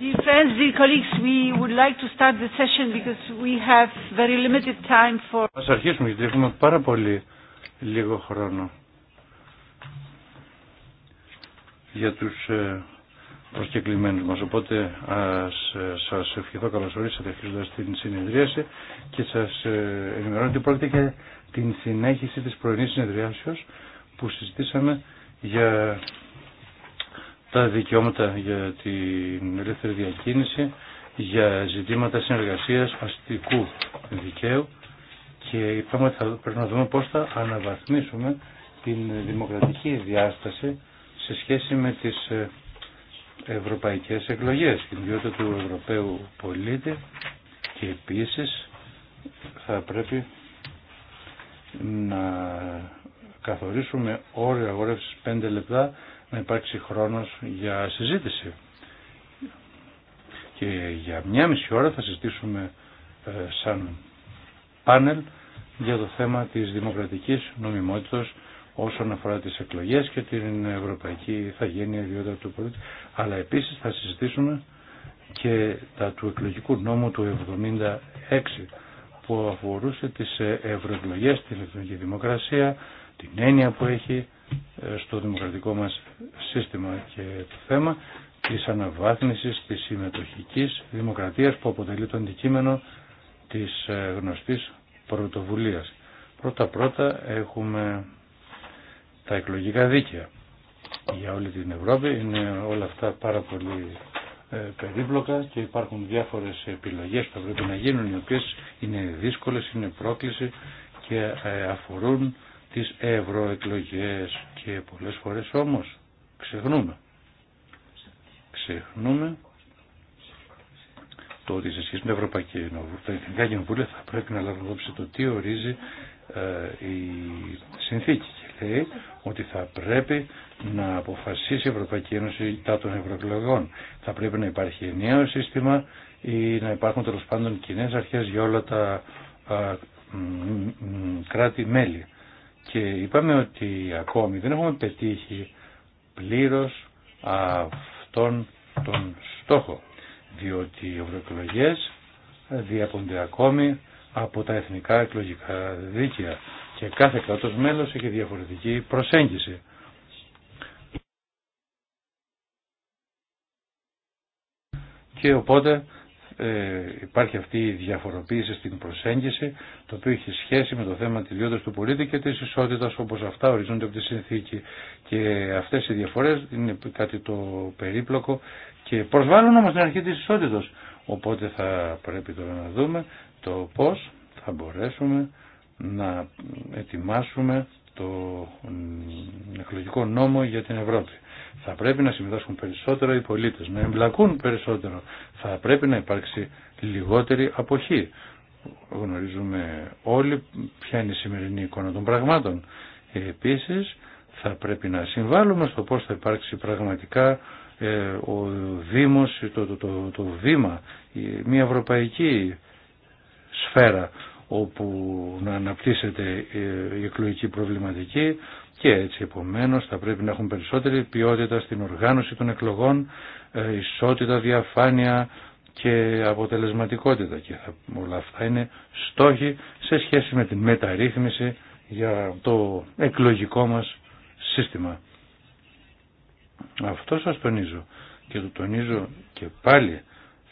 Dear friends, dear colleagues, we would like to start the session because we have very limited time for... Ας αρχίσουμε γιατί έχουμε πάρα πολύ λίγο χρόνο για τους ε, προσκεκλημένους μας. Οπότε ας ε, σας ευχηθώ καλώς ορίσατε αρχίζοντας την συνεδρίαση και σας ε, ενημερώνω ότι πρόκειται για την συνέχιση της πρωινής συνεδριάσεως που συζητήσαμε για τα δικαιώματα για την ελεύθερη διακίνηση, για ζητήματα συνεργασίας αστικού δικαίου και θα πρέπει να δούμε πώς θα αναβαθμίσουμε την δημοκρατική διάσταση σε σχέση με τις ε, ευρωπαϊκές εκλογές την ιδιότητα του Ευρωπαίου πολίτη και επίσης θα πρέπει να καθορίσουμε όρια αγορεύσεις 5 λεπτά να υπάρξει χρόνος για συζήτηση. Και για μια μισή ώρα θα συζητήσουμε ε, σαν πάνελ για το θέμα της δημοκρατικής νομιμότητας όσον αφορά τις εκλογές και την ευρωπαϊκή η ιδιότητα του πολίτη. Αλλά επίσης θα συζητήσουμε και τα του εκλογικού νόμου του 76 που αφορούσε τις ε, ευρωεκλογές, τη εθνική δημοκρασία, την έννοια που έχει ε, στο δημοκρατικό μας σύστημα και το θέμα της αναβάθμισης της συμμετοχικής δημοκρατίας που αποτελεί το αντικείμενο της ε, γνωστής πρωτοβουλίας. Πρώτα-πρώτα έχουμε τα εκλογικά δίκαια για όλη την Ευρώπη. Είναι όλα αυτά πάρα πολύ ε, περίπλοκα και υπάρχουν διάφορες επιλογές που πρέπει να γίνουν οι οποίες είναι δύσκολες, είναι πρόκληση και αφορούν τις ευρωεκλογές και πολλές φορές όμως ξεχνούμε. Ξεχνούμε το ότι σε σχέση με Ευρωπαϊκή τα Εθνικά Κοινοβούλια θα πρέπει να λάβουμε υπόψη το τι ορίζει ε, η συνθήκη και λέει ότι θα πρέπει να αποφασίσει η Ευρωπαϊκή Ένωση τα των ευρωεκλογών. Θα πρέπει να υπάρχει ενιαίο σύστημα ή να υπάρχουν τέλο πάντων κοινέ αρχέ για όλα τα ε, κράτη-μέλη και είπαμε ότι ακόμη δεν έχουμε πετύχει πλήρως αυτόν τον στόχο διότι οι ευρωεκλογέ διαπονται ακόμη από τα εθνικά εκλογικά δίκαια και κάθε κράτος μέλος έχει διαφορετική προσέγγιση. Και οπότε ε, υπάρχει αυτή η διαφοροποίηση στην προσέγγιση το οποίο έχει σχέση με το θέμα της ιδιότητας του πολίτη και της ισότητας όπως αυτά ορίζονται από τη συνθήκη και αυτές οι διαφορές είναι κάτι το περίπλοκο και προσβάλλουν όμως την αρχή της ισότητας οπότε θα πρέπει τώρα να δούμε το πώς θα μπορέσουμε να ετοιμάσουμε το εκλογικό νόμο για την Ευρώπη θα πρέπει να συμμετάσχουν περισσότερο οι πολίτες, να εμπλακούν περισσότερο. Θα πρέπει να υπάρξει λιγότερη αποχή. Γνωρίζουμε όλοι ποια είναι η σημερινή εικόνα των πραγμάτων. Επίσης θα πρέπει να συμβάλλουμε στο πώς θα υπάρξει πραγματικά ε, ο Δήμος, το, το, το, το μια ευρωπαϊκή σφαίρα όπου να αναπτύσσεται ε, η εκλογική προβληματική, και έτσι επομένως θα πρέπει να έχουν περισσότερη ποιότητα στην οργάνωση των εκλογών, ε, ισότητα, διαφάνεια και αποτελεσματικότητα και όλα αυτά είναι στόχοι σε σχέση με την μεταρρύθμιση για το εκλογικό μας σύστημα. Αυτό σας τονίζω και το τονίζω και πάλι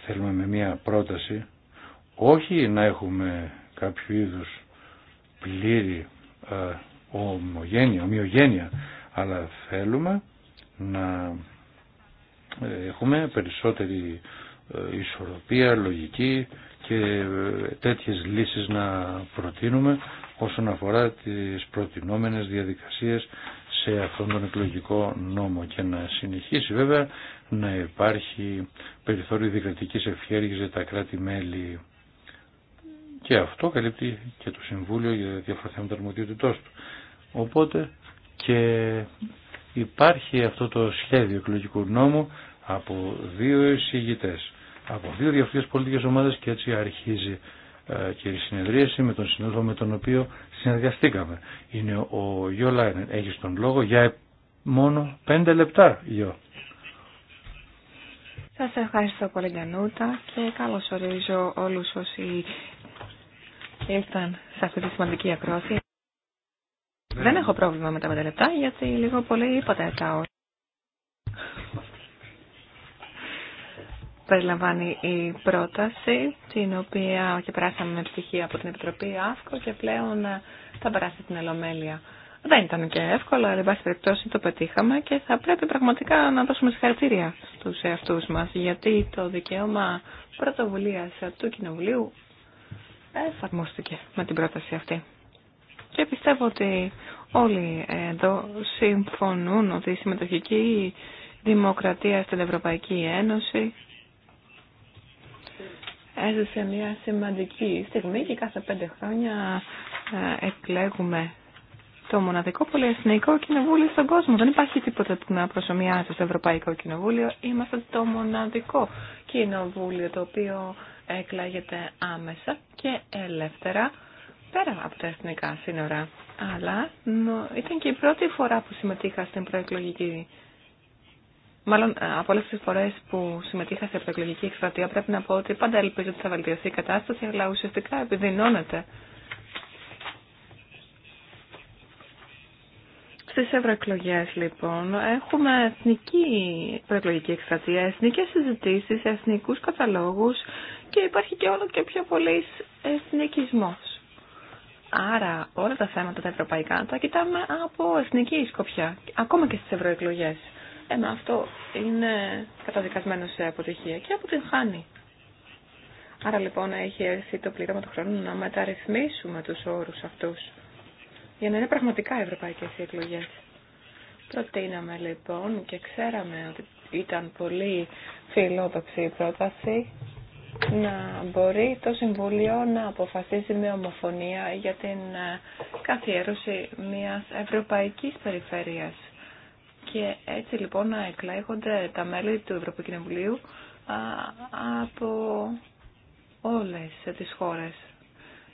θέλουμε με μια πρόταση όχι να έχουμε κάποιο είδους πλήρη ε, ομογένεια, ομοιογένεια, αλλά θέλουμε να ε, έχουμε περισσότερη ε, ισορροπία, λογική και ε, τέτοιες λύσεις να προτείνουμε όσον αφορά τις προτινόμενες διαδικασίες σε αυτόν τον εκλογικό νόμο και να συνεχίσει βέβαια να υπάρχει περιθώριο δικρατικής ευχέρειας για τα κράτη-μέλη και αυτό καλύπτει και το Συμβούλιο για διαφορετικά του. Οπότε και υπάρχει αυτό το σχέδιο εκλογικού νόμου από δύο εισηγητές, από δύο διαφορετικές πολιτικές ομάδες και έτσι αρχίζει ε, και η συνεδρίαση με τον συνόδο με τον οποίο συνεργαστήκαμε. Είναι ο Γιώ Λάινεν. Έχεις τον λόγο για μόνο πέντε λεπτά, Γιώ. Σας ευχαριστώ πολύ και καλώς ορίζω όλους όσοι ήρθαν σε αυτή τη σημαντική ακρόαση. Δεν έχω πρόβλημα με τα πέντε λεπτά, γιατί λίγο πολύ είπατε τα ώρα. Περιλαμβάνει η πρόταση, την οποία και περάσαμε με πτυχία από την Επιτροπή ΑΦΚΟ και πλέον θα περάσει την Ελομέλεια. Δεν ήταν και εύκολο, αλλά εν πάση περιπτώσει το πετύχαμε και θα πρέπει πραγματικά να δώσουμε συγχαρητήρια στους εαυτούς μας, γιατί το δικαίωμα πρωτοβουλίας του Κοινοβουλίου εφαρμόστηκε με την πρόταση αυτή. Και πιστεύω ότι όλοι εδώ συμφωνούν ότι η συμμετοχική δημοκρατία στην Ευρωπαϊκή Ένωση έζησε μια σημαντική στιγμή και κάθε πέντε χρόνια ε, εκλέγουμε το μοναδικό πολυεθνικό κοινοβούλιο στον κόσμο. Δεν υπάρχει τίποτα που να προσωμιάζει στο Ευρωπαϊκό Κοινοβούλιο. Είμαστε το μοναδικό κοινοβούλιο το οποίο εκλέγεται άμεσα και ελεύθερα πέρα από τα εθνικά σύνορα. Αλλά ήταν και η πρώτη φορά που συμμετείχα στην προεκλογική. Μάλλον ε, από όλε τι φορέ που συμμετείχα σε προεκλογική εκστρατεία πρέπει να πω ότι πάντα ελπίζω ότι θα βελτιωθεί η κατάσταση, αλλά ουσιαστικά επιδεινώνεται. Στι ευρωεκλογέ, λοιπόν, έχουμε εθνική προεκλογική εκστρατεία, εθνικέ συζητήσει, εθνικού καταλόγου και υπάρχει και όλο και πιο πολύ εθνικισμό. Άρα όλα τα θέματα τα ευρωπαϊκά τα κοιτάμε από εθνική σκοπιά, ακόμα και στις ευρωεκλογέ. Ένα αυτό είναι καταδικασμένο σε αποτυχία και από την χάνει. Άρα λοιπόν έχει έρθει το πλήρωμα του χρόνου να μεταρρυθμίσουμε τους όρους αυτούς για να είναι πραγματικά ευρωπαϊκές οι εκλογές. Προτείναμε λοιπόν και ξέραμε ότι ήταν πολύ φιλόδοξη η πρόταση να μπορεί το Συμβούλιο να αποφασίσει με ομοφωνία για την ε, καθιέρωση μιας ευρωπαϊκής περιφέρειας. Και έτσι λοιπόν να εκλέγονται τα μέλη του Ευρωπαϊκού Κοινοβουλίου από όλες τις χώρες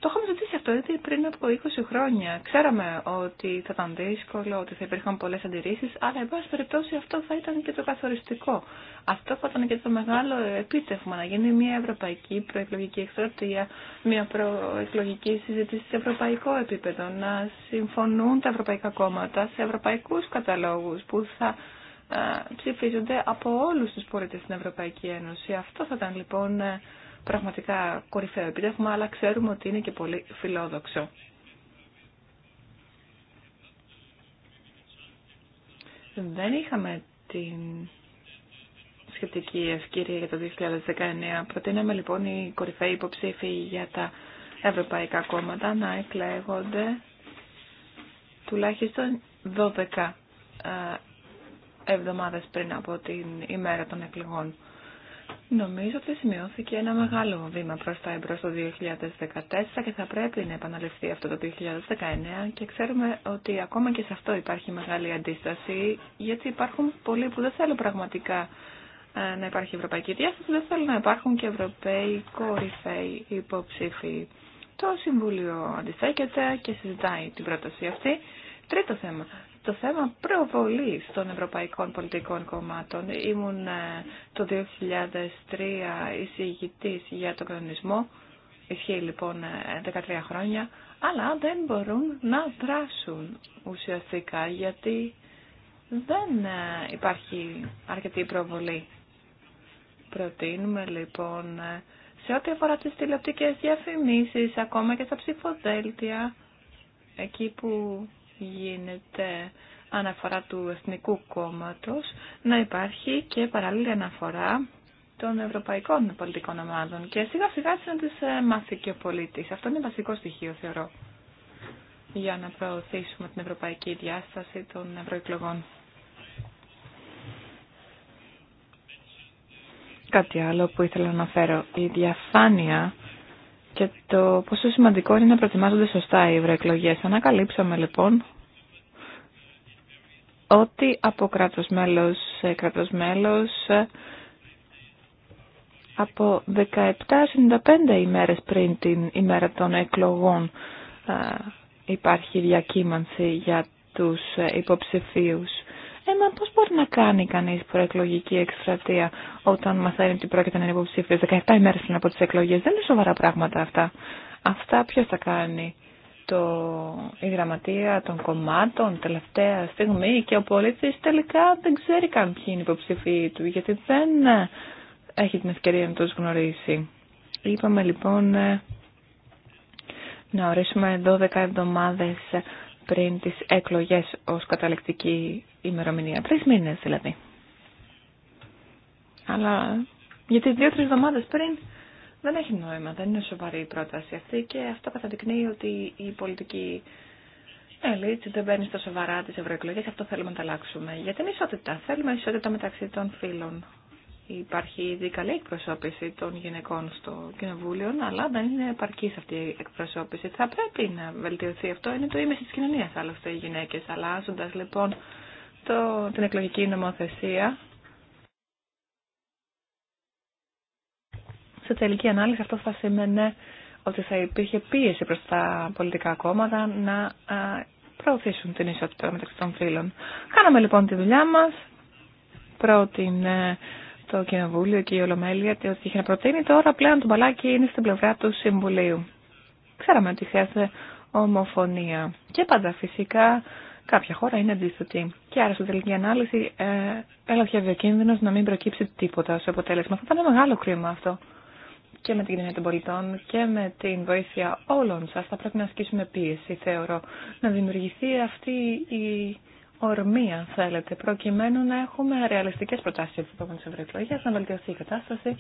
το είχαμε ζητήσει αυτό ήδη πριν από 20 χρόνια. Ξέραμε ότι θα ήταν δύσκολο, ότι θα υπήρχαν πολλέ αντιρρήσει, αλλά εν πάση περιπτώσει αυτό θα ήταν και το καθοριστικό. Αυτό θα ήταν και το μεγάλο επίτευγμα, να γίνει μια ευρωπαϊκή προεκλογική εκστρατεία, μια προεκλογική συζήτηση σε ευρωπαϊκό επίπεδο, να συμφωνούν τα ευρωπαϊκά κόμματα σε ευρωπαϊκού καταλόγου που θα ε, ψηφίζονται από όλου του πολίτε στην Ευρωπαϊκή Ένωση. Αυτό θα ήταν λοιπόν ε, πραγματικά κορυφαίο επιτεύγμα, αλλά ξέρουμε ότι είναι και πολύ φιλόδοξο. Δεν είχαμε την σχετική ευκαιρία για το 2019. Προτείναμε λοιπόν οι κορυφαίοι υποψήφοι για τα ευρωπαϊκά κόμματα να εκλέγονται τουλάχιστον 12 ε, εβδομάδες πριν από την ημέρα των εκλογών. Νομίζω ότι σημειώθηκε ένα μεγάλο βήμα προς τα εμπρός το 2014 και θα πρέπει να επαναληφθεί αυτό το 2019 και ξέρουμε ότι ακόμα και σε αυτό υπάρχει μεγάλη αντίσταση γιατί υπάρχουν πολλοί που δεν θέλουν πραγματικά ε, να υπάρχει ευρωπαϊκή διάσταση, δεν θέλουν να υπάρχουν και ευρωπαίοι κορυφαίοι υποψήφοι. Το Συμβούλιο αντιστέκεται και συζητάει την πρόταση αυτή. Τρίτο θέμα το θέμα προβολής των ευρωπαϊκών πολιτικών κομμάτων. Ήμουν ε, το 2003 εισηγητής για τον κανονισμό, ισχύει λοιπόν 13 ε, χρόνια, αλλά δεν μπορούν να δράσουν ουσιαστικά γιατί δεν ε, υπάρχει αρκετή προβολή. Προτείνουμε λοιπόν σε ό,τι αφορά τις τηλεοπτικές διαφημίσεις, ακόμα και στα ψηφοδέλτια, εκεί που γίνεται αναφορά του Εθνικού Κόμματος, να υπάρχει και παράλληλη αναφορά των ευρωπαϊκών πολιτικών ομάδων και σιγά σιγά να τις ε, μάθει και ο πολίτης. Αυτό είναι βασικό στοιχείο θεωρώ για να προωθήσουμε την ευρωπαϊκή διάσταση των ευρωεκλογών. Κάτι άλλο που ήθελα να αναφέρω. Η διαφάνεια και το πόσο σημαντικό είναι να προετοιμάζονται σωστά οι ευρωεκλογέ. Ανακαλύψαμε λοιπόν ότι από κράτος μέλος σε κράτος μέλος από 17-95 ημέρες πριν την ημέρα των εκλογών ε, υπάρχει διακύμανση για τους ε, υποψηφίους. Ε, μα πώς μπορεί να κάνει κανείς προεκλογική εκστρατεία όταν μαθαίνει ότι πρόκειται να είναι υποψήφιος 17 ημέρες πριν από τις εκλογές. Δεν είναι σοβαρά πράγματα αυτά. Αυτά ποιο θα κάνει. Το, η γραμματεία των κομμάτων τελευταία στιγμή και ο πολίτης τελικά δεν ξέρει καν ποιοι είναι οι υποψηφοί του γιατί δεν ε, έχει την ευκαιρία να τους γνωρίσει. Είπαμε λοιπόν ε, να ορίσουμε 12 εβδομάδες πριν τις εκλογές ως καταληκτική ημερομηνία. Τρεις μήνες δηλαδή. Αλλά Αλλά τις δύο-τρεις εβδομάδες πριν δεν έχει νόημα, δεν είναι σοβαρή η πρόταση αυτή και αυτό καταδεικνύει ότι η πολιτική ελίτ δεν μπαίνει στα σοβαρά τις ευρωεκλογές, αυτό θέλουμε να τα αλλάξουμε. Για την ισότητα, θέλουμε ισότητα μεταξύ των φίλων υπάρχει ήδη καλή εκπροσώπηση των γυναικών στο κοινοβούλιο, αλλά δεν είναι επαρκή αυτή η εκπροσώπηση. Θα πρέπει να βελτιωθεί αυτό, είναι το ίμεση τη κοινωνία άλλωστε οι γυναίκε. Αλλάζοντα λοιπόν το, την εκλογική νομοθεσία, σε τελική ανάλυση αυτό θα σημαίνει ότι θα υπήρχε πίεση προς τα πολιτικά κόμματα να προωθήσουν την ισότητα μεταξύ των φύλων. Κάναμε λοιπόν τη δουλειά μας, ε, το Κοινοβούλιο και η Ολομέλεια ότι είχε να προτείνει. Τώρα πλέον το μπαλάκι είναι στην πλευρά του Συμβουλίου. Ξέραμε ότι χρειάζεται ομοφωνία. Και πάντα φυσικά κάποια χώρα είναι αντίστοιχη. Και άρα στην τελική ανάλυση ε, έλαβε ο κίνδυνο να μην προκύψει τίποτα ω αποτέλεσμα. Θα ήταν μεγάλο κρίμα αυτό. Και με την κοινωνία των πολιτών και με την βοήθεια όλων σα θα πρέπει να ασκήσουμε πίεση, θεωρώ, να δημιουργηθεί αυτή η ορμή, αν θέλετε, προκειμένου να έχουμε ρεαλιστικές προτάσεις από επόμενες ευρωεκλογές, να βελτιωθεί η κατάσταση.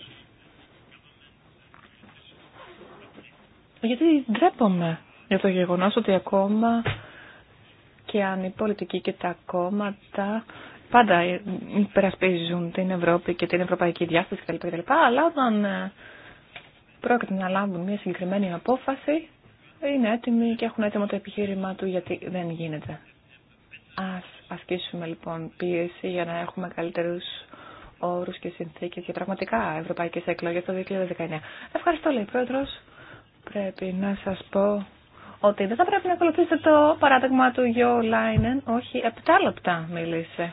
Γιατί ντρέπομαι για το γεγονός ότι ακόμα και αν οι πολιτικοί και τα κόμματα πάντα υπερασπίζουν την Ευρώπη και την ευρωπαϊκή διάσταση κτλ. κτλ αλλά όταν ε, πρόκειται να λάβουν μια συγκεκριμένη απόφαση, είναι έτοιμοι και έχουν έτοιμο το επιχείρημα του γιατί δεν γίνεται. Ας ασκήσουμε λοιπόν πίεση για να έχουμε καλύτερους όρους και συνθήκες για πραγματικά ευρωπαϊκές εκλογές το 2019. Ευχαριστώ λέει πρόεδρος. Πρέπει να σας πω ότι δεν θα πρέπει να ακολουθήσετε το παράδειγμα του Γιώ Λάινεν. Όχι, επτά λεπτά μίλησε.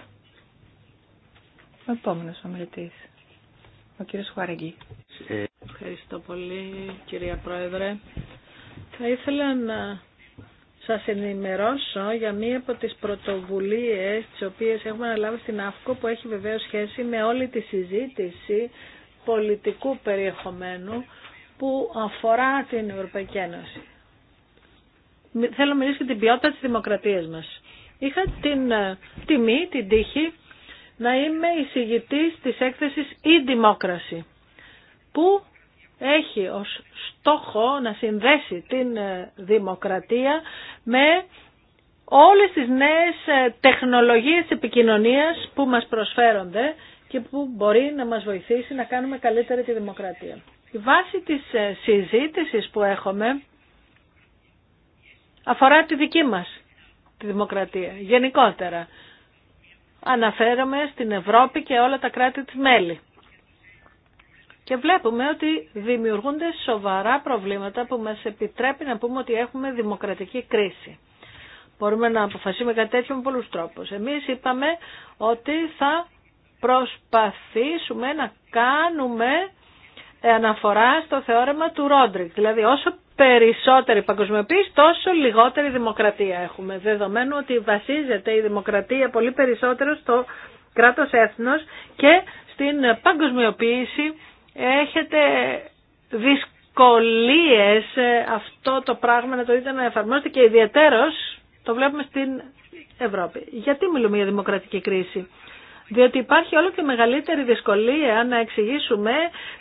Ο επόμενος ομιλητής. Ο κύριος Χουαρεγγί. Ε, ευχαριστώ πολύ κυρία Πρόεδρε. Θα ήθελα να σας ενημερώσω για μία από τις πρωτοβουλίες τις οποίες έχουμε αναλάβει στην ΑΦΚΟ που έχει βεβαίως σχέση με όλη τη συζήτηση πολιτικού περιεχομένου που αφορά την Ευρωπαϊκή Ένωση. Θέλω να μιλήσω για την ποιότητα της δημοκρατίας μας. Είχα την ε, τιμή, την τύχη να είμαι εισηγητής της έκθεσης «Η Δημόκραση» που έχει ως στόχο να συνδέσει την ε, δημοκρατία με όλες τις νέες ε, τεχνολογίες επικοινωνίας που μας προσφέρονται και που μπορεί να μας βοηθήσει να κάνουμε καλύτερη τη δημοκρατία. Η βάση της ε, συζήτησης που έχουμε αφορά τη δική μας τη δημοκρατία γενικότερα. Αναφέρομαι στην Ευρώπη και όλα τα κράτη της μέλη. Και βλέπουμε ότι δημιουργούνται σοβαρά προβλήματα που μας επιτρέπει να πούμε ότι έχουμε δημοκρατική κρίση. Μπορούμε να αποφασίσουμε κάτι τέτοιο με πολλούς τρόπους. Εμείς είπαμε ότι θα προσπαθήσουμε να κάνουμε αναφορά στο θεώρημα του Ρόντρικ. Δηλαδή όσο περισσότερη παγκοσμιοποίηση τόσο λιγότερη δημοκρατία έχουμε. Δεδομένου ότι βασίζεται η δημοκρατία πολύ περισσότερο στο κράτος έθνος και στην παγκοσμιοποίηση έχετε δυσκολίες ε, αυτό το πράγμα να το δείτε να εφαρμόσετε και ιδιαίτερος το βλέπουμε στην Ευρώπη. Γιατί μιλούμε για δημοκρατική κρίση. Διότι υπάρχει όλο και μεγαλύτερη δυσκολία να εξηγήσουμε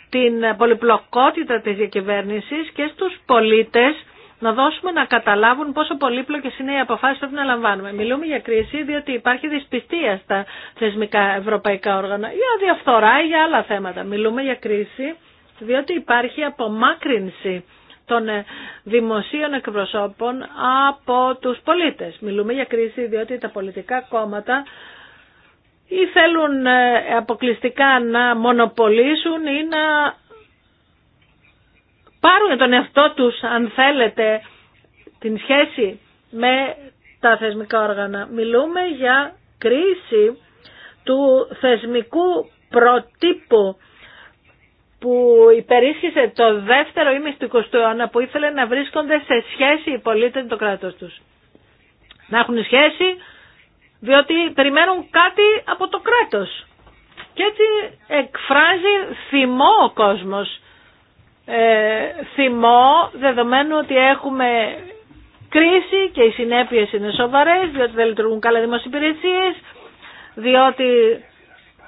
την πολυπλοκότητα της διακυβέρνησης και στους πολίτες να δώσουμε να καταλάβουν πόσο πολύπλοκε είναι οι αποφάσει που πρέπει να λαμβάνουμε. Μιλούμε για κρίση διότι υπάρχει δυσπιστία στα θεσμικά ευρωπαϊκά όργανα ή αδιαφθορά ή για άλλα θέματα. Μιλούμε για κρίση διότι υπάρχει απομάκρυνση των ε, δημοσίων εκπροσώπων από τους πολίτες. Μιλούμε για κρίση διότι τα πολιτικά κόμματα ή θέλουν ε, αποκλειστικά να μονοπολίσουν ή να πάρουν τον εαυτό τους, αν θέλετε, την σχέση με τα θεσμικά όργανα. Μιλούμε για κρίση του θεσμικού προτύπου που υπερίσχυσε το δεύτερο ήμις του 20ου αιώνα που ήθελε να βρίσκονται σε σχέση οι πολίτες με το κράτος τους. Να έχουν σχέση διότι περιμένουν κάτι από το κράτος. Και έτσι εκφράζει θυμό ο κόσμος ε, θυμό, δεδομένου ότι έχουμε κρίση και οι συνέπειες είναι σοβαρές, διότι δεν λειτουργούν καλά δημοσιοπηρεσίες, διότι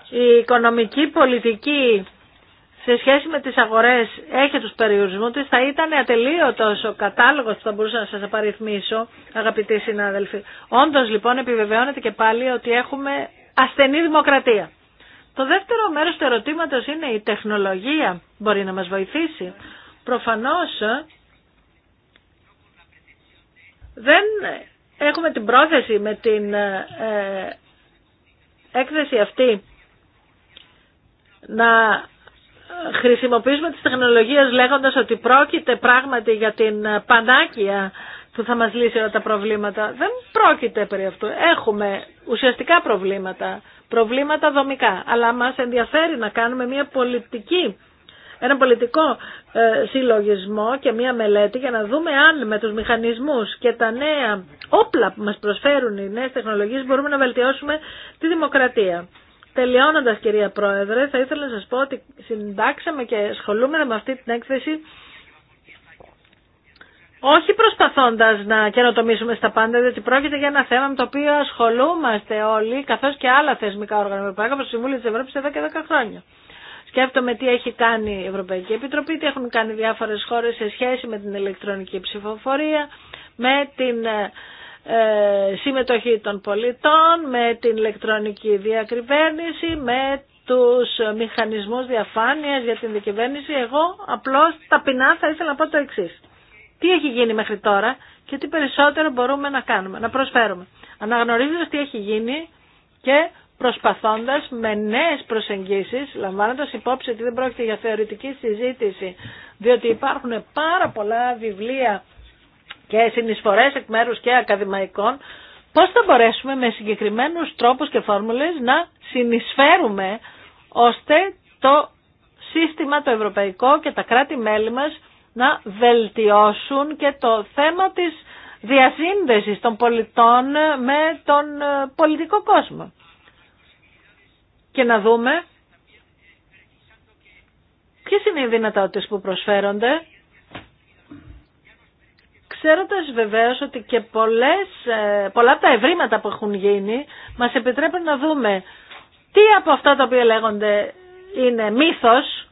η οικονομική πολιτική σε σχέση με τις αγορές έχει τους περιορισμού της, θα ήταν ατελείωτος ο κατάλογος που θα μπορούσα να σας απαριθμίσω, αγαπητοί συνάδελφοι. Όντως λοιπόν επιβεβαιώνεται και πάλι ότι έχουμε ασθενή δημοκρατία. Το δεύτερο μέρος του ερωτήματος είναι η τεχνολογία μπορεί να μας βοηθήσει. Προφανώς ε, δεν έχουμε την πρόθεση με την ε, ε, έκθεση αυτή να χρησιμοποιήσουμε τις τεχνολογίες λέγοντας ότι πρόκειται πράγματι για την πανάκια που θα μας λύσει όλα τα προβλήματα. Δεν πρόκειται περί αυτού. Έχουμε ουσιαστικά προβλήματα προβλήματα δομικά. Αλλά μας ενδιαφέρει να κάνουμε μια πολιτική, ένα πολιτικό ε, συλλογισμό και μια μελέτη για να δούμε αν με τους μηχανισμούς και τα νέα όπλα που μας προσφέρουν οι νέες τεχνολογίες μπορούμε να βελτιώσουμε τη δημοκρατία. Τελειώνοντας κυρία Πρόεδρε, θα ήθελα να σας πω ότι συντάξαμε και ασχολούμε με αυτή την έκθεση όχι προσπαθώντα να καινοτομήσουμε στα πάντα, διότι πρόκειται για ένα θέμα με το οποίο ασχολούμαστε όλοι, καθώ και άλλα θεσμικά όργανα που από το Συμβούλιο της Ευρώπης εδώ και 10 χρόνια. Σκέφτομαι τι έχει κάνει η Ευρωπαϊκή Επιτροπή, τι έχουν κάνει διάφορε χώρε σε σχέση με την ηλεκτρονική ψηφοφορία, με την ε, ε, συμμετοχή των πολιτών, με την ηλεκτρονική διακυβέρνηση, με τους μηχανισμούς διαφάνειας για την διακυβέρνηση. Εγώ απλώς ταπεινά θα ήθελα να πω το τι έχει γίνει μέχρι τώρα και τι περισσότερο μπορούμε να κάνουμε, να προσφέρουμε. Αναγνωρίζοντας τι έχει γίνει και προσπαθώντας με νέες προσεγγίσεις, λαμβάνοντας υπόψη ότι δεν πρόκειται για θεωρητική συζήτηση, διότι υπάρχουν πάρα πολλά βιβλία και συνεισφορές εκ μέρους και ακαδημαϊκών, πώς θα μπορέσουμε με συγκεκριμένους τρόπους και φόρμουλες να συνεισφέρουμε ώστε το σύστημα το ευρωπαϊκό και τα κράτη-μέλη μας να βελτιώσουν και το θέμα της διασύνδεσης των πολιτών με τον ε, πολιτικό κόσμο. Και να δούμε ποιες είναι οι δυνατότητες που προσφέρονται, ξέροντας βεβαίως ότι και ε, πολλά από τα ευρήματα που έχουν γίνει μας επιτρέπουν να δούμε τι από αυτά τα οποία λέγονται είναι μύθος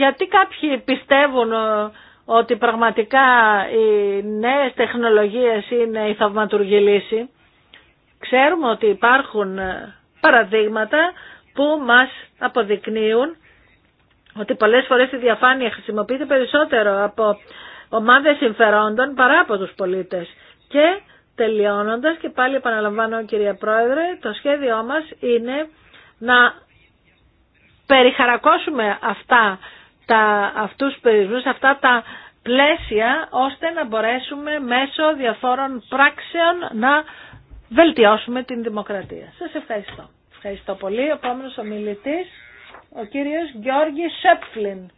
γιατί κάποιοι πιστεύουν ε, ότι πραγματικά οι νέες τεχνολογίες είναι η θαυματουργή λύση. Ξέρουμε ότι υπάρχουν ε, παραδείγματα που μας αποδεικνύουν ότι πολλές φορές η διαφάνεια χρησιμοποιείται περισσότερο από ομάδες συμφερόντων παρά από τους πολίτες. Και τελειώνοντας και πάλι επαναλαμβάνω κυρία Πρόεδρε, το σχέδιό μας είναι να περιχαρακώσουμε αυτά τα, αυτούς αυτά τα πλαίσια, ώστε να μπορέσουμε μέσω διαφόρων πράξεων να βελτιώσουμε την δημοκρατία. Σας ευχαριστώ. Ευχαριστώ πολύ. Ο επόμενος ομιλητής, ο κύριος Γιώργη Σέπφλιν.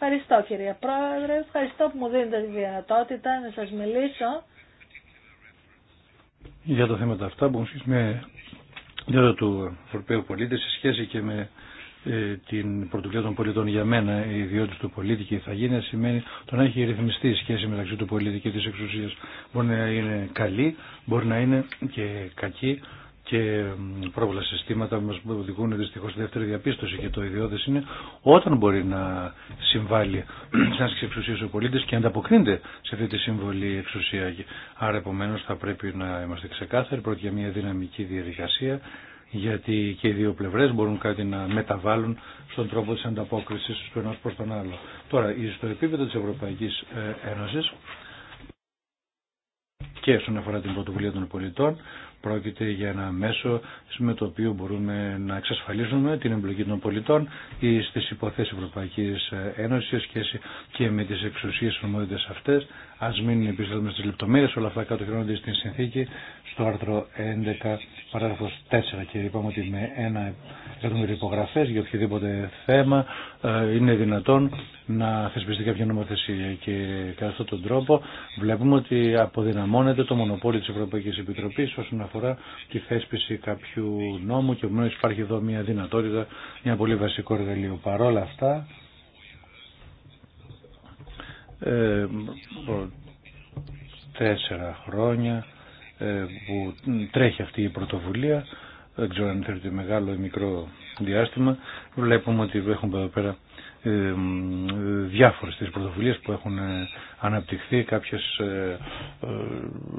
Ευχαριστώ κυρία Πρόεδρε, ευχαριστώ που μου δίνετε τη δυνατότητα να σας μιλήσω. Για τα θέματα αυτά που μου με του Ευρωπαίου πολίτη σε σχέση και με ε, την πρωτοβουλία των πολιτών για μένα η ιδιότητα του πολίτη και η ηθαγένεια σημαίνει το να έχει ρυθμιστεί η σχέση μεταξύ του πολίτη και της εξουσίας. Μπορεί να είναι καλή, μπορεί να είναι και κακή και πρόβλημα συστήματα μας οδηγούν δυστυχώ στη δεύτερη διαπίστωση και το ιδιώδες είναι όταν μπορεί να συμβάλλει σαν άσκηση εξουσίας ο πολίτης και ανταποκρίνεται σε αυτή τη συμβολή εξουσία. Άρα επομένω θα πρέπει να είμαστε ξεκάθαροι, πρώτα για μια δυναμική διαδικασία γιατί και οι δύο πλευρές μπορούν κάτι να μεταβάλουν στον τρόπο της ανταπόκρισης του ενός προς τον άλλο. Τώρα, στο επίπεδο της Ευρωπαϊκής ε, Ένωσης και στον αφορά την πρωτοβουλία των πολιτών, πρόκειται για ένα μέσο με το οποίο μπορούμε να εξασφαλίσουμε την εμπλοκή των πολιτών στις υποθέσεις Ευρωπαϊκής ε, Ένωσης σε σχέση και με τις εξουσίες ομότητες αυτές. Ας μην επιστρέψουμε στις λεπτομέρειες, όλα αυτά κατοχυρώνονται στην συνθήκη στο άρθρο 11 παράγραφος 4 και είπαμε ότι με ένα εκατομμύριο υπογραφέ για οποιοδήποτε θέμα ε, είναι δυνατόν να θεσπιστεί κάποια νομοθεσία και κατά αυτόν τον τρόπο βλέπουμε ότι αποδυναμώνεται το μονοπόλιο της Ευρωπαϊκής Επιτροπής όσον αφορά τη θέσπιση κάποιου νόμου και υπάρχει εδώ μια δυνατότητα, μια πολύ βασικό εργαλείο. Παρόλα αυτά ε, τέσσερα χρόνια ε, που τρέχει αυτή η πρωτοβουλία. Δεν ξέρω αν θέλετε μεγάλο ή μικρό διάστημα. Βλέπουμε ότι έχουμε εδώ πέρα ε, διάφορες τις πρωτοβουλίες που έχουν ε, αναπτυχθεί, κάποιες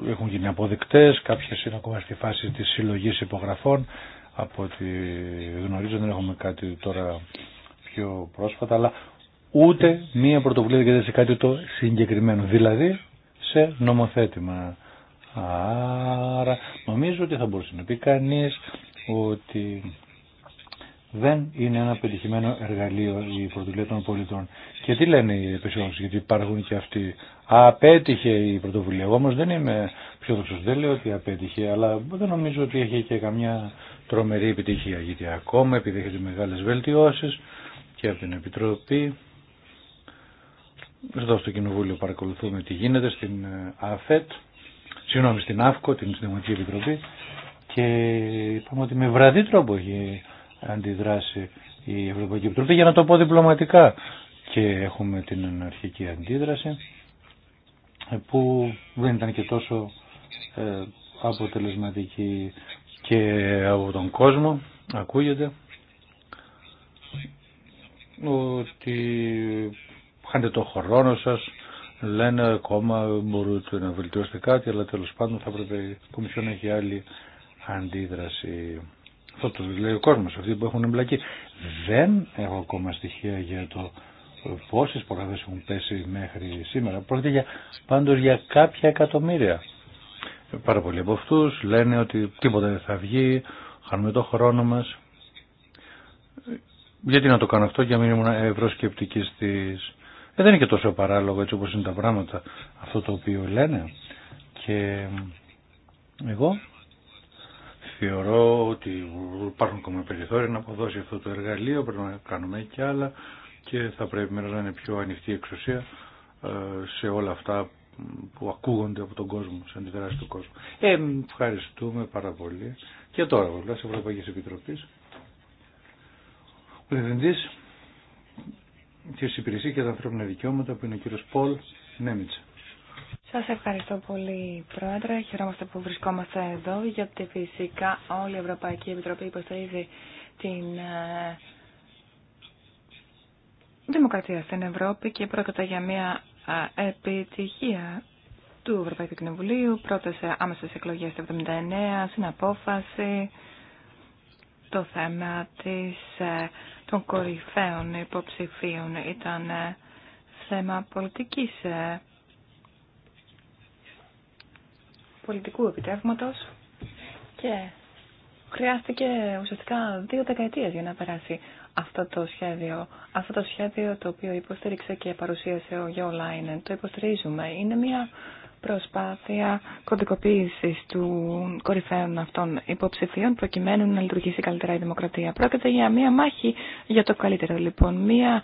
έχουν γίνει αποδεκτές, κάποιες είναι ακόμα στη φάση της συλλογής υπογραφών, από ό,τι γνωρίζω δεν έχουμε κάτι τώρα πιο πρόσφατα, αλλά ούτε μία πρωτοβουλία δεν έχει κάτι το συγκεκριμένο, δηλαδή σε νομοθέτημα. Άρα νομίζω ότι θα μπορούσε να πει κανείς ότι δεν είναι ένα πετυχημένο εργαλείο η πρωτοβουλία των πολιτών. Και τι λένε οι επισόδους, γιατί υπάρχουν και αυτοί. Απέτυχε η πρωτοβουλία. Εγώ όμως δεν είμαι πιο δεν λέω ότι απέτυχε, αλλά δεν νομίζω ότι έχει και καμιά τρομερή επιτυχία, γιατί ακόμα επιδέχεται μεγάλες βελτιώσεις και από την Επιτροπή. Εδώ στο Κοινοβούλιο παρακολουθούμε τι γίνεται στην ε, ΑΦΕΤ συγγνώμη, στην ΑΦΚΟ, την Δημοτική Επιτροπή και είπαμε ότι με βραδύ τρόπο έχει αντιδράσει η Ευρωπαϊκή Επιτροπή για να το πω διπλωματικά και έχουμε την αρχική αντίδραση που δεν ήταν και τόσο ε, αποτελεσματική και από τον κόσμο ακούγεται ότι χάνετε το χρόνο σας λένε ακόμα μπορούν να βελτιώσετε κάτι, αλλά τέλος πάντων θα πρέπει η Κομισιόν να έχει άλλη αντίδραση. Αυτό το λέει ο κόσμος, αυτοί που έχουν εμπλακεί. Δεν έχω ακόμα στοιχεία για το πόσες προγραφές έχουν πέσει μέχρι σήμερα. Πρόκειται για, πάντως για κάποια εκατομμύρια. Πάρα πολλοί από αυτού λένε ότι τίποτα δεν θα βγει, χάνουμε το χρόνο μας. Γιατί να το κάνω αυτό για να μην ήμουν ευρωσκεπτική στις ε, δεν είναι και τόσο παράλογο έτσι όπως είναι τα πράγματα αυτό το οποίο λένε και εγώ θεωρώ ότι υπάρχουν ακόμα περιθώρια να αποδώσει αυτό το εργαλείο, πρέπει να κάνουμε και άλλα και θα πρέπει να είναι πιο ανοιχτή εξουσία ε, σε όλα αυτά που ακούγονται από τον κόσμο, σε αντιδράσει του κόσμου. Ε, ευχαριστούμε πάρα πολύ. Και τώρα, βέβαια, τη Ευρωπαϊκή Επιτροπή. Ο Τη υπηρεσία και τα ανθρώπινα δικαιώματα που είναι ο Πολ Νέμιτσα. Σας ευχαριστώ πολύ Πρόεδρε. Χαιρόμαστε που βρισκόμαστε εδώ γιατί φυσικά όλη η Ευρωπαϊκή Επιτροπή υποστηρίζει την ε, δημοκρατία στην Ευρώπη και πρόκειται για μια ε, επιτυχία του Ευρωπαϊκού Κοινοβουλίου. Πρώτε άμεσε εκλογέ του 1979, στην το θέμα της ε, των κορυφαίων υποψηφίων ήταν ε, θέμα πολιτικής, ε, πολιτικού επιτεύγματος και χρειάστηκε ουσιαστικά δύο δεκαετίες για να περάσει αυτό το σχέδιο. Αυτό το σχέδιο το οποίο υποστήριξε και παρουσίασε ο Γιώ Λάινεν, το υποστηρίζουμε. Είναι μια προσπάθεια κωδικοποίηση του κορυφαίων αυτών υποψηφίων προκειμένου να λειτουργήσει καλύτερα η δημοκρατία. Πρόκειται για μία μάχη για το καλύτερο λοιπόν, μία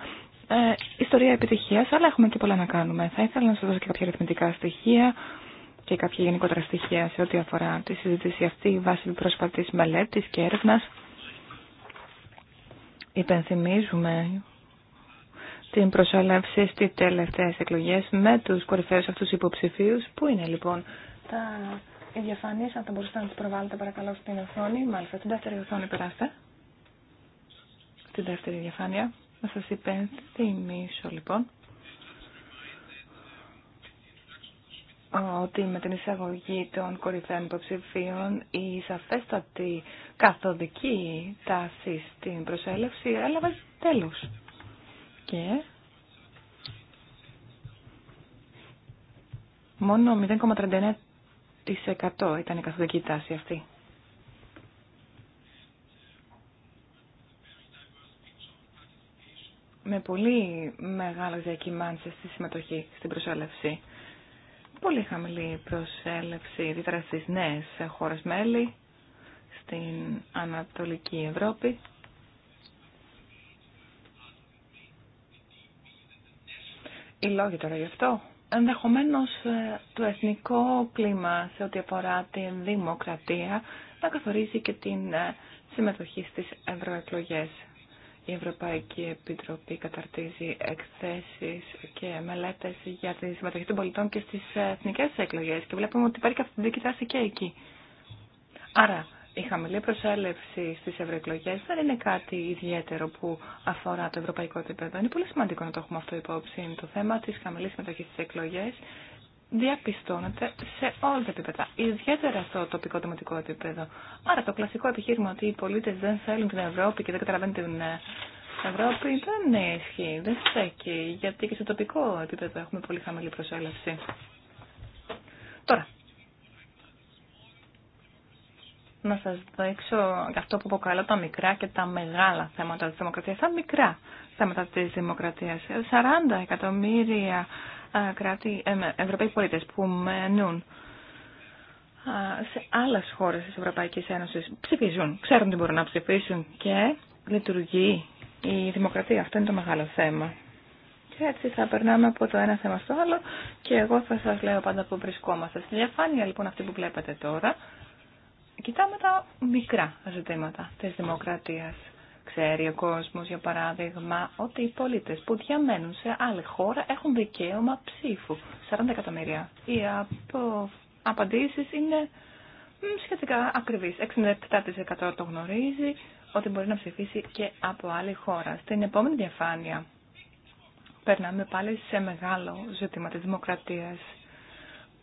ε, ιστορία επιτυχίας, αλλά έχουμε και πολλά να κάνουμε. Θα ήθελα να σα δώσω και κάποια αριθμητικά στοιχεία και κάποια γενικότερα στοιχεία σε ό,τι αφορά τη συζήτηση αυτή βάσει του πρόσφατη μελέτη και έρευνα. Υπενθυμίζουμε την προσέλευση στι τελευταίε εκλογέ με τους κορυφαίους αυτούς υποψηφίου. Πού είναι λοιπόν τα οι αν θα μπορούσατε να τι προβάλλετε παρακαλώ στην οθόνη, μάλιστα την δεύτερη οθόνη περάστε. Την δεύτερη διαφάνεια. Να σα υπενθυμίσω λοιπόν ότι με την εισαγωγή των κορυφαίων υποψηφίων η σαφέστατη καθοδική τάση στην προσέλευση έλαβε τέλος και μόνο 0,39% ήταν η καθοδική τάση αυτή. με πολύ μεγάλες διακυμάνσεις στη συμμετοχή στην προσέλευση. Πολύ χαμηλή προσέλευση, ιδιαίτερα στις νέες χώρες μέλη, στην Ανατολική Ευρώπη. οι λόγοι τώρα γι' αυτό. Ενδεχομένω ε, το εθνικό κλίμα σε ό,τι αφορά την δημοκρατία να καθορίζει και την ε, συμμετοχή στι ευρωεκλογέ. Η Ευρωπαϊκή Επιτροπή καταρτίζει εκθέσει και μελέτε για τη συμμετοχή των πολιτών και στι εθνικέ εκλογέ. και βλέπουμε ότι υπάρχει αυτή την τάση και εκεί. Άρα η χαμηλή προσέλευση στις ευρωεκλογέ δεν είναι κάτι ιδιαίτερο που αφορά το ευρωπαϊκό επίπεδο. Είναι πολύ σημαντικό να το έχουμε αυτό υπόψη. το θέμα της χαμηλής συμμετοχής στις εκλογές διαπιστώνεται σε όλα τα επίπεδα, ιδιαίτερα στο τοπικό δημοτικό επίπεδο. Άρα το κλασικό επιχείρημα ότι οι πολίτες δεν θέλουν την Ευρώπη και δεν καταλαβαίνουν την ε, Ευρώπη δεν ισχύει, δεν στέκει, γιατί και στο τοπικό επίπεδο έχουμε πολύ χαμηλή προσέλευση. Τώρα, να σας δείξω αυτό που αποκαλώ τα μικρά και τα μεγάλα θέματα της δημοκρατίας. Τα μικρά θέματα της δημοκρατίας. 40 εκατομμύρια ε, κράτη, ε, Ευρωπαίοι πολίτες που μένουν ε, σε άλλες χώρες της Ευρωπαϊκής Ένωσης ψηφίζουν, ξέρουν τι μπορούν να ψηφίσουν και λειτουργεί η δημοκρατία. Αυτό είναι το μεγάλο θέμα. Και έτσι θα περνάμε από το ένα θέμα στο άλλο και εγώ θα σας λέω πάντα που βρισκόμαστε. Στη διαφάνεια λοιπόν αυτή που βλέπετε τώρα κοιτάμε τα μικρά ζητήματα της δημοκρατίας. Ξέρει ο κόσμος, για παράδειγμα, ότι οι πολίτες που διαμένουν σε άλλη χώρα έχουν δικαίωμα ψήφου. 40 εκατομμύρια. Οι απο... απαντήσεις είναι σχετικά ακριβείς. 67% το γνωρίζει ότι μπορεί να ψηφίσει και από άλλη χώρα. Στην επόμενη διαφάνεια περνάμε πάλι σε μεγάλο ζήτημα της δημοκρατίας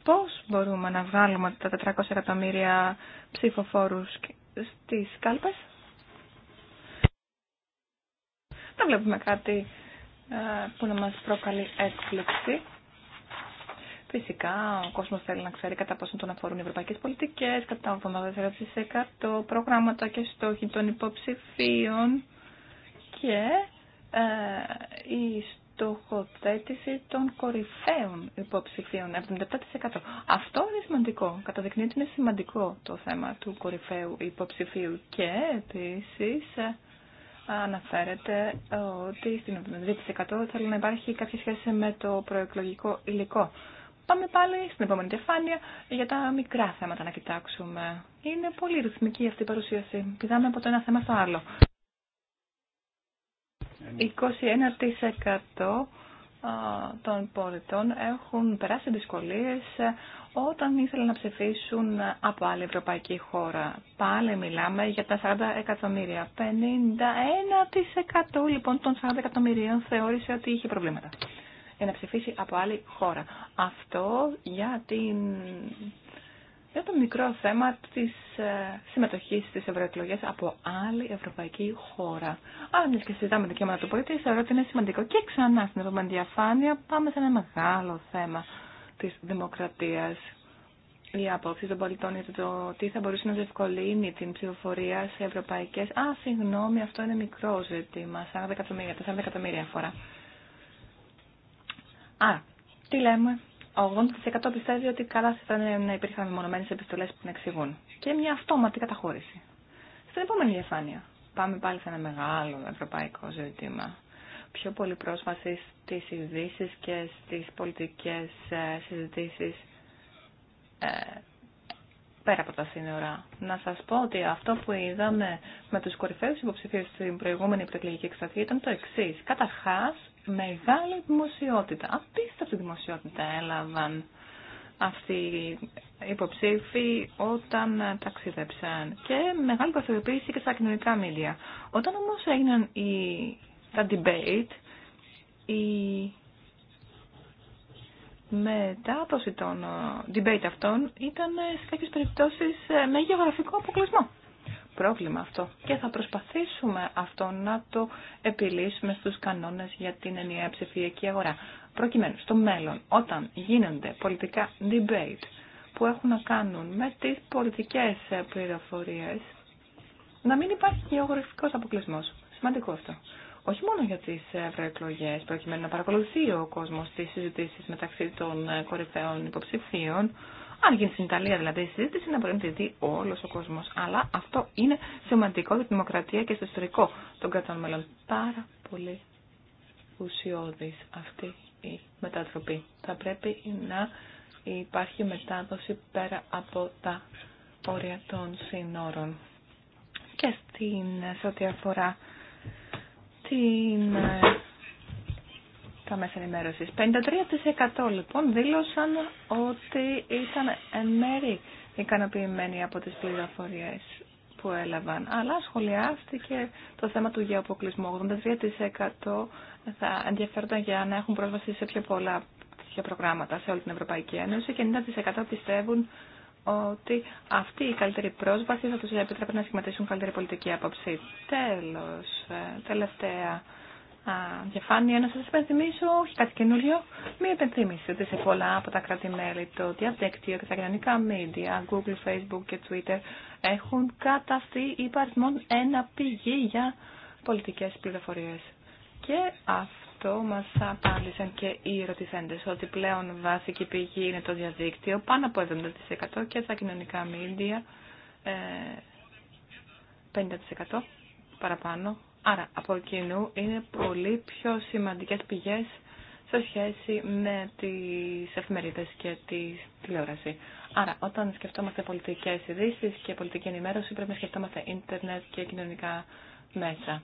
πώς μπορούμε να βγάλουμε τα 400 εκατομμύρια ψηφοφόρους στις κάλπες. Δεν βλέπουμε κάτι ε, που να μας προκαλεί έκπληξη. Φυσικά, ο κόσμος θέλει να ξέρει κατά πόσο τον αφορούν οι ευρωπαϊκές πολιτικές, κατά 84% προγράμματα και στόχοι των υποψηφίων και ε, στοχοθέτηση των κορυφαίων υποψηφίων, 77%. Αυτό είναι σημαντικό. Καταδεικνύει ότι είναι σημαντικό το θέμα του κορυφαίου υποψηφίου και επίσης ε, αναφέρεται ότι στην 72% θέλει να υπάρχει κάποια σχέση με το προεκλογικό υλικό. Πάμε πάλι στην επόμενη διαφάνεια για τα μικρά θέματα να κοιτάξουμε. Είναι πολύ ρυθμική αυτή η παρουσίαση. Πηγαίνουμε από το ένα θέμα στο άλλο. 21% των πολιτών έχουν περάσει δυσκολίες ε, όταν ήθελαν να ψηφίσουν ε, από άλλη ευρωπαϊκή χώρα. Πάλι μιλάμε για τα 40 εκατομμύρια. 51% λοιπόν των 40 εκατομμυρίων θεώρησε ότι είχε προβλήματα για να ψηφίσει από άλλη χώρα. Αυτό για την για το μικρό θέμα της ε, συμμετοχής στις ευρωεκλογέ από άλλη ευρωπαϊκή χώρα. Άρα, μιας και συζητάμε δικαιώματα του πολίτη, θεωρώ ότι είναι σημαντικό. Και ξανά στην επόμενη διαφάνεια πάμε σε ένα μεγάλο θέμα της δημοκρατίας. Η άποψη των πολιτών για το τι θα μπορούσε να διευκολύνει την ψηφοφορία σε ευρωπαϊκέ. Α, συγγνώμη, αυτό είναι μικρό ζήτημα. 40 εκατομμύρια, φορά. Άρα, τι λέμε ο 80% πιστεύει ότι καλά θα ήταν να υπήρχαν μεμονωμένε επιστολέ που την εξηγούν. Και μια αυτόματη καταχώρηση. Στην επόμενη διαφάνεια. Πάμε πάλι σε ένα μεγάλο ευρωπαϊκό ζήτημα. Πιο πολύ πρόσβαση στι ειδήσει και στι πολιτικέ ε, συζητήσει ε, πέρα από τα σύνορα. Να σα πω ότι αυτό που είδαμε με του κορυφαίου υποψηφίου στην προηγούμενη προεκλογική εκστρατεία ήταν το εξή. Καταρχά, μεγάλη δημοσιότητα. Απίστευτη δημοσιότητα έλαβαν αυτοί οι υποψήφοι όταν ταξίδεψαν και μεγάλη καθοριοποίηση και στα κοινωνικά μίλια. Όταν όμως έγιναν οι, τα debate, η μετάδοση των ε, debate αυτών ήταν σε κάποιες περιπτώσεις ε, με γεωγραφικό αποκλεισμό πρόβλημα αυτό και θα προσπαθήσουμε αυτό να το επιλύσουμε στους κανόνες για την ενιαία ψηφιακή αγορά. Προκειμένου στο μέλλον όταν γίνονται πολιτικά debate που έχουν να κάνουν με τις πολιτικές πληροφορίες να μην υπάρχει γεωγραφικός αποκλεισμός. Σημαντικό αυτό. Όχι μόνο για τις ευρωεκλογέ, προκειμένου να παρακολουθεί ο κόσμος τις συζητήσεις μεταξύ των κορυφαίων υποψηφίων, αν γίνει στην Ιταλία δηλαδή η συζήτηση, να μπορεί να τη δει όλο ο κόσμο. Αλλά αυτό είναι σημαντικό για τη δημοκρατία και στο ιστορικό των κρατών μελών. Πάρα πολύ ουσιώδη αυτή η μετατροπή. Θα πρέπει να υπάρχει μετάδοση πέρα από τα όρια των συνόρων. Και στην, σε ό,τι αφορά την ε, τα μέσα ενημέρωση. 53% λοιπόν δήλωσαν ότι ήταν εν μέρη ικανοποιημένοι από τις πληροφορίες που έλαβαν. Αλλά σχολιάστηκε το θέμα του γεωποκλεισμού. 83% θα ενδιαφέρονταν για να έχουν πρόσβαση σε πιο πολλά προγράμματα σε όλη την Ευρωπαϊκή Ένωση και 90% πιστεύουν ότι αυτή η καλύτερη πρόσβαση θα τους επιτρέπει να σχηματίσουν καλύτερη πολιτική άποψη. Τέλος, ε, τελευταία διαφάνεια, να σας υπενθυμίσω, όχι κάτι καινούριο, μία υπενθύμηση ότι σε πολλά από τα κράτη-μέλη, το διαδίκτυο και τα κοινωνικά media, Google, Facebook και Twitter, έχουν καταστεί υπαρισμόν ένα πηγή για πολιτικές πληροφορίες. Και αυτό μας απάντησαν και οι ερωτηθέντες, ότι πλέον βασική πηγή είναι το διαδίκτυο, πάνω από 70% και τα κοινωνικά ε, 50% παραπάνω Άρα, από κοινού είναι πολύ πιο σημαντικές πηγές σε σχέση με τις εφημερίδες και τη τηλεόραση. Άρα, όταν σκεφτόμαστε πολιτικές ειδήσει και πολιτική ενημέρωση, πρέπει να σκεφτόμαστε ίντερνετ και κοινωνικά μέσα.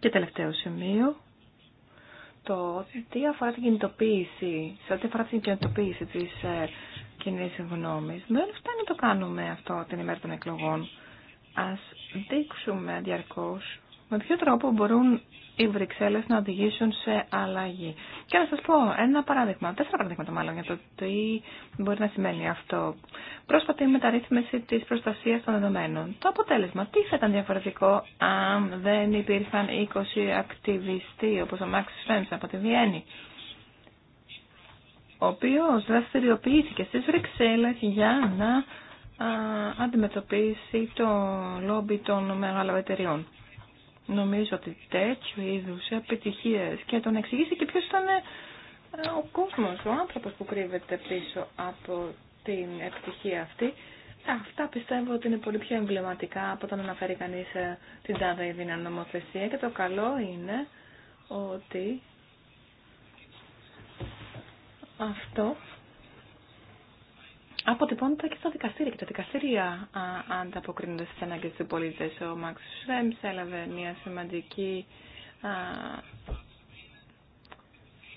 Και τελευταίο σημείο, το τι αφορά την κινητοποίηση, σε ό,τι αφορά την κινητοποίηση της ε, κοινή γνώμη, δεν φτάνει να το κάνουμε αυτό την ημέρα των εκλογών. Ας δείξουμε διαρκώς με ποιο τρόπο μπορούν οι Βρυξέλλες να οδηγήσουν σε αλλαγή. Και να σας πω ένα παράδειγμα, τέσσερα παραδείγματα μάλλον για το τι μπορεί να σημαίνει αυτό. Πρόσφατη μεταρρύθμιση της προστασίας των δεδομένων. Το αποτέλεσμα, τι θα ήταν διαφορετικό αν δεν υπήρχαν 20 ακτιβιστή, όπως ο Μάξ Φέντς από τη Βιέννη ο οποίος δραστηριοποιήθηκε στις Βρυξέλλες για να αντιμετωπίσει το λόμπι των μεγάλων εταιριών. Νομίζω ότι τέτοιου είδου επιτυχίε και τον εξηγήσει και ποιο ήταν ε, ο κόσμο, ο άνθρωπο που κρύβεται πίσω από την επιτυχία αυτή. Αυτά πιστεύω ότι είναι πολύ πιο εμβληματικά από όταν αναφέρει κανεί ε, την τάδε ή νομοθεσία και το καλό είναι ότι αυτό αποτυπώνεται και στα δικαστήρια και τα δικαστήρια ανταποκρίνονται στι ανάγκε του πολίτε. Ο Μαξ Σρέμ έλαβε μια σημαντική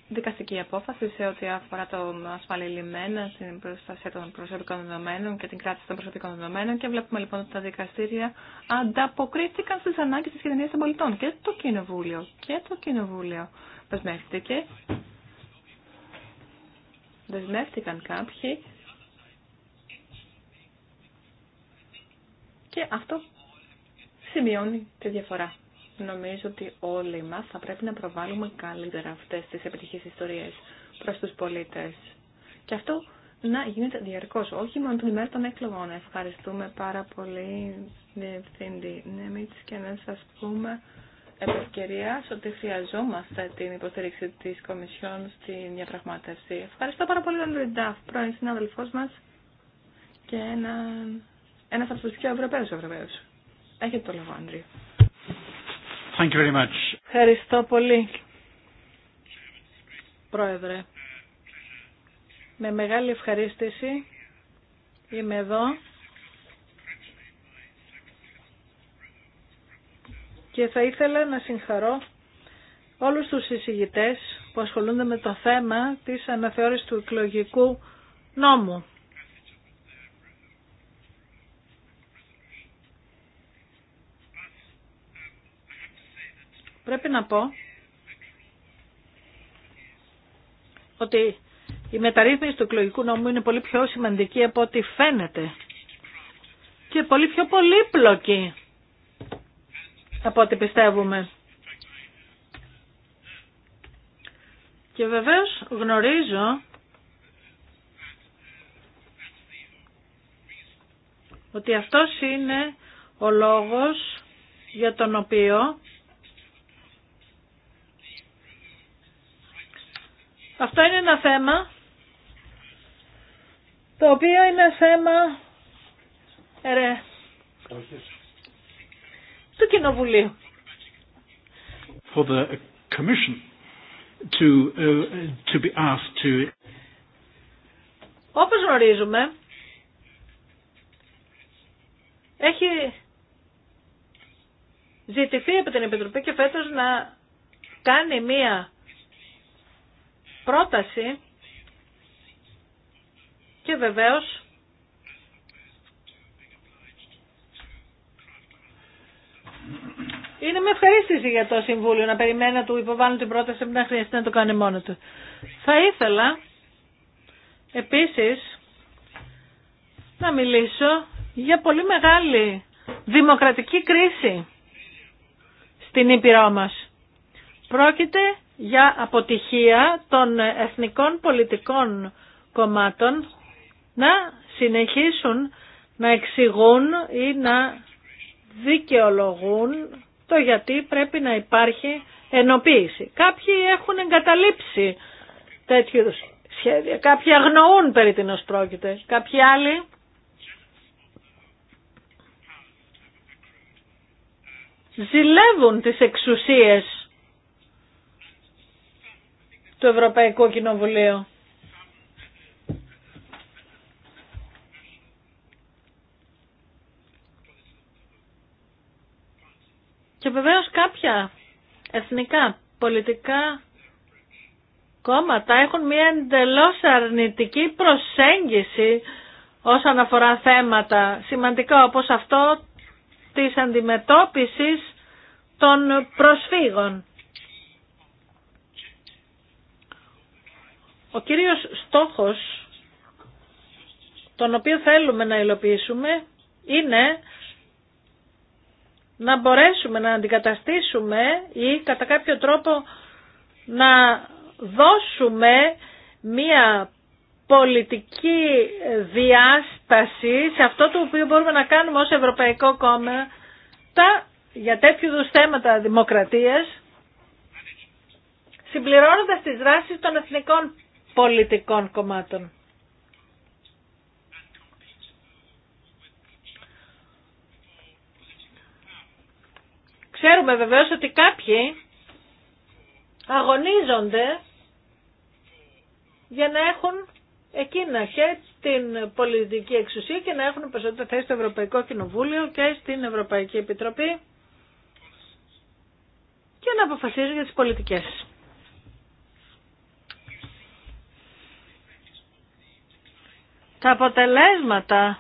δικαστική απόφαση σε ό,τι αφορά το ασφαλή λιμένα, την προστασία των προσωπικών δεδομένων και την κράτηση των προσωπικών δεδομένων και βλέπουμε λοιπόν ότι τα δικαστήρια ανταποκρίθηκαν στι ανάγκε τη κοινωνία των πολιτών και το κοινοβούλιο και το κοινοβούλιο δεσμεύτηκε δεσμεύτηκαν κάποιοι Και αυτό σημειώνει τη διαφορά. Νομίζω ότι όλοι μας θα πρέπει να προβάλλουμε καλύτερα αυτές τις επιτυχείς ιστορίες προς τους πολίτες. Και αυτό να γίνεται διαρκώς, όχι μόνο την ημέρα των εκλογών. Ευχαριστούμε πάρα πολύ, Διευθύντη Νέμιτς, και να σας πούμε ευκαιρία ότι χρειαζόμαστε την υποστήριξη της Κομισιόν στην διαπραγμάτευση. Ευχαριστώ πάρα πολύ τον Ριντάφ, πρώην συνάδελφός μας και έναν ένα από του πιο Ευρωπαίου Ευρωπαίου. Έχετε το λόγο, Άντριο. Ευχαριστώ πολύ, Πρόεδρε. Με μεγάλη ευχαρίστηση είμαι εδώ και θα ήθελα να συγχαρώ όλους τους εισηγητές που ασχολούνται με το θέμα της αναθεώρησης του εκλογικού νόμου Πρέπει να πω ότι η μεταρρύθμιση του εκλογικού νόμου είναι πολύ πιο σημαντική από ό,τι φαίνεται και πολύ πιο πολύπλοκη από ό,τι πιστεύουμε. Και βεβαίως γνωρίζω ότι αυτός είναι ο λόγος για τον οποίο Αυτό είναι ένα θέμα το οποίο είναι θέμα ρε, του Κοινοβουλίου. For the commission to, uh, to be asked to... Όπως γνωρίζουμε, έχει ζητηθεί από την Επιτροπή και φέτος να κάνει μία πρόταση και βεβαίως είναι με ευχαρίστηση για το Συμβούλιο να περιμένω του υποβάλλουν την πρόταση να χρειαστεί να το κάνει μόνο του. Θα ήθελα επίσης να μιλήσω για πολύ μεγάλη δημοκρατική κρίση στην Ήπειρό μας. Πρόκειται για αποτυχία των εθνικών πολιτικών κομμάτων να συνεχίσουν να εξηγούν ή να δικαιολογούν το γιατί πρέπει να υπάρχει ενοποίηση. Κάποιοι έχουν εγκαταλείψει τέτοιου σχέδια, κάποιοι αγνοούν περί την πρόκειται, κάποιοι άλλοι ζηλεύουν τις εξουσίες του Ευρωπαϊκού Κοινοβουλίου. Και βεβαίως κάποια εθνικά πολιτικά κόμματα έχουν μια εντελώς αρνητική προσέγγιση όσον αφορά θέματα σημαντικά όπως αυτό της αντιμετώπισης των προσφύγων. Ο κύριος στόχος τον οποίο θέλουμε να υλοποιήσουμε είναι να μπορέσουμε να αντικαταστήσουμε ή κατά κάποιο τρόπο να δώσουμε μία πολιτική διάσταση σε αυτό το οποίο μπορούμε να κάνουμε ως Ευρωπαϊκό Κόμμα τα, για τέτοιου είδου θέματα δημοκρατίας συμπληρώνοντας τις δράσεις των εθνικών πολιτικών κομμάτων. Ξέρουμε βεβαίως ότι κάποιοι αγωνίζονται για να έχουν εκείνα και την πολιτική εξουσία και να έχουν περισσότερη θέση στο Ευρωπαϊκό Κοινοβούλιο και στην Ευρωπαϊκή Επιτροπή και να αποφασίζουν για τις πολιτικές. τα αποτελέσματα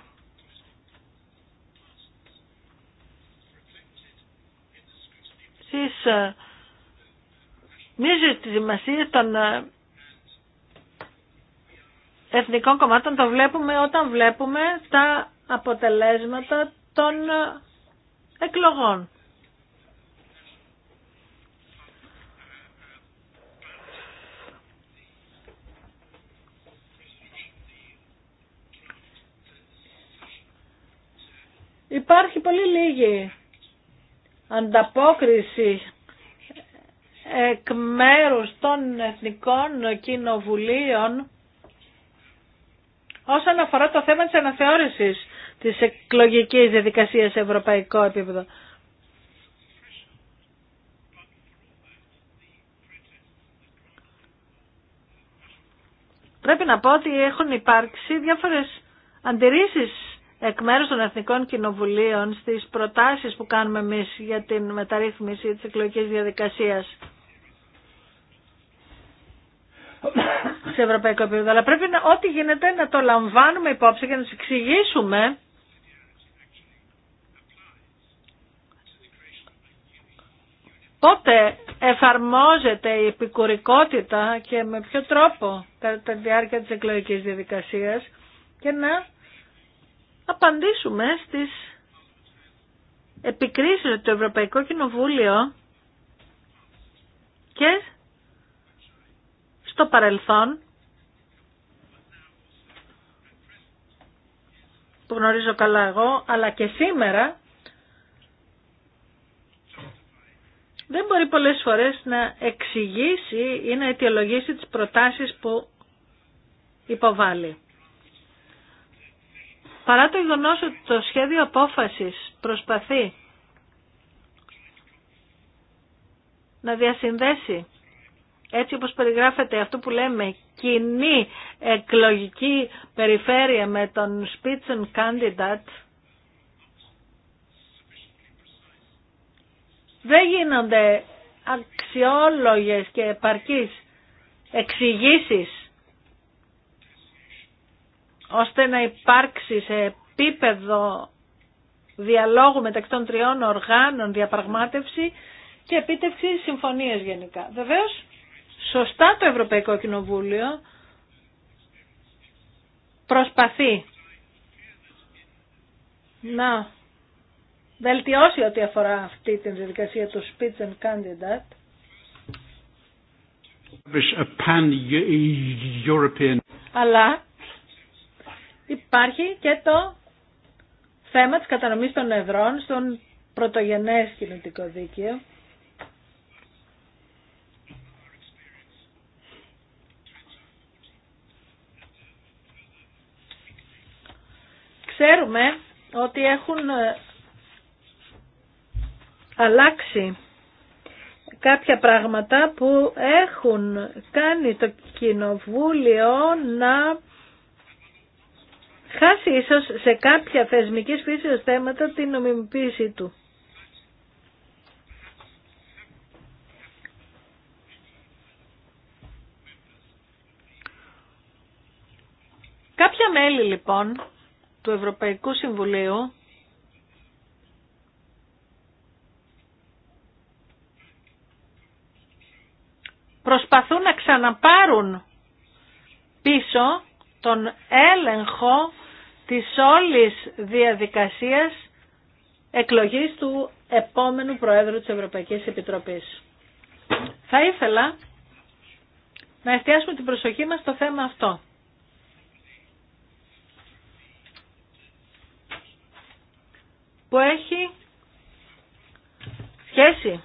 της ε, μίζης της δημασίας των ε, εθνικών κομμάτων το βλέπουμε όταν βλέπουμε τα αποτελέσματα των ε, εκλογών. Υπάρχει πολύ λίγη ανταπόκριση εκ μέρους των εθνικών κοινοβουλίων όσον αφορά το θέμα της αναθεώρησης της εκλογικής διαδικασίας σε ευρωπαϊκό επίπεδο. Πρέπει να πω ότι έχουν υπάρξει διάφορες αντιρρήσεις εκ μέρου των Εθνικών Κοινοβουλίων στι προτάσει που κάνουμε εμεί για την μεταρρύθμιση τη εκλογική διαδικασία. σε ευρωπαϊκό επίπεδο. Αλλά πρέπει να, ό,τι γίνεται να το λαμβάνουμε υπόψη και να τους εξηγήσουμε πότε εφαρμόζεται η επικουρικότητα και με ποιο τρόπο κατά τη διάρκεια της εκλογικής διαδικασίας και να απαντήσουμε στις επικρίσεις του Ευρωπαϊκού Ευρωπαϊκό Κοινοβούλιο και στο παρελθόν που γνωρίζω καλά εγώ, αλλά και σήμερα δεν μπορεί πολλές φορές να εξηγήσει ή να αιτιολογήσει τις προτάσεις που υποβάλλει. Παρά το γεγονό ότι το σχέδιο απόφασης προσπαθεί να διασυνδέσει έτσι όπως περιγράφεται αυτό που λέμε κοινή εκλογική περιφέρεια με τον Spitzen Candidat δεν γίνονται αξιόλογες και επαρκείς εξηγήσει ώστε να υπάρξει σε επίπεδο διαλόγου μεταξύ των τριών οργάνων διαπραγμάτευση και επίτευξη συμφωνίες γενικά. Βεβαίως, σωστά το Ευρωπαϊκό Κοινοβούλιο προσπαθεί να βελτιώσει ό,τι αφορά αυτή την διαδικασία του speech and candidate. Αλλά υπάρχει και το θέμα της κατανομής των ευρών στον πρωτογενές κοινωτικό δίκαιο. Ξέρουμε ότι έχουν ε, αλλάξει κάποια πράγματα που έχουν κάνει το κοινοβούλιο να χάσει ίσως σε κάποια θεσμική φύσεως θέματα την νομιμοποίησή του. Κάποια μέλη λοιπόν του Ευρωπαϊκού Συμβουλίου προσπαθούν να ξαναπάρουν πίσω τον έλεγχο της όλης διαδικασίας εκλογής του επόμενου Προέδρου της Ευρωπαϊκής Επιτροπής. Θα ήθελα να εστιάσουμε την προσοχή μας στο θέμα αυτό. που έχει σχέση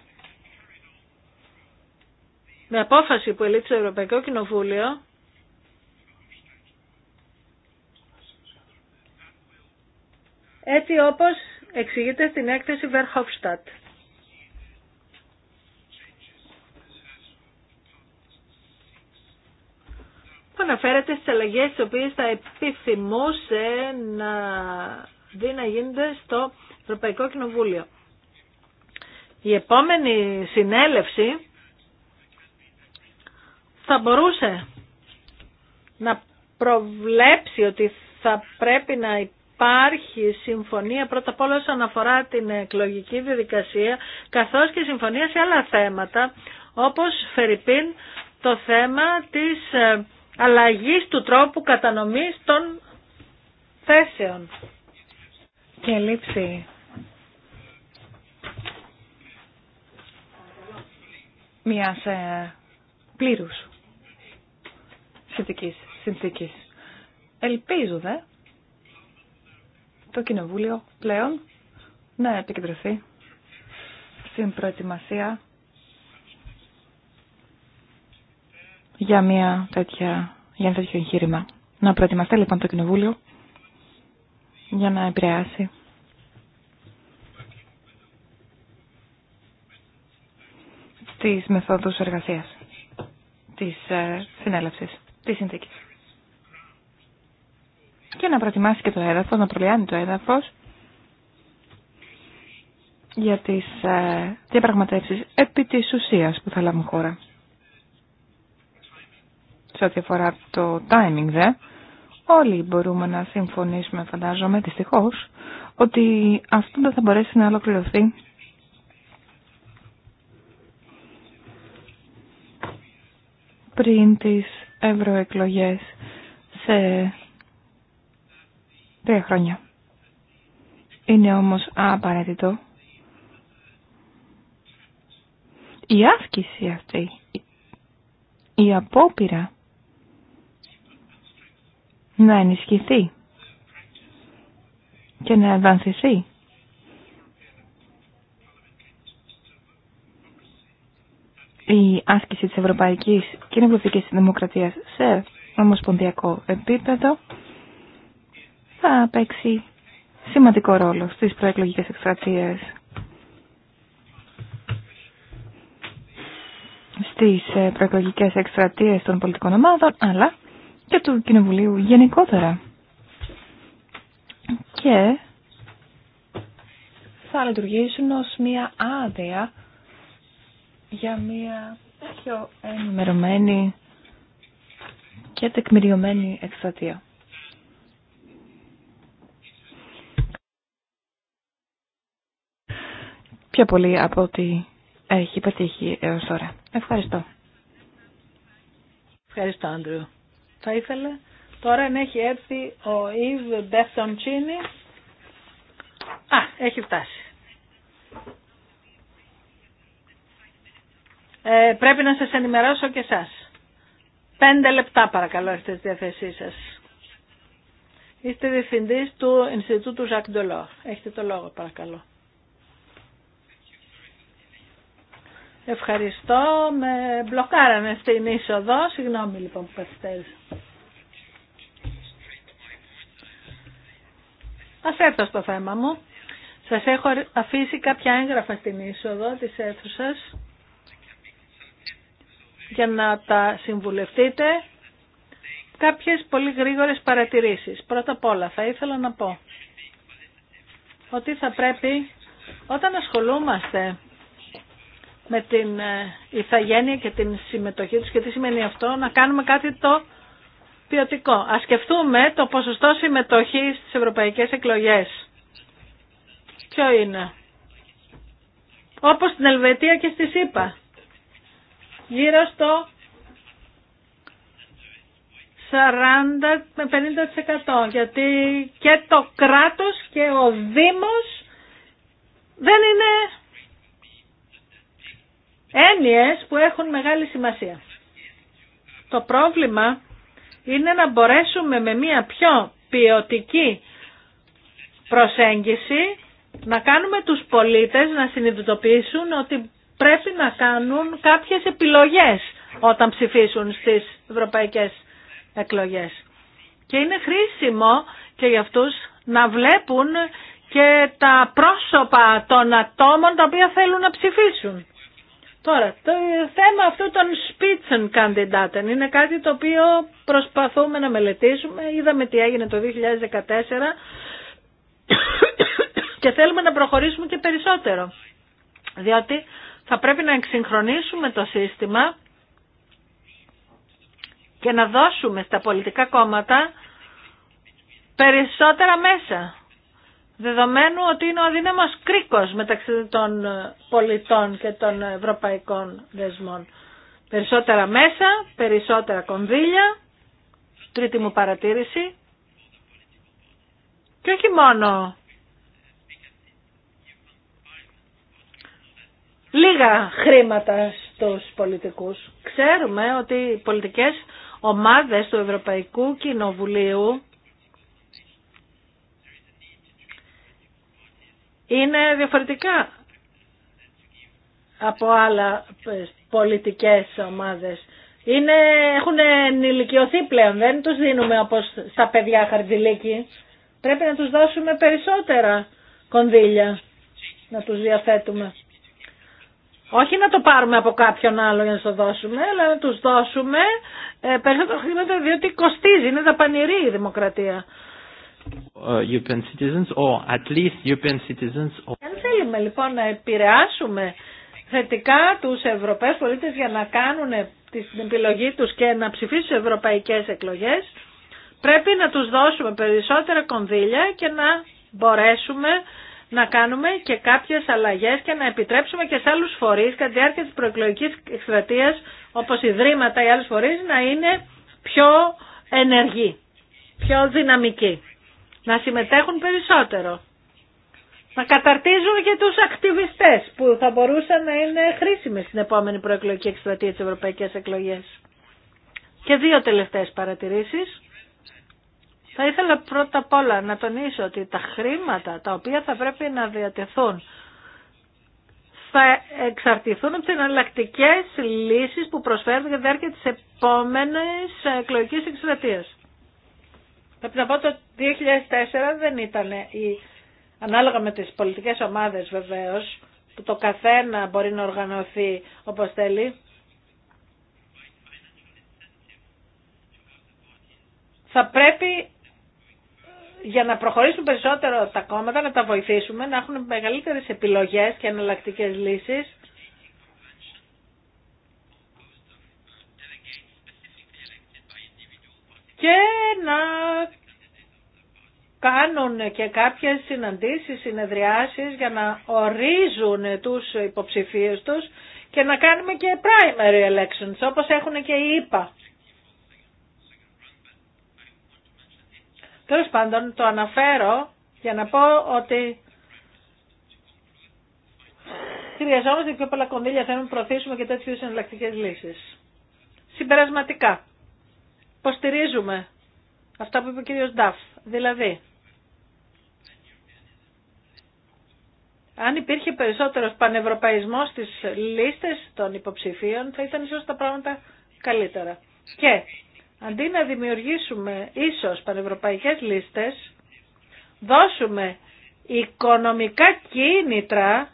με απόφαση που ελήφθη το Ευρωπαϊκό Κοινοβούλιο έτσι όπως εξηγείται στην έκθεση Verhofstadt. που αναφέρεται στις αλλαγές τις οποίες θα επιθυμούσε να δει να γίνεται στο Ευρωπαϊκό Κοινοβούλιο. Η επόμενη συνέλευση θα μπορούσε να προβλέψει ότι θα πρέπει να υπάρχει συμφωνία πρώτα απ' όλα όσον αφορά την εκλογική διαδικασία καθώς και συμφωνία σε άλλα θέματα όπως φερειπίν το θέμα της ε, αλλαγής του τρόπου κατανομής των θέσεων. Και λήψη. μια ε, πλήρους συνθήκης. Ελπίζω δε το Κοινοβούλιο πλέον να επικεντρωθεί στην προετοιμασία για, μια τέτοια, για ένα τέτοιο εγχείρημα. Να προετοιμαστεί λοιπόν το Κοινοβούλιο για να επηρεάσει τις μεθόδους εργασίας, της ε, συνέλευσης, της συνθήκης και να προετοιμάσει και το έδαφος, να προλειάνει το έδαφος για τις ε, διαπραγματεύσεις επί της ουσίας που θα λάβουν χώρα. Σε ό,τι αφορά το timing δε, όλοι μπορούμε να συμφωνήσουμε φαντάζομαι δυστυχώ ότι αυτό δεν θα μπορέσει να ολοκληρωθεί πριν τις ευρωεκλογές σε Τρία χρόνια. Είναι όμως απαραίτητο η άσκηση αυτή, η απόπειρα να ενισχυθεί και να ευανθυθεί. Η άσκηση της Ευρωπαϊκής Κοινοβουλευτικής Δημοκρατίας σε ομοσπονδιακό επίπεδο θα παίξει σημαντικό ρόλο στις προεκλογικές εκστρατείες. στις ε, προεκλογικές εκστρατείες των πολιτικών ομάδων, αλλά και του Κοινοβουλίου γενικότερα. Και θα λειτουργήσουν ως μία άδεια για μία πιο ενημερωμένη και τεκμηριωμένη εκστρατεία. πιο πολύ από ό,τι έχει πετύχει έω τώρα. Ευχαριστώ. Ευχαριστώ, Άντριου. Θα ήθελα τώρα να έχει έρθει ο Ιβ Μπεθοντσίνη. Α, έχει φτάσει. Ε, πρέπει να σας ενημερώσω και εσάς. Πέντε λεπτά παρακαλώ έχετε στη διαθέσή σας. Είστε διευθυντής του Ινστιτούτου Ζακ Ντολό. Έχετε το λόγο παρακαλώ. Ευχαριστώ. Με μπλοκάρανε στην είσοδο. Συγγνώμη λοιπόν που καθυστέρησα. Ας έρθω στο θέμα μου. Σας έχω αφήσει κάποια έγγραφα στην είσοδο της αίθουσα για να τα συμβουλευτείτε. Κάποιες πολύ γρήγορες παρατηρήσεις. Πρώτα απ' όλα θα ήθελα να πω ότι θα πρέπει όταν ασχολούμαστε με την ε, ηθαγένεια και την συμμετοχή τους και τι σημαίνει αυτό, να κάνουμε κάτι το ποιοτικό. Ας σκεφτούμε το ποσοστό συμμετοχής στις ευρωπαϊκές εκλογές. Ποιο είναι. Όπως στην Ελβετία και στη ΣΥΠΑ. Γύρω στο 40 με 50% γιατί και το κράτος και ο Δήμος δεν είναι έννοιες που έχουν μεγάλη σημασία. Το πρόβλημα είναι να μπορέσουμε με μια πιο ποιοτική προσέγγιση να κάνουμε τους πολίτες να συνειδητοποιήσουν ότι πρέπει να κάνουν κάποιες επιλογές όταν ψηφίσουν στις ευρωπαϊκές εκλογές. Και είναι χρήσιμο και για αυτούς να βλέπουν και τα πρόσωπα των ατόμων τα οποία θέλουν να ψηφίσουν. Τώρα, το θέμα αυτού των Spitzenkandidaten είναι κάτι το οποίο προσπαθούμε να μελετήσουμε. Είδαμε τι έγινε το 2014 και θέλουμε να προχωρήσουμε και περισσότερο. Διότι θα πρέπει να εξυγχρονίσουμε το σύστημα και να δώσουμε στα πολιτικά κόμματα περισσότερα μέσα δεδομένου ότι είναι ο αδύναμος κρίκος μεταξύ των πολιτών και των ευρωπαϊκών δεσμών. Περισσότερα μέσα, περισσότερα κονδύλια, τρίτη μου παρατήρηση. Και όχι μόνο λίγα χρήματα στους πολιτικούς. Ξέρουμε ότι οι πολιτικές ομάδες του Ευρωπαϊκού Κοινοβουλίου είναι διαφορετικά από άλλα πολιτικές ομάδες. Είναι, έχουν ενηλικιωθεί πλέον, δεν τους δίνουμε όπως στα παιδιά χαρτζηλίκη. Πρέπει να τους δώσουμε περισσότερα κονδύλια, να τους διαθέτουμε. Όχι να το πάρουμε από κάποιον άλλο για να το δώσουμε, αλλά να τους δώσουμε ε, περισσότερα χρήματα διότι κοστίζει, είναι δαπανηρή η δημοκρατία. Uh, European citizens or at least European citizens. Αν θέλουμε λοιπόν να επηρεάσουμε θετικά τους Ευρωπαίους πολίτες για να κάνουν την επιλογή τους και να ψηφίσουν ευρωπαϊκές εκλογές, πρέπει να τους δώσουμε περισσότερα κονδύλια και να μπορέσουμε να κάνουμε και κάποιες αλλαγές και να επιτρέψουμε και σε άλλους φορείς κατά τη διάρκεια της προεκλογικής εκστρατείας όπως ιδρύματα ή άλλους φορείς να είναι πιο ενεργοί, πιο δυναμικοί να συμμετέχουν περισσότερο. Να καταρτίζουν και τους ακτιβιστές που θα μπορούσαν να είναι χρήσιμοι στην επόμενη προεκλογική εκστρατεία της Ευρωπαϊκής Εκλογές. Και δύο τελευταίες παρατηρήσεις. Θα ήθελα πρώτα απ' όλα να τονίσω ότι τα χρήματα τα οποία θα πρέπει να διατεθούν θα εξαρτηθούν από τι εναλλακτικέ λύσεις που προσφέρουν για τη διάρκεια της επόμενης εκλογικής εκστρατείας. Πρέπει να πω ότι το 2004 δεν ήταν η, ανάλογα με τις πολιτικές ομάδες βεβαίως, που το καθένα μπορεί να οργανωθεί όπως θέλει. Θα πρέπει για να προχωρήσουν περισσότερο τα κόμματα, να τα βοηθήσουμε, να έχουν μεγαλύτερες επιλογές και εναλλακτικέ λύσεις και να κάνουν και κάποιες συναντήσεις, συνεδριάσεις για να ορίζουν τους υποψηφίους τους και να κάνουμε και primary elections όπως έχουν και οι ΙΠΑ. Τέλο πάντων το αναφέρω για να πω ότι χρειαζόμαστε πιο πολλά κονδύλια θέλουμε να προωθήσουμε και τέτοιες εναλλακτικέ λύσεις. Συμπερασματικά υποστηρίζουμε αυτά που είπε ο κύριος Νταφ. Δηλαδή, αν υπήρχε περισσότερος πανευρωπαϊσμός στις λίστες των υποψηφίων, θα ήταν ίσως τα πράγματα καλύτερα. Και αντί να δημιουργήσουμε ίσως πανευρωπαϊκές λίστες, δώσουμε οικονομικά κίνητρα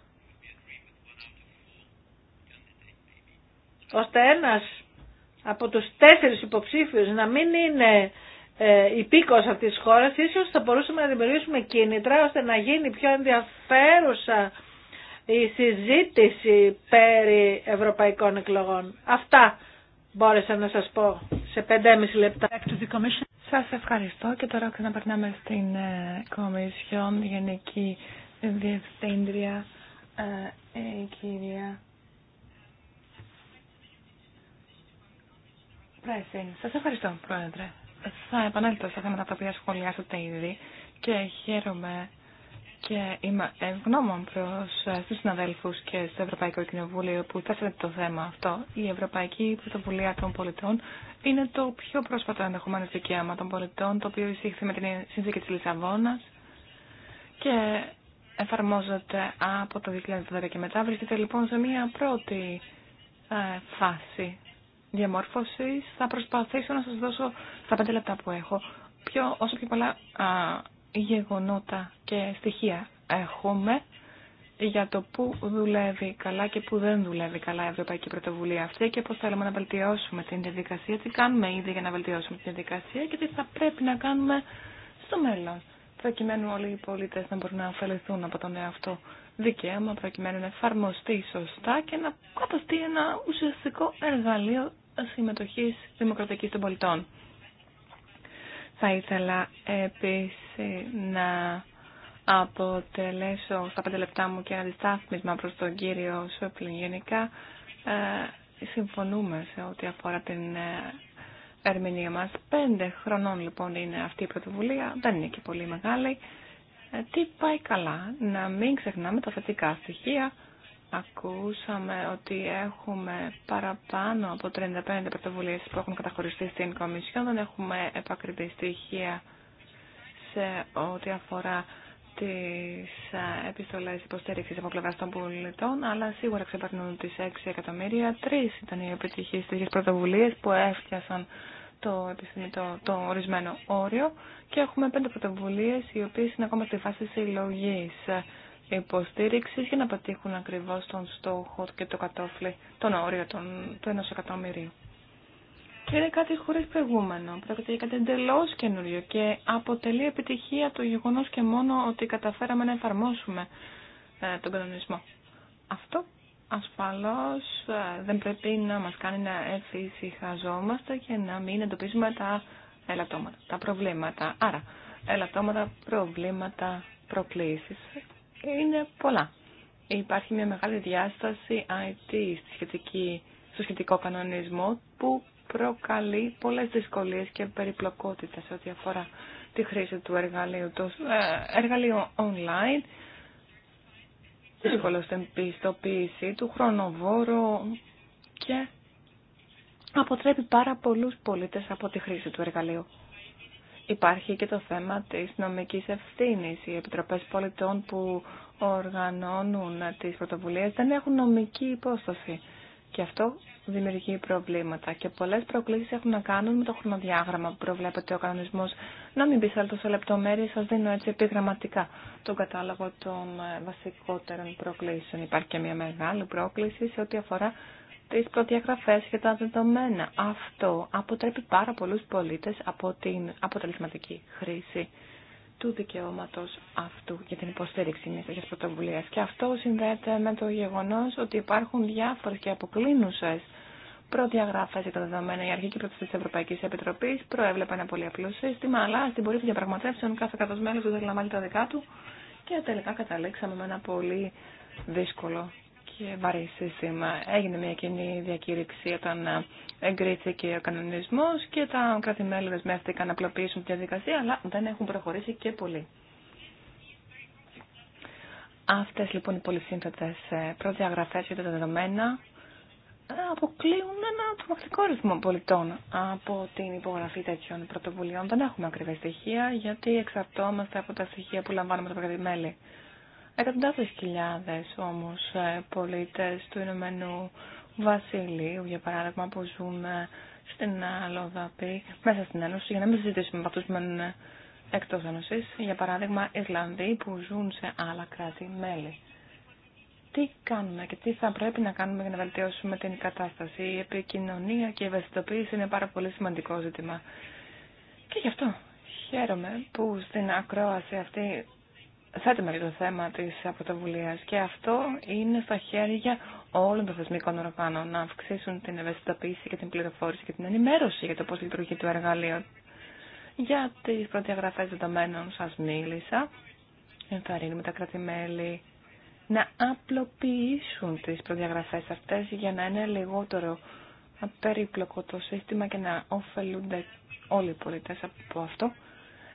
ώστε ένας από τους τέσσερις υποψήφιους να μην είναι ε, υπήκος αυτής της χώρας, ίσως θα μπορούσαμε να δημιουργήσουμε κίνητρα ώστε να γίνει πιο ενδιαφέρουσα η συζήτηση περί ευρωπαϊκών εκλογών. Αυτά μπόρεσα να σας πω σε 5,5 λεπτά. Σας ευχαριστώ και τώρα ξαναπερνάμε στην ε, Κομισιόν Γενική Διευθύντρια, ε, η κυρία Σα σας ευχαριστώ πρόεδρε. Θα επανέλθω στα θέματα τα οποία σχολιάσατε ήδη και χαίρομαι και είμαι ευγνώμων προ ε, του συναδέλφου και στο Ευρωπαϊκό Κοινοβούλιο που θέσατε το θέμα αυτό. Η Ευρωπαϊκή Πρωτοβουλία των Πολιτών είναι το πιο πρόσφατο ενδεχομένω δικαίωμα των πολιτών, το οποίο εισήχθη με την συνθήκη τη Λισαβόνα και εφαρμόζεται από το 2012 και μετά. Βρίσκεται λοιπόν σε μια πρώτη ε, φάση διαμόρφωσης θα προσπαθήσω να σας δώσω στα πέντε λεπτά που έχω πιο, όσο πιο πολλά α, γεγονότα και στοιχεία έχουμε για το πού δουλεύει καλά και πού δεν δουλεύει καλά η Ευρωπαϊκή Πρωτοβουλία αυτή και πώς θέλουμε να βελτιώσουμε την διαδικασία, τι κάνουμε ήδη για να βελτιώσουμε την διαδικασία και τι θα πρέπει να κάνουμε στο μέλλον προκειμένου όλοι οι πολίτες να μπορούν να ωφεληθούν από τον εαυτό δικαίωμα, προκειμένου να εφαρμοστεί σωστά και να καταστεί ένα ουσιαστικό εργαλείο Συμμετοχή δημοκρατική των πολιτών. Θα ήθελα επίση να αποτελέσω στα πέντε λεπτά μου και ένα αντιστάθμισμα προς τον κύριο Σόπλιν. Γενικά ε, συμφωνούμε σε ό,τι αφορά την ε, ερμηνεία μας. Πέντε χρονών λοιπόν είναι αυτή η πρωτοβουλία, δεν είναι και πολύ μεγάλη. Ε, τι πάει καλά, να μην ξεχνάμε τα θετικά στοιχεία Ακούσαμε ότι έχουμε παραπάνω από 35 πρωτοβουλίε που έχουν καταχωριστεί στην Κομισιόν. Δεν έχουμε επακριβή στοιχεία σε ό,τι αφορά τι επιστολέ υποστήριξη από πλευρά των πολιτών, αλλά σίγουρα ξεπερνούν τι 6 εκατομμύρια. Τρει ήταν οι επιτυχίε τέτοιε πρωτοβουλίε που έφτιασαν το το, το ορισμένο όριο και έχουμε πέντε πρωτοβουλίε οι οποίε είναι ακόμα στη φάση συλλογή υποστήριξης για να πετύχουν ακριβώς τον στόχο και το κατόφλι, τον όριο των, του ενός εκατομμυρίου. Είναι κάτι χωρίς προηγούμενο, πρόκειται για κάτι εντελώ καινούριο και αποτελεί επιτυχία το γεγονός και μόνο ότι καταφέραμε να εφαρμόσουμε ε, τον κανονισμό. Αυτό ασφαλώς ε, δεν πρέπει να μας κάνει να εφησυχαζόμαστε και να μην εντοπίζουμε τα ελαττώματα, τα προβλήματα. Άρα, ελαττώματα, προβλήματα, προκλήσεις είναι πολλά. Υπάρχει μια μεγάλη διάσταση IT στη σχετική, στο σχετικό κανονισμό που προκαλεί πολλές δυσκολίες και περιπλοκότητες ό,τι αφορά τη χρήση του εργαλείου. Το ε, εργαλείο online δύσκολο στην πιστοποίηση του χρονοβόρο και αποτρέπει πάρα πολλούς πολίτες από τη χρήση του εργαλείου. Υπάρχει και το θέμα της νομικής ευθύνης. Οι επιτροπές πολιτών που οργανώνουν τις πρωτοβουλίες δεν έχουν νομική υπόσταση. Και αυτό δημιουργεί προβλήματα. Και πολλές προκλήσεις έχουν να κάνουν με το χρονοδιάγραμμα που προβλέπεται ο κανονισμός. Να μην πεις άλλο σε λεπτομέρειε σας δίνω έτσι επιγραμματικά τον κατάλογο των βασικότερων προκλήσεων. Υπάρχει και μια μεγάλη πρόκληση σε ό,τι αφορά τις προδιαγραφές και τα δεδομένα. Αυτό αποτρέπει πάρα πολλούς πολίτες από την αποτελεσματική χρήση του δικαιώματο αυτού για την υποστήριξη μια τέτοια πρωτοβουλία. Και αυτό συνδέεται με το γεγονό ότι υπάρχουν διάφορε και αποκλίνουσε προδιαγραφέ για τα δεδομένα. Η αρχική πρόταση τη Ευρωπαϊκή Επιτροπή προέβλεπε ένα πολύ απλό σύστημα, αλλά στην πορεία των διαπραγματεύσεων κάθε κράτο μέλο του δεν λαμβάνει τα δικά του και τελικά καταλήξαμε με ένα πολύ δύσκολο και βαρύ σύστημα. Έγινε μια κοινή διακήρυξη όταν ε, εγκρίθηκε ο κανονισμό και τα κράτη-μέλη δεσμεύτηκαν να απλοποιήσουν τη διαδικασία, αλλά δεν έχουν προχωρήσει και πολύ. Αυτέ λοιπόν οι πολύ σύνθετε προδιαγραφέ για τα δεδομένα ε, αποκλείουν ένα τρομακτικό ρυθμό πολιτών από την υπογραφή τέτοιων πρωτοβουλειών. Δεν έχουμε ακριβή στοιχεία γιατί εξαρτώμαστε από τα στοιχεία που λαμβάνουμε από τα κράτη-μέλη. Εκατοντάδες χιλιάδες όμως ε, πολίτες του Ηνωμένου Βασιλείου, για παράδειγμα, που ζουν ε, στην ε, Λοδαπή, μέσα στην Ένωση, για να μην συζητήσουμε με αυτούς που μένουν εκτός Ένωσης, για παράδειγμα, Ισλανδοί που ζουν σε άλλα κράτη-μέλη. Τι κάνουμε και τι θα πρέπει να κάνουμε για να βελτιώσουμε την κατάσταση. Η επικοινωνία και η ευαισθητοποίηση είναι πάρα πολύ σημαντικό ζήτημα. Και γι' αυτό χαίρομαι που στην ακρόαση αυτή θέτουμε για το θέμα της πρωτοβουλία και αυτό είναι στα χέρια όλων των θεσμικών οργάνων να αυξήσουν την ευαισθητοποίηση και την πληροφόρηση και την ενημέρωση για το πώς λειτουργεί το εργαλείο. Για τις προδιαγραφέ δεδομένων σας μίλησα. Ενθαρρύνουμε τα κρατημέλη να απλοποιήσουν τις προδιαγραφέ αυτές για να είναι λιγότερο περίπλοκο το σύστημα και να ωφελούνται όλοι οι πολίτες από αυτό.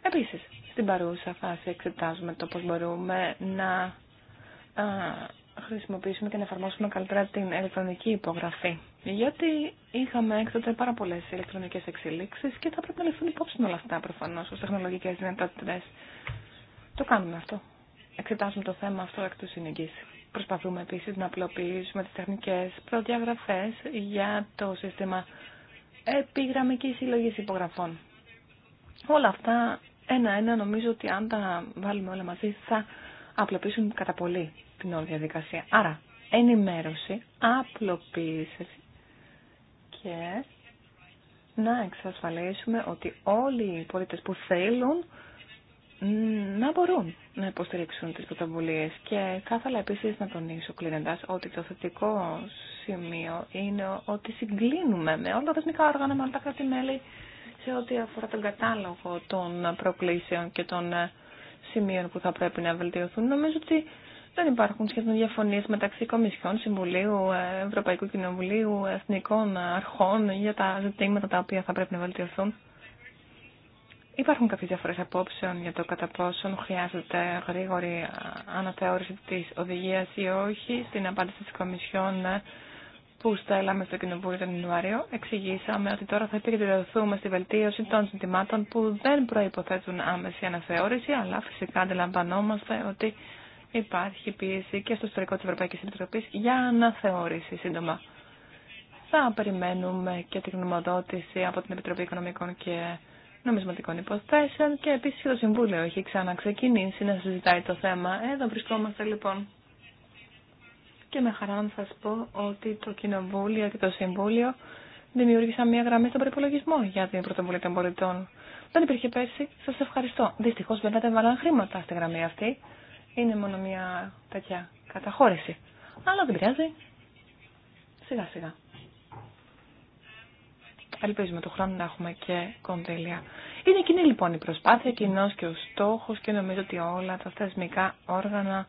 Επίσης, στην παρούσα φάση εξετάζουμε το πώς μπορούμε να χρησιμοποιήσουμε και να εφαρμόσουμε καλύτερα την ηλεκτρονική υπογραφή. Γιατί είχαμε έκτοτε πάρα πολλέ ηλεκτρονικέ εξελίξει και θα πρέπει να ληφθούν υπόψη όλα αυτά προφανώ ω τεχνολογικέ δυνατότητε. Το κάνουμε αυτό. Εξετάζουμε το θέμα αυτό εκ του συνεγγύη. Προσπαθούμε επίση να απλοποιήσουμε τι τεχνικέ προδιαγραφέ για το σύστημα επιγραμμική συλλογή υπογραφών. Όλα αυτά ένα-ένα νομίζω ότι αν τα βάλουμε όλα μαζί θα απλοποιήσουν κατά πολύ την όλη διαδικασία. Άρα, ενημέρωση, απλοποίηση και να εξασφαλίσουμε ότι όλοι οι πολίτες που θέλουν να μπορούν να υποστηρίξουν τις πρωτοβουλίε. Και θα ήθελα επίσης να τονίσω κλείνοντα ότι το θετικό σημείο είναι ότι συγκλίνουμε με όλα τα δεσμικά όργανα, με όλα τα κράτη-μέλη σε ό,τι αφορά τον κατάλογο των προκλήσεων και των ε, σημείων που θα πρέπει να βελτιωθούν. Νομίζω ότι δεν υπάρχουν σχεδόν διαφωνίε μεταξύ Κομισιών, Συμβουλίου, ε, Ευρωπαϊκού Κοινοβουλίου, Εθνικών Αρχών για τα ζητήματα τα οποία θα πρέπει να βελτιωθούν. Υπάρχουν κάποιε διαφορέ απόψεων για το κατά πόσον χρειάζεται γρήγορη αναθεώρηση τη οδηγία ή όχι. Στην απάντηση τη Κομισιόν ε, που στέλαμε στο Κοινοβούλιο τον Ιανουάριο, εξηγήσαμε ότι τώρα θα επικεντρωθούμε στη βελτίωση των συντημάτων που δεν προϋποθέτουν άμεση αναθεώρηση, αλλά φυσικά αντιλαμβανόμαστε ότι υπάρχει πίεση και στο ιστορικό της Ευρωπαϊκής Επιτροπής για αναθεώρηση σύντομα. Θα περιμένουμε και την γνωμοδότηση από την Επιτροπή Οικονομικών και νομισματικών υποθέσεων και επίσης το Συμβούλιο έχει ξαναξεκινήσει να συζητάει το θέμα. Εδώ βρισκόμαστε λοιπόν και με χαρά να σας πω ότι το Κοινοβούλιο και το Συμβούλιο δημιούργησαν μια γραμμή στον προπολογισμό για την πρωτοβουλία των πολιτών. Δεν υπήρχε πέρσι, σας ευχαριστώ. Δυστυχώς βέβαια δεν βάλαν χρήματα στη γραμμή αυτή. Είναι μόνο μια τέτοια καταχώρηση. Αλλά δεν πειράζει. Σιγά σιγά. Ελπίζουμε το χρόνο να έχουμε και κοντέλια. Είναι κοινή λοιπόν η προσπάθεια, κοινό και ο στόχο και νομίζω ότι όλα τα θεσμικά όργανα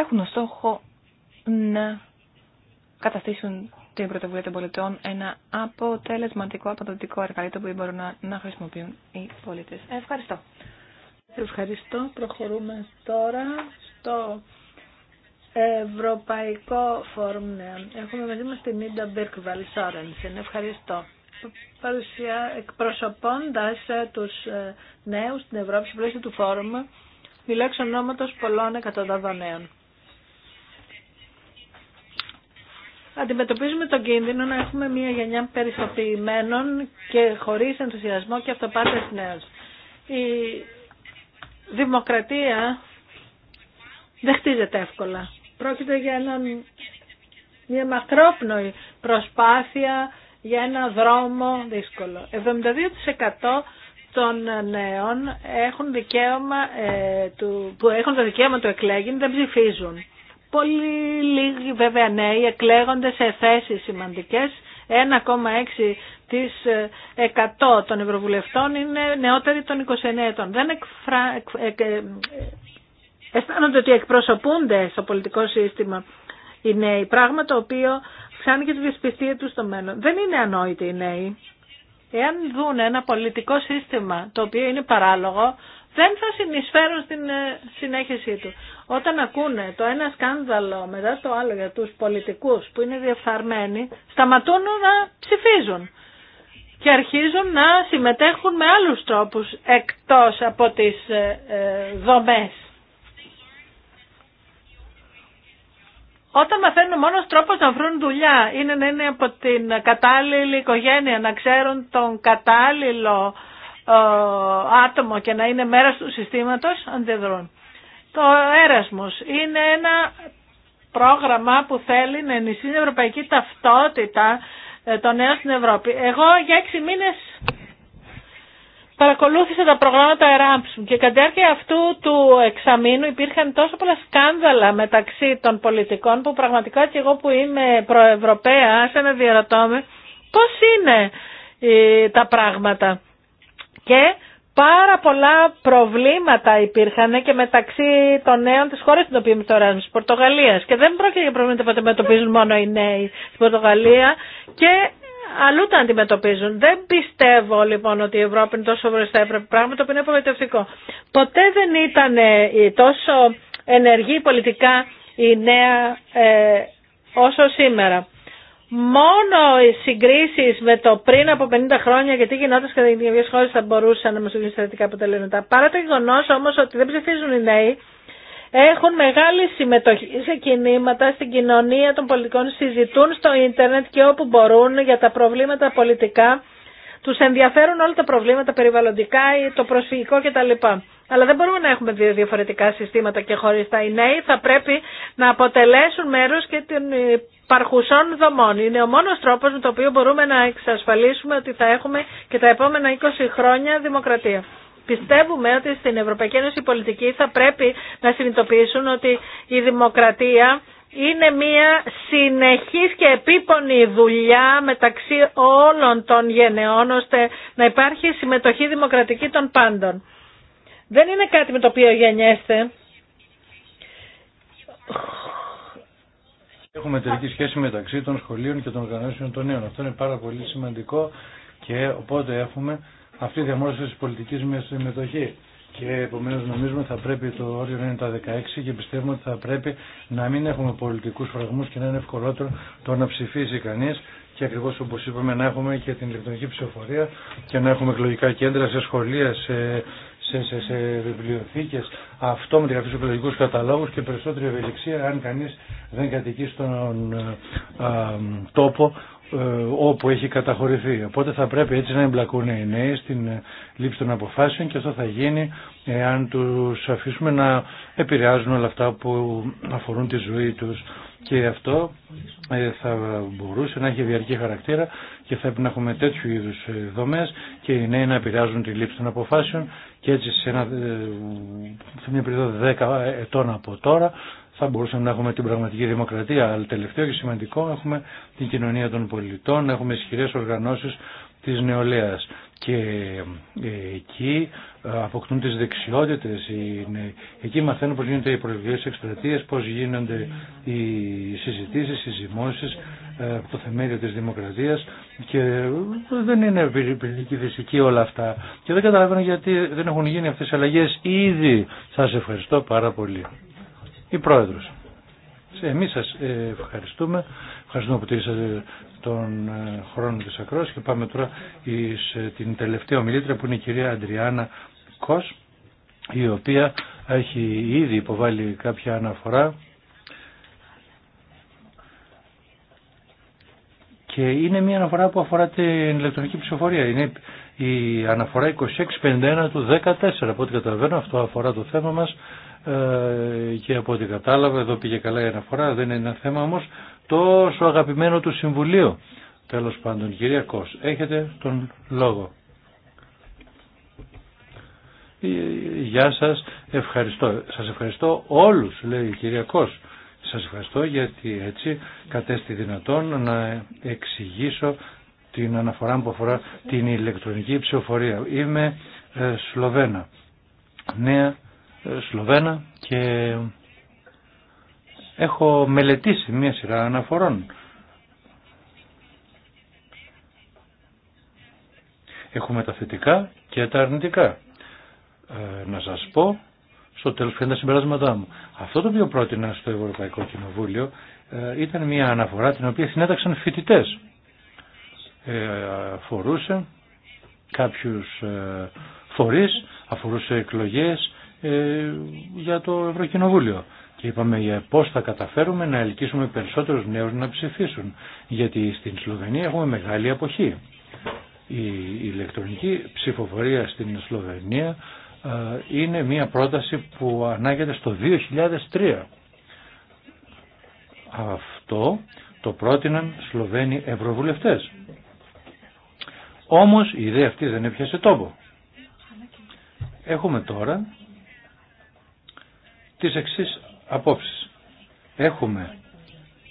έχουν ως στόχο να καταστήσουν την πρωτοβουλία των πολιτών ένα αποτελεσματικό, αποδοτικό εργαλείο που μπορούν να, να χρησιμοποιούν οι πολίτες. Ευχαριστώ. Ευχαριστώ. Προχωρούμε τώρα στο Ευρωπαϊκό Φόρουμ Νέων. Έχουμε μαζί μας την Ίντα Μπίρκβαλ Σόρενσεν. Ευχαριστώ. Παρουσία, εκπροσωπώντας ε, τους ε, νέους στην Ευρώπη, στην πλαίσια του Φόρουμ, εξ ονόματο πολλών εκατοντάδων νέων. αντιμετωπίζουμε τον κίνδυνο να έχουμε μια γενιά περιστοποιημένων και χωρίς ενθουσιασμό και αυτοπάτες νέους. Η δημοκρατία δεν χτίζεται εύκολα. Πρόκειται για μια μακρόπνοη προσπάθεια για ένα δρόμο δύσκολο. 72% των νέων έχουν δικαίωμα, ε, του, που έχουν το δικαίωμα του εκλέγην δεν ψηφίζουν. Πολύ λίγοι βέβαια νέοι εκλέγονται σε θέσεις σημαντικές. 1,6% των ευρωβουλευτών είναι νεότεροι των 29 ετών. Δεν εκφρα... Ε, αισθάνονται ότι εκπροσωπούνται στο πολιτικό σύστημα οι νέοι, πράγμα το οποίο ξάνει και τη δυσπιστία τους στο μέλλον. Δεν είναι ανόητοι οι νέοι. Εάν δουν ένα πολιτικό σύστημα το οποίο είναι παράλογο, δεν θα συνεισφέρουν στην ε, συνέχιση του. Όταν ακούνε το ένα σκάνδαλο μετά το άλλο για τους πολιτικούς που είναι διεφθαρμένοι, σταματούν να ψηφίζουν και αρχίζουν να συμμετέχουν με άλλους τρόπους εκτός από τις ε, ε, δομές. Όταν μαθαίνουν ο μόνος τρόπος να βρουν δουλειά είναι να είναι από την κατάλληλη οικογένεια, να ξέρουν τον κατάλληλο ε, άτομο και να είναι μέρος του συστήματος αντιδρούν. Το έρασμος είναι ένα πρόγραμμα που θέλει να ενισχύει την ευρωπαϊκή ταυτότητα ε, των νέων στην Ευρώπη. Εγώ για έξι μήνες παρακολούθησα τα προγράμματα Erasmus και κατά διάρκεια αυτού του εξαμήνου υπήρχαν τόσο πολλά σκάνδαλα μεταξύ των πολιτικών που πραγματικά και εγώ που είμαι προευρωπαία, σε να διαρωτώ με, είναι ε, τα πράγματα και πάρα πολλά προβλήματα υπήρχαν και μεταξύ των νέων της χώρας την οποία τώρα, της Πορτογαλίας. Και δεν πρόκειται για προβλήματα που αντιμετωπίζουν μόνο οι νέοι στην Πορτογαλία και αλλού τα αντιμετωπίζουν. Δεν πιστεύω λοιπόν ότι η Ευρώπη είναι τόσο βρεστά έπρεπε πράγμα το οποίο είναι απογοητευτικό. Ποτέ δεν ήταν ε, τόσο ενεργή πολιτικά η νέα ε, όσο σήμερα μόνο οι συγκρίσει με το πριν από 50 χρόνια και τι γινόταν οι ίδιε χώρε θα μπορούσαν να μα δίνουν στρατικά αποτελέσματα. Παρά το γεγονό όμω ότι δεν ψηφίζουν οι νέοι, έχουν μεγάλη συμμετοχή σε κινήματα στην κοινωνία των πολιτικών, συζητούν στο ίντερνετ και όπου μπορούν για τα προβλήματα πολιτικά. Τους ενδιαφέρουν όλα τα προβλήματα περιβαλλοντικά, το προσφυγικό κτλ. Αλλά δεν μπορούμε να έχουμε δύο διαφορετικά συστήματα και χωρίς τα νέοι θα πρέπει να αποτελέσουν μέρος και την παρχουσών δομών. Είναι ο μόνος τρόπος με τον οποίο μπορούμε να εξασφαλίσουμε ότι θα έχουμε και τα επόμενα 20 χρόνια δημοκρατία. Πιστεύουμε ότι στην Ευρωπαϊκή Ένωση οι πολιτικοί θα πρέπει να συνειδητοποιήσουν ότι η δημοκρατία είναι μια συνεχής και επίπονη δουλειά μεταξύ όλων των γενεών ώστε να υπάρχει συμμετοχή δημοκρατική των πάντων. Δεν είναι κάτι με το οποίο γεννιέστε. Έχουμε εταιρική σχέση μεταξύ των σχολείων και των οργανώσεων των νέων. Αυτό είναι πάρα πολύ σημαντικό και οπότε έχουμε αυτή η διαμόρφωση τη πολιτική μια συμμετοχή. Και επομένω νομίζουμε θα πρέπει το όριο να είναι τα 16 και πιστεύουμε ότι θα πρέπει να μην έχουμε πολιτικού φραγμού και να είναι ευκολότερο το να ψηφίσει κανεί και ακριβώ όπω είπαμε να έχουμε και την ηλεκτρονική ψηφοφορία και να έχουμε εκλογικά κέντρα σε σχολεία, σε σε, σε, σε βιβλιοθήκες αυτό με τη γραφή στους καταλόγους και περισσότερη ευελιξία αν κανείς δεν κατοικεί στον ε, τόπο ε, όπου έχει καταχωρηθεί. Οπότε θα πρέπει έτσι να εμπλακούν οι νέοι στην ε, λήψη των αποφάσεων και αυτό θα γίνει αν τους αφήσουμε να επηρεάζουν όλα αυτά που αφορούν τη ζωή τους και αυτό ε, θα μπορούσε να έχει διαρκή χαρακτήρα και θα πρέπει να έχουμε τέτοιου είδου ε, δομέ και οι νέοι να επηρεάζουν τη λήψη των αποφάσεων και έτσι σε, ένα, ε, σε μια περίοδο 10 ετών από τώρα θα μπορούσαμε να έχουμε την πραγματική δημοκρατία. Αλλά τελευταίο και σημαντικό έχουμε την κοινωνία των πολιτών, έχουμε ισχυρέ οργανώσει τη νεολαία και ε, εκεί ε, αποκτούν τις δεξιότητες, εκεί μαθαίνουν πώς γίνονται οι προεκλογικές εκστρατείες, πώς γίνονται οι συζητήσεις, οι από ε, το θεμέλιο της δημοκρατίας και δεν είναι πυρηνική δυσική όλα αυτά και δεν καταλαβαίνω γιατί δεν έχουν γίνει αυτές οι αλλαγές ήδη. Σας ευχαριστώ πάρα πολύ. Η Πρόεδρος. Εμείς σας ευχαριστούμε. Ευχαριστούμε που τηρήσατε τον ε, χρόνο της ακρόασης και πάμε τώρα σε την τελευταία ομιλήτρια που είναι η κυρία Αντριάννα Κος η οποία έχει ήδη υποβάλει κάποια αναφορά και είναι μια αναφορά που αφορά την ηλεκτρονική ψηφοφορία. Είναι η αναφορά 2651 του 14. Από ό,τι καταλαβαίνω αυτό αφορά το θέμα μας ε, και από ό,τι κατάλαβα εδώ πήγε καλά η αναφορά, δεν είναι ένα θέμα όμως τόσο αγαπημένο του Συμβουλίου. Τέλος πάντων, κυρία έχετε τον λόγο. Ε, γεια σας, ευχαριστώ. Σας ευχαριστώ όλους, λέει η κυρία Κος. Σας ευχαριστώ γιατί έτσι κατέστη δυνατόν να εξηγήσω την αναφορά που αφορά την ηλεκτρονική ψηφοφορία. Είμαι ε, Σλοβένα, νέα ε, Σλοβένα και έχω μελετήσει μία σειρά αναφορών. Έχουμε τα θετικά και τα αρνητικά. Ε, να σας πω στο τέλος ποια είναι τα συμπεράσματά μου. Αυτό το οποίο πρότεινα στο Ευρωπαϊκό Κοινοβούλιο ε, ήταν μια αναφορά την οποία συνέταξαν φοιτητέ. Ε, αφορούσε κάποιους ε, αφορούσε εκλογές ε, για το Ευρωκοινοβούλιο. Και είπαμε για πώς θα καταφέρουμε να ελκύσουμε περισσότερους νέους να ψηφίσουν. Γιατί στην Σλοβενία έχουμε μεγάλη αποχή. Η ηλεκτρονική ψηφοφορία στην Σλοβενία ε, είναι μια πρόταση που ανάγεται στο 2003. Αυτό το πρότειναν Σλοβαίνοι Ευρωβουλευτές. Όμως η ιδέα αυτή δεν έπιασε τόπο. Έχουμε τώρα τις εξής απόψεις. Έχουμε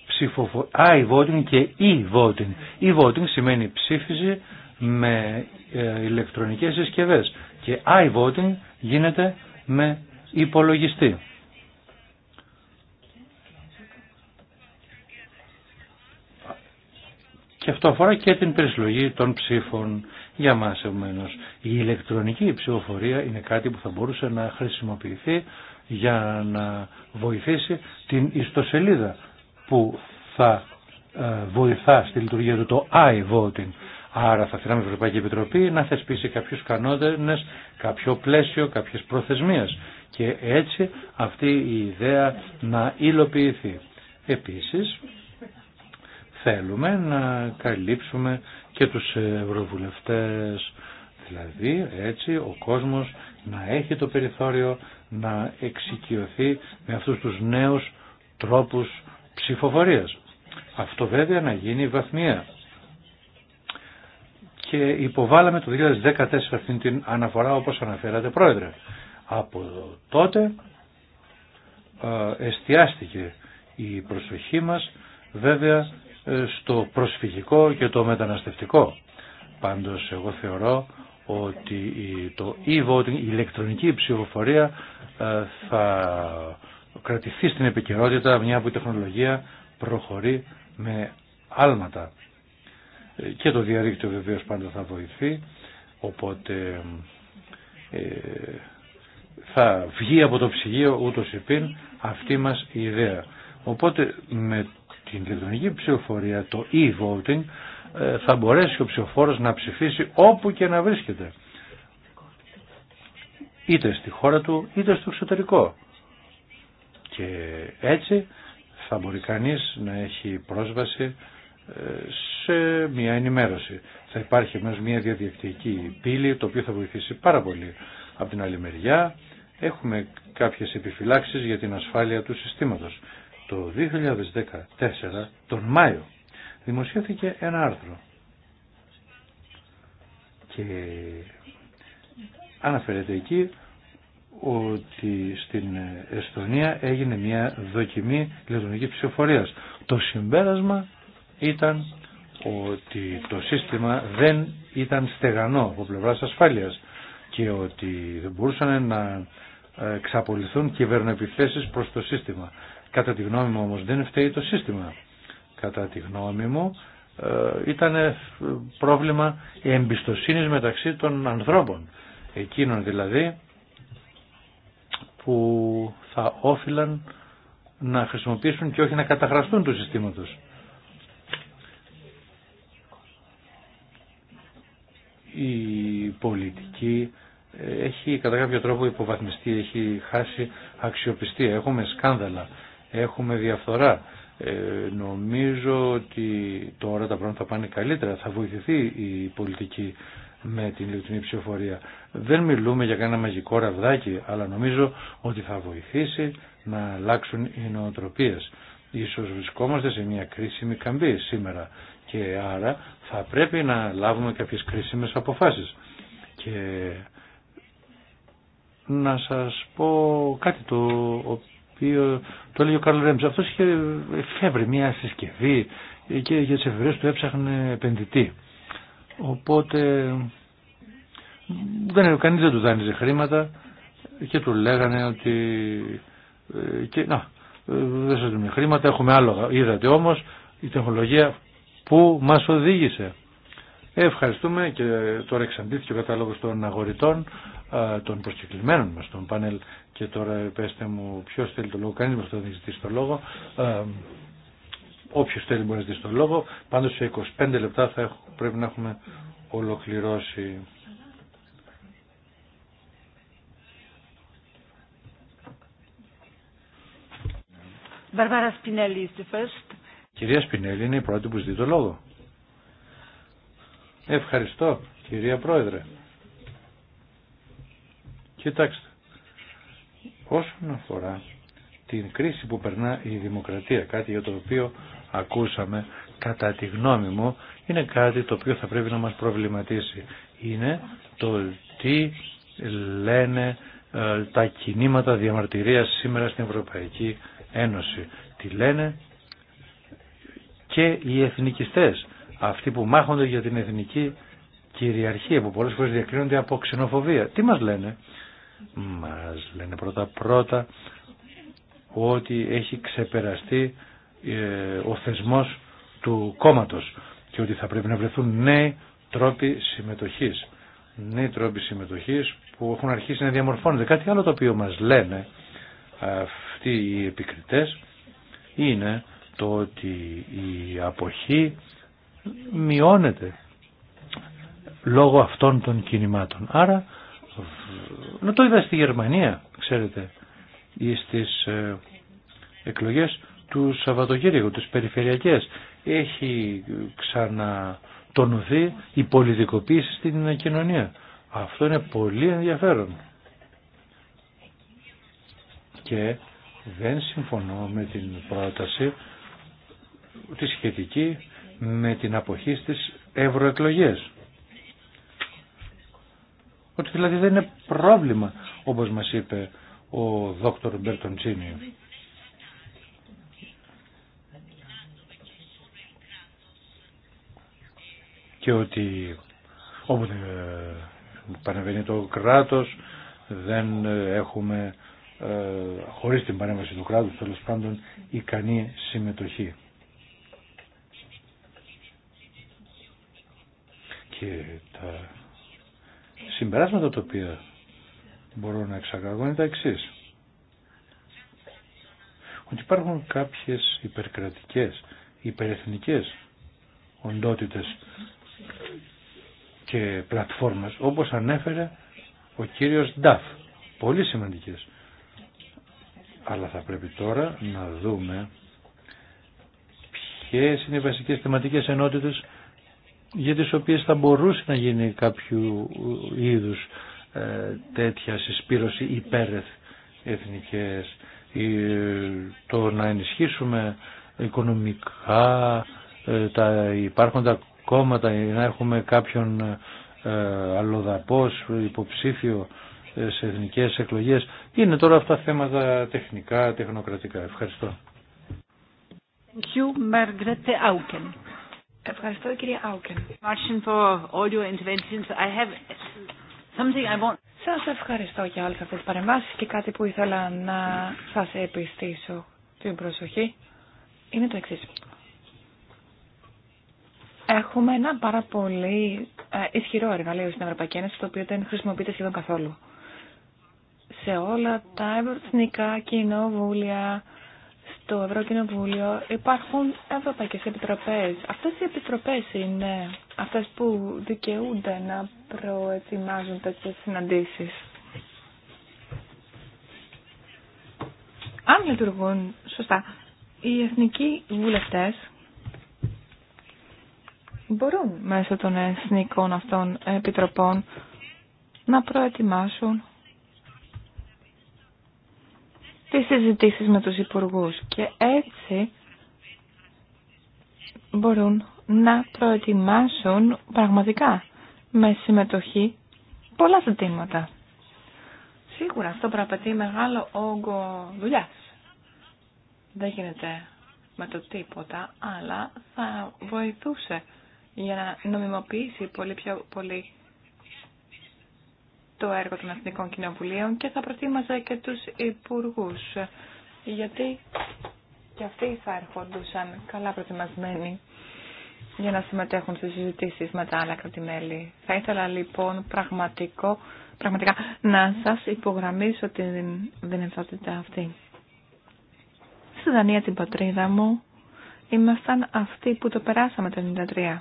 ψηφοφορία, i-voting και e-voting. E-voting σημαίνει ψήφιση με ε, ηλεκτρονικές συσκευές και i-voting γίνεται με υπολογιστή. Και αυτό αφορά και την περισλογή των ψήφων για μας ευμένως. Η ηλεκτρονική ψηφοφορία είναι κάτι που θα μπορούσε να χρησιμοποιηθεί για να βοηθήσει την ιστοσελίδα που θα ε, βοηθά στη λειτουργία του το iVoting. Άρα θα θέλαμε η Ευρωπαϊκή Επιτροπή να θεσπίσει κάποιους κανόνες, κάποιο πλαίσιο, κάποιες προθεσμίες. Και έτσι αυτή η ιδέα να υλοποιηθεί. Επίσης, θέλουμε να καλύψουμε και τους ευρωβουλευτές. Δηλαδή, έτσι ο κόσμος να έχει το περιθώριο να εξοικειωθεί με αυτούς τους νέους τρόπους ψηφοφορίας. Αυτό βέβαια να γίνει βαθμία. Και υποβάλαμε το 2014 αυτήν την αναφορά όπως αναφέρατε πρόεδρε. Από τότε ε, εστιάστηκε η προσοχή μας βέβαια ε, στο προσφυγικό και το μεταναστευτικό. Πάντως εγώ θεωρώ ότι το e-voting, η ηλεκτρονική ψηφοφορία ε, θα κρατηθεί στην επικαιρότητα μια που η τεχνολογία προχωρεί με άλματα. Ε, και το διαδίκτυο βεβαίως πάντα θα βοηθεί, οπότε ε, θα βγει από το ψυγείο ούτως επίν αυτή μας η ιδέα. Οπότε με την ηλεκτρονική ψηφοφορία, το e-voting, ε, θα μπορέσει ο ψηφοφόρος να ψηφίσει όπου και να βρίσκεται. Είτε στη χώρα του είτε στο εξωτερικό. Και έτσι θα μπορεί κανείς να έχει πρόσβαση ε, σε μια ενημέρωση. Θα υπάρχει μέσα μια διαδικτυακή πύλη το οποίο θα βοηθήσει πάρα πολύ. Από την άλλη μεριά έχουμε κάποιες επιφυλάξεις για την ασφάλεια του συστήματος. Το 2014, τον Μάιο, δημοσιεύθηκε ένα άρθρο και αναφέρεται εκεί ότι στην Εστονία έγινε μια δοκιμή ηλεκτρονική ψηφοφορίας. Το συμπέρασμα ήταν ότι το σύστημα δεν ήταν στεγανό από πλευρά ασφάλεια και ότι δεν μπορούσαν να εξαπολυθούν κυβερνοεπιθέσεις προς το σύστημα. Κατά τη γνώμη μου όμως δεν φταίει το σύστημα κατά τη γνώμη μου ε, ήταν ε, πρόβλημα εμπιστοσύνης μεταξύ των ανθρώπων εκείνων δηλαδή που θα όφυλαν να χρησιμοποιήσουν και όχι να καταχραστούν του συστήματος. Η πολιτική ε, έχει κατά κάποιο τρόπο υποβαθμιστεί, έχει χάσει αξιοπιστία, έχουμε σκάνδαλα, έχουμε διαφθορά, ε, νομίζω ότι τώρα τα πράγματα πάνε καλύτερα, θα βοηθηθεί η πολιτική με την λειτουργία ψηφοφορία. Δεν μιλούμε για κανένα μαγικό ραβδάκι, αλλά νομίζω ότι θα βοηθήσει να αλλάξουν οι νοοτροπίες. Ίσως βρισκόμαστε σε μια κρίσιμη καμπή σήμερα και άρα θα πρέπει να λάβουμε κάποιες κρίσιμες αποφάσεις. Και να σας πω κάτι το το έλεγε ο Καρλ Ρέμψ. Αυτός είχε εφεύρει μια συσκευή και για τις εφευρίες του έψαχνε επενδυτή. Οπότε δεν, κανείς δεν του δάνειζε χρήματα και του λέγανε ότι ε, και, να, ε, δεν σας δίνουμε χρήματα, έχουμε άλλο. Είδατε όμως η τεχνολογία που μας οδήγησε. Ευχαριστούμε και τώρα εξαντλήθηκε ο κατάλογος των αγορητών, των προσκεκλημένων μας στον πάνελ και τώρα πέστε μου ποιος θέλει το λόγο, κανείς μας δεν ζητήσει το λόγο. Όποιος θέλει μπορεί να ζητήσει το λόγο, πάντως σε 25 λεπτά θα πρέπει να έχουμε ολοκληρώσει. Κυρία Σπινέλη είναι η πρώτη που ζητεί το λόγο. Ευχαριστώ, κυρία Πρόεδρε. Κοιτάξτε, όσον αφορά την κρίση που περνά η δημοκρατία, κάτι για το οποίο ακούσαμε, κατά τη γνώμη μου, είναι κάτι το οποίο θα πρέπει να μας προβληματίσει. Είναι το τι λένε ε, τα κινήματα διαμαρτυρίας σήμερα στην Ευρωπαϊκή Ένωση. Τι λένε και οι εθνικιστές αυτοί που μάχονται για την εθνική κυριαρχία που πολλές φορές διακρίνονται από ξενοφοβία. Τι μας λένε. Μας λένε πρώτα πρώτα ότι έχει ξεπεραστεί ε, ο θεσμός του κόμματος και ότι θα πρέπει να βρεθούν νέοι τρόποι συμμετοχής. Νέοι τρόποι συμμετοχής που έχουν αρχίσει να διαμορφώνονται. Κάτι άλλο το οποίο μας λένε αυτοί οι επικριτές είναι το ότι η αποχή μειώνεται λόγω αυτών των κινημάτων. Άρα, να το είδα στη Γερμανία, ξέρετε, ή στις ε, εκλογές του Σαββατοκύριακου, τις περιφερειακές. Έχει ξανατονωθεί η πολιτικοποίηση στην κοινωνία. Αυτό είναι πολύ ενδιαφέρον. Και δεν συμφωνώ με την πρόταση τη σχετική με την αποχή στις ευρωεκλογές. Ότι δηλαδή δεν είναι πρόβλημα, όπως μας είπε ο δόκτωρ Μπερτοντσίνη. Και ότι όποτε παρεμβαίνει το κράτος δεν έχουμε ε, χωρίς την παρέμβαση του κράτους τέλο πάντων ικανή συμμετοχή. και τα συμπεράσματα τα οποία μπορώ να εξαγαγώ είναι τα εξή. Ότι υπάρχουν κάποιες υπερκρατικές, υπερεθνικές οντότητες και πλατφόρμες όπως ανέφερε ο κύριος Νταφ. Πολύ σημαντικές. Αλλά θα πρέπει τώρα να δούμε ποιες είναι οι βασικές θεματικές ενότητες για τις οποίες θα μπορούσε να γίνει κάποιο ε, είδους ε, τέτοια συσπήρωση υπέρ εθνικές ε, το να ενισχύσουμε οικονομικά τα υπάρχοντα κόμματα να έχουμε κάποιον αλλοδαπός υποψήφιο σε εθνικές εκλογές είναι τώρα αυτά θέματα τεχνικά, τεχνοκρατικά. Ευχαριστώ. Thank Ευχαριστώ κυρία Άουκεν. Σας ευχαριστώ για όλες αυτές τις παρεμβάσεις και κάτι που ήθελα να σας επιστήσω την προσοχή είναι το εξή. Έχουμε ένα πάρα πολύ ε, ισχυρό εργαλείο στην Ευρωπαϊκή Ένωση το οποίο δεν χρησιμοποιείται σχεδόν καθόλου. Σε όλα τα εθνικά κοινοβούλια, στο Ευρωκοινοβούλιο υπάρχουν ευρωπαϊκές επιτροπές. Αυτές οι επιτροπές είναι αυτές που δικαιούνται να προετοιμάζουν τέτοιες συναντήσεις. Αν λειτουργούν σωστά, οι εθνικοί βουλευτές μπορούν μέσω των εθνικών αυτών επιτροπών να προετοιμάσουν τις συζητήσεις με τους υπουργούς και έτσι μπορούν να προετοιμάσουν πραγματικά με συμμετοχή πολλά ζητήματα. Σίγουρα αυτό προαπαιτεί μεγάλο όγκο δουλειά. Δεν γίνεται με το τίποτα, αλλά θα βοηθούσε για να νομιμοποιήσει πολύ πιο πολύ το έργο των Εθνικών Κοινοβουλίων και θα προτίμαζα και τους υπουργούς, γιατί και αυτοί θα έρχοντουσαν καλά προετοιμασμένοι για να συμμετέχουν στις συζητήσεις με τα άλλα κρατημέλη. Θα ήθελα λοιπόν πραγματικό, πραγματικά να σας υπογραμμίσω την δυνατότητα αυτή. Στη Δανία την πατρίδα μου ήμασταν αυτοί που το περάσαμε το 1993.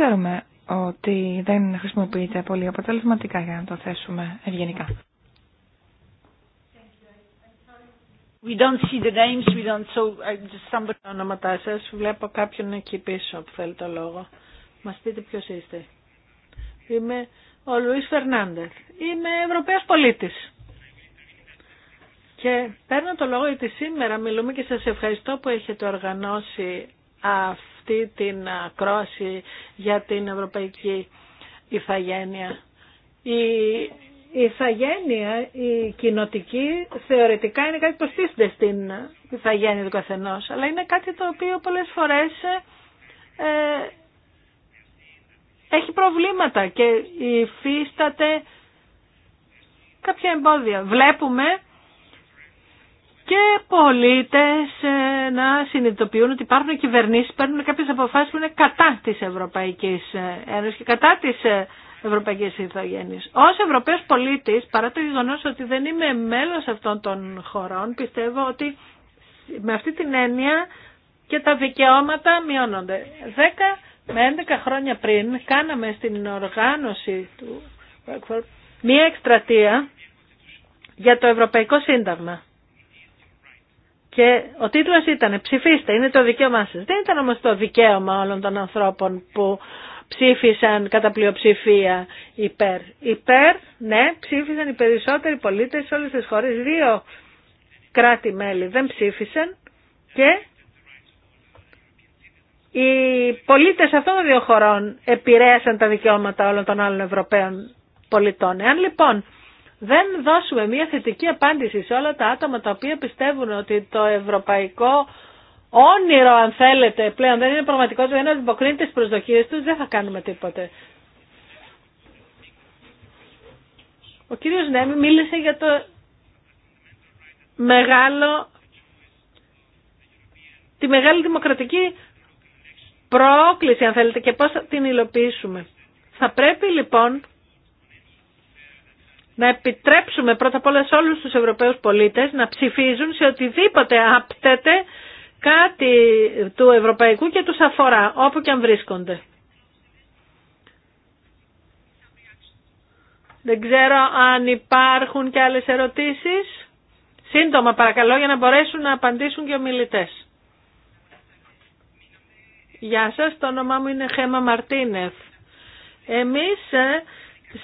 ξέρουμε ότι δεν χρησιμοποιείται πολύ αποτελεσματικά για να το θέσουμε ευγενικά. We don't see the names, we don't, so somebody... ονόματά σας, βλέπω κάποιον εκεί πίσω που θέλει το λόγο. Μας πείτε ποιος είστε. Είμαι ο Λουίς Φερνάντε. Είμαι Ευρωπαίος πολίτης. Και παίρνω το λόγο γιατί σήμερα μιλούμε και σας ευχαριστώ που έχετε οργανώσει αυτή την ακρόαση για την Ευρωπαϊκή ηθαγένεια. Η ηθαγένεια, η κοινοτική, θεωρητικά είναι κάτι που στήσεται στην ηθαγένεια του καθενός, αλλά είναι κάτι το οποίο πολλές φορές ε, έχει προβλήματα και υφίσταται κάποια εμπόδια. Βλέπουμε και πολίτες ε, να συνειδητοποιούν ότι υπάρχουν κυβερνήσεις που παίρνουν κάποιες αποφάσεις που είναι κατά της Ευρωπαϊκής ε, Ένωσης και κατά της ε, Ευρωπαϊκής Ιθογένειας. Ως Ευρωπαίος πολίτης, παρά το γεγονό ότι δεν είμαι μέλος αυτών των χωρών, πιστεύω ότι με αυτή την έννοια και τα δικαιώματα μειώνονται. 10 με 11 χρόνια πριν κάναμε στην οργάνωση του Μια εκστρατεία για το Ευρωπαϊκό Σύνταγμα. Και ο τίτλος ήταν «Ψηφίστε, είναι το δικαίωμά σας». Δεν ήταν όμως το δικαίωμα όλων των ανθρώπων που ψήφισαν κατά πλειοψηφία υπέρ. Υπέρ, ναι, ψήφισαν οι περισσότεροι πολίτες σε όλες τις χώρες. Δύο κράτη-μέλη δεν ψήφισαν και οι πολίτες αυτών των δύο χωρών επηρέασαν τα δικαιώματα όλων των άλλων Ευρωπαίων πολιτών. Εάν λοιπόν δεν δώσουμε μια θετική απάντηση σε όλα τα άτομα τα οποία πιστεύουν ότι το ευρωπαϊκό όνειρο, αν θέλετε, πλέον δεν είναι πραγματικό δεν αντιποκρίνεται τι προσδοκίες τους, δεν θα κάνουμε τίποτε. Ο κύριος Νέμι μίλησε για το μεγάλο, τη μεγάλη δημοκρατική πρόκληση, αν θέλετε, και πώς θα την υλοποιήσουμε. Θα πρέπει λοιπόν να επιτρέψουμε πρώτα απ' όλα σε όλους τους Ευρωπαίους πολίτες να ψηφίζουν σε οτιδήποτε άπτεται κάτι του Ευρωπαϊκού και του αφορά, όπου και αν βρίσκονται. Δεν ξέρω αν υπάρχουν και άλλες ερωτήσεις. Σύντομα παρακαλώ για να μπορέσουν να απαντήσουν και ομιλητές. Γεια σας, το όνομά μου είναι Χέμα Μαρτίνεφ. Εμείς ε,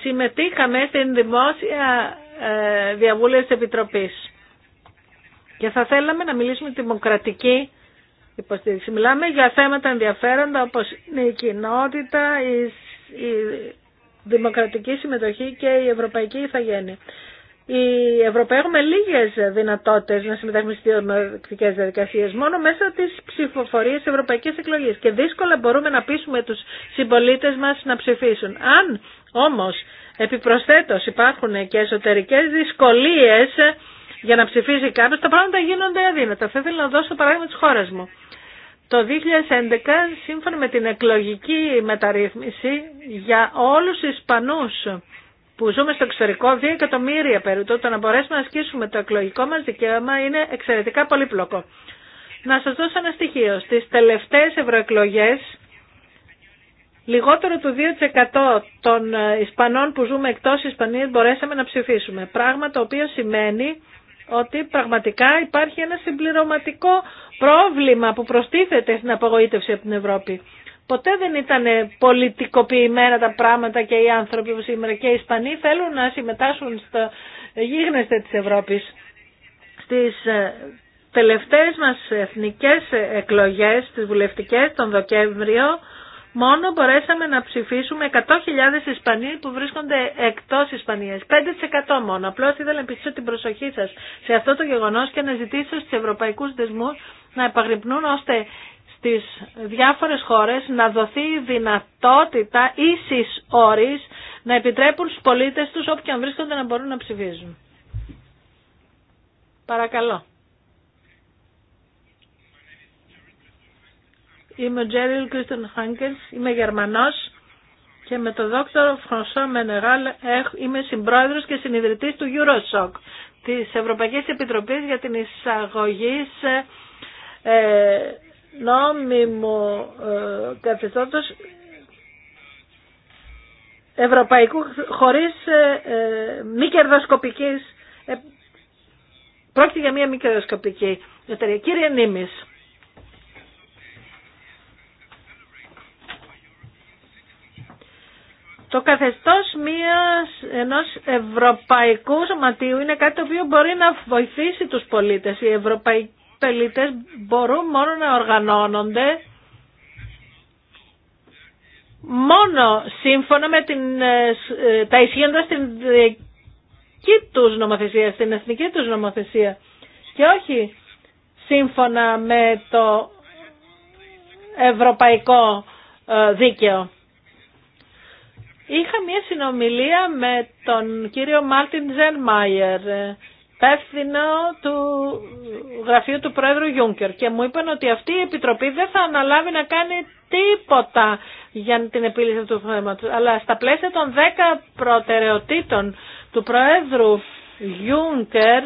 συμμετείχαμε στην δημόσια ε, διαβούλευση επιτροπής. Και θα θέλαμε να μιλήσουμε δημοκρατική υποστήριξη. Μιλάμε για θέματα ενδιαφέροντα όπως είναι η κοινότητα, η, δημοκρατική συμμετοχή και η ευρωπαϊκή ηθαγένεια. Οι Ευρωπαίοι έχουμε λίγε δυνατότητε να συμμετέχουμε στι δημοκρατικέ διαδικασίε. μόνο μέσα τη ψηφοφορία τη ευρωπαϊκής και δύσκολα μπορούμε να πείσουμε του συμπολίτε μα να ψηφίσουν. Αν όμως, επιπροσθέτως υπάρχουν και εσωτερικές δυσκολίες για να ψηφίσει κάποιος, τα πράγματα γίνονται αδύνατα. Θα ήθελα να δώσω το παράδειγμα της χώρας μου. Το 2011, σύμφωνα με την εκλογική μεταρρύθμιση, για όλους τους Ισπανούς που ζούμε στο εξωτερικό, 2 εκατομμύρια περίπου, το να μπορέσουμε να ασκήσουμε το εκλογικό μας δικαίωμα είναι εξαιρετικά πολύπλοκο. Να σας δώσω ένα στοιχείο. Στις τελευταίες ευρωεκλογές λιγότερο του 2% των ε, Ισπανών που ζούμε εκτός Ισπανίας μπορέσαμε να ψηφίσουμε. Πράγμα το οποίο σημαίνει ότι πραγματικά υπάρχει ένα συμπληρωματικό πρόβλημα που προστίθεται στην απογοήτευση από την Ευρώπη. Ποτέ δεν ήταν πολιτικοποιημένα τα πράγματα και οι άνθρωποι που σήμερα και οι Ισπανοί θέλουν να συμμετάσχουν στο γίγνεσθε της Ευρώπης. Στις ε, τελευταίες μας εθνικές εκλογές, τις βουλευτικές, τον Δεκέμβριο, μόνο μπορέσαμε να ψηφίσουμε 100.000 Ισπανίοι που βρίσκονται εκτός Ισπανίας. 5% μόνο. Απλώ ήθελα να επιστήσω την προσοχή σας σε αυτό το γεγονός και να ζητήσω στους ευρωπαϊκούς δεσμούς να επαγρυπνούν ώστε στις διάφορες χώρες να δοθεί η δυνατότητα ίση όρη να επιτρέπουν στους πολίτες τους αν βρίσκονται να μπορούν να ψηφίζουν. Παρακαλώ. Είμαι ο Τζέριλ Κρίστον Χάνκελ, είμαι Γερμανό και με τον δόκτωρο Φρονσό Μενεγάλ είμαι συμπρόεδρος και συνειδητής του EuroSoc, τη Ευρωπαϊκή Επιτροπή για την εισαγωγή σε ε, νόμιμο ε, καθεστώτος ευρωπαϊκού χωρί ε, ε, μη κερδοσκοπική. Ε, πρόκειται για μια μη κερδοσκοπική εταιρεία. Κύριε Νίμης, Το καθεστώς μιας, ενός ευρωπαϊκού σωματείου είναι κάτι το οποίο μπορεί να βοηθήσει τους πολίτες. Οι ευρωπαϊκοί πολίτες μπορούν μόνο να οργανώνονται μόνο σύμφωνα με την, ε, ε, τα ισχύοντα στην νομοθεσία, στην εθνική τους νομοθεσία και όχι σύμφωνα με το ευρωπαϊκό ε, δίκαιο. Είχα μια συνομιλία με τον κύριο Μάρτιν Ζενμάιερ, πεύθυνο του γραφείου του πρόεδρου Γιούνκερ και μου είπαν ότι αυτή η επιτροπή δεν θα αναλάβει να κάνει τίποτα για την επίλυση του θέματος. Αλλά στα πλαίσια των 10 προτεραιοτήτων του πρόεδρου Γιούνκερ,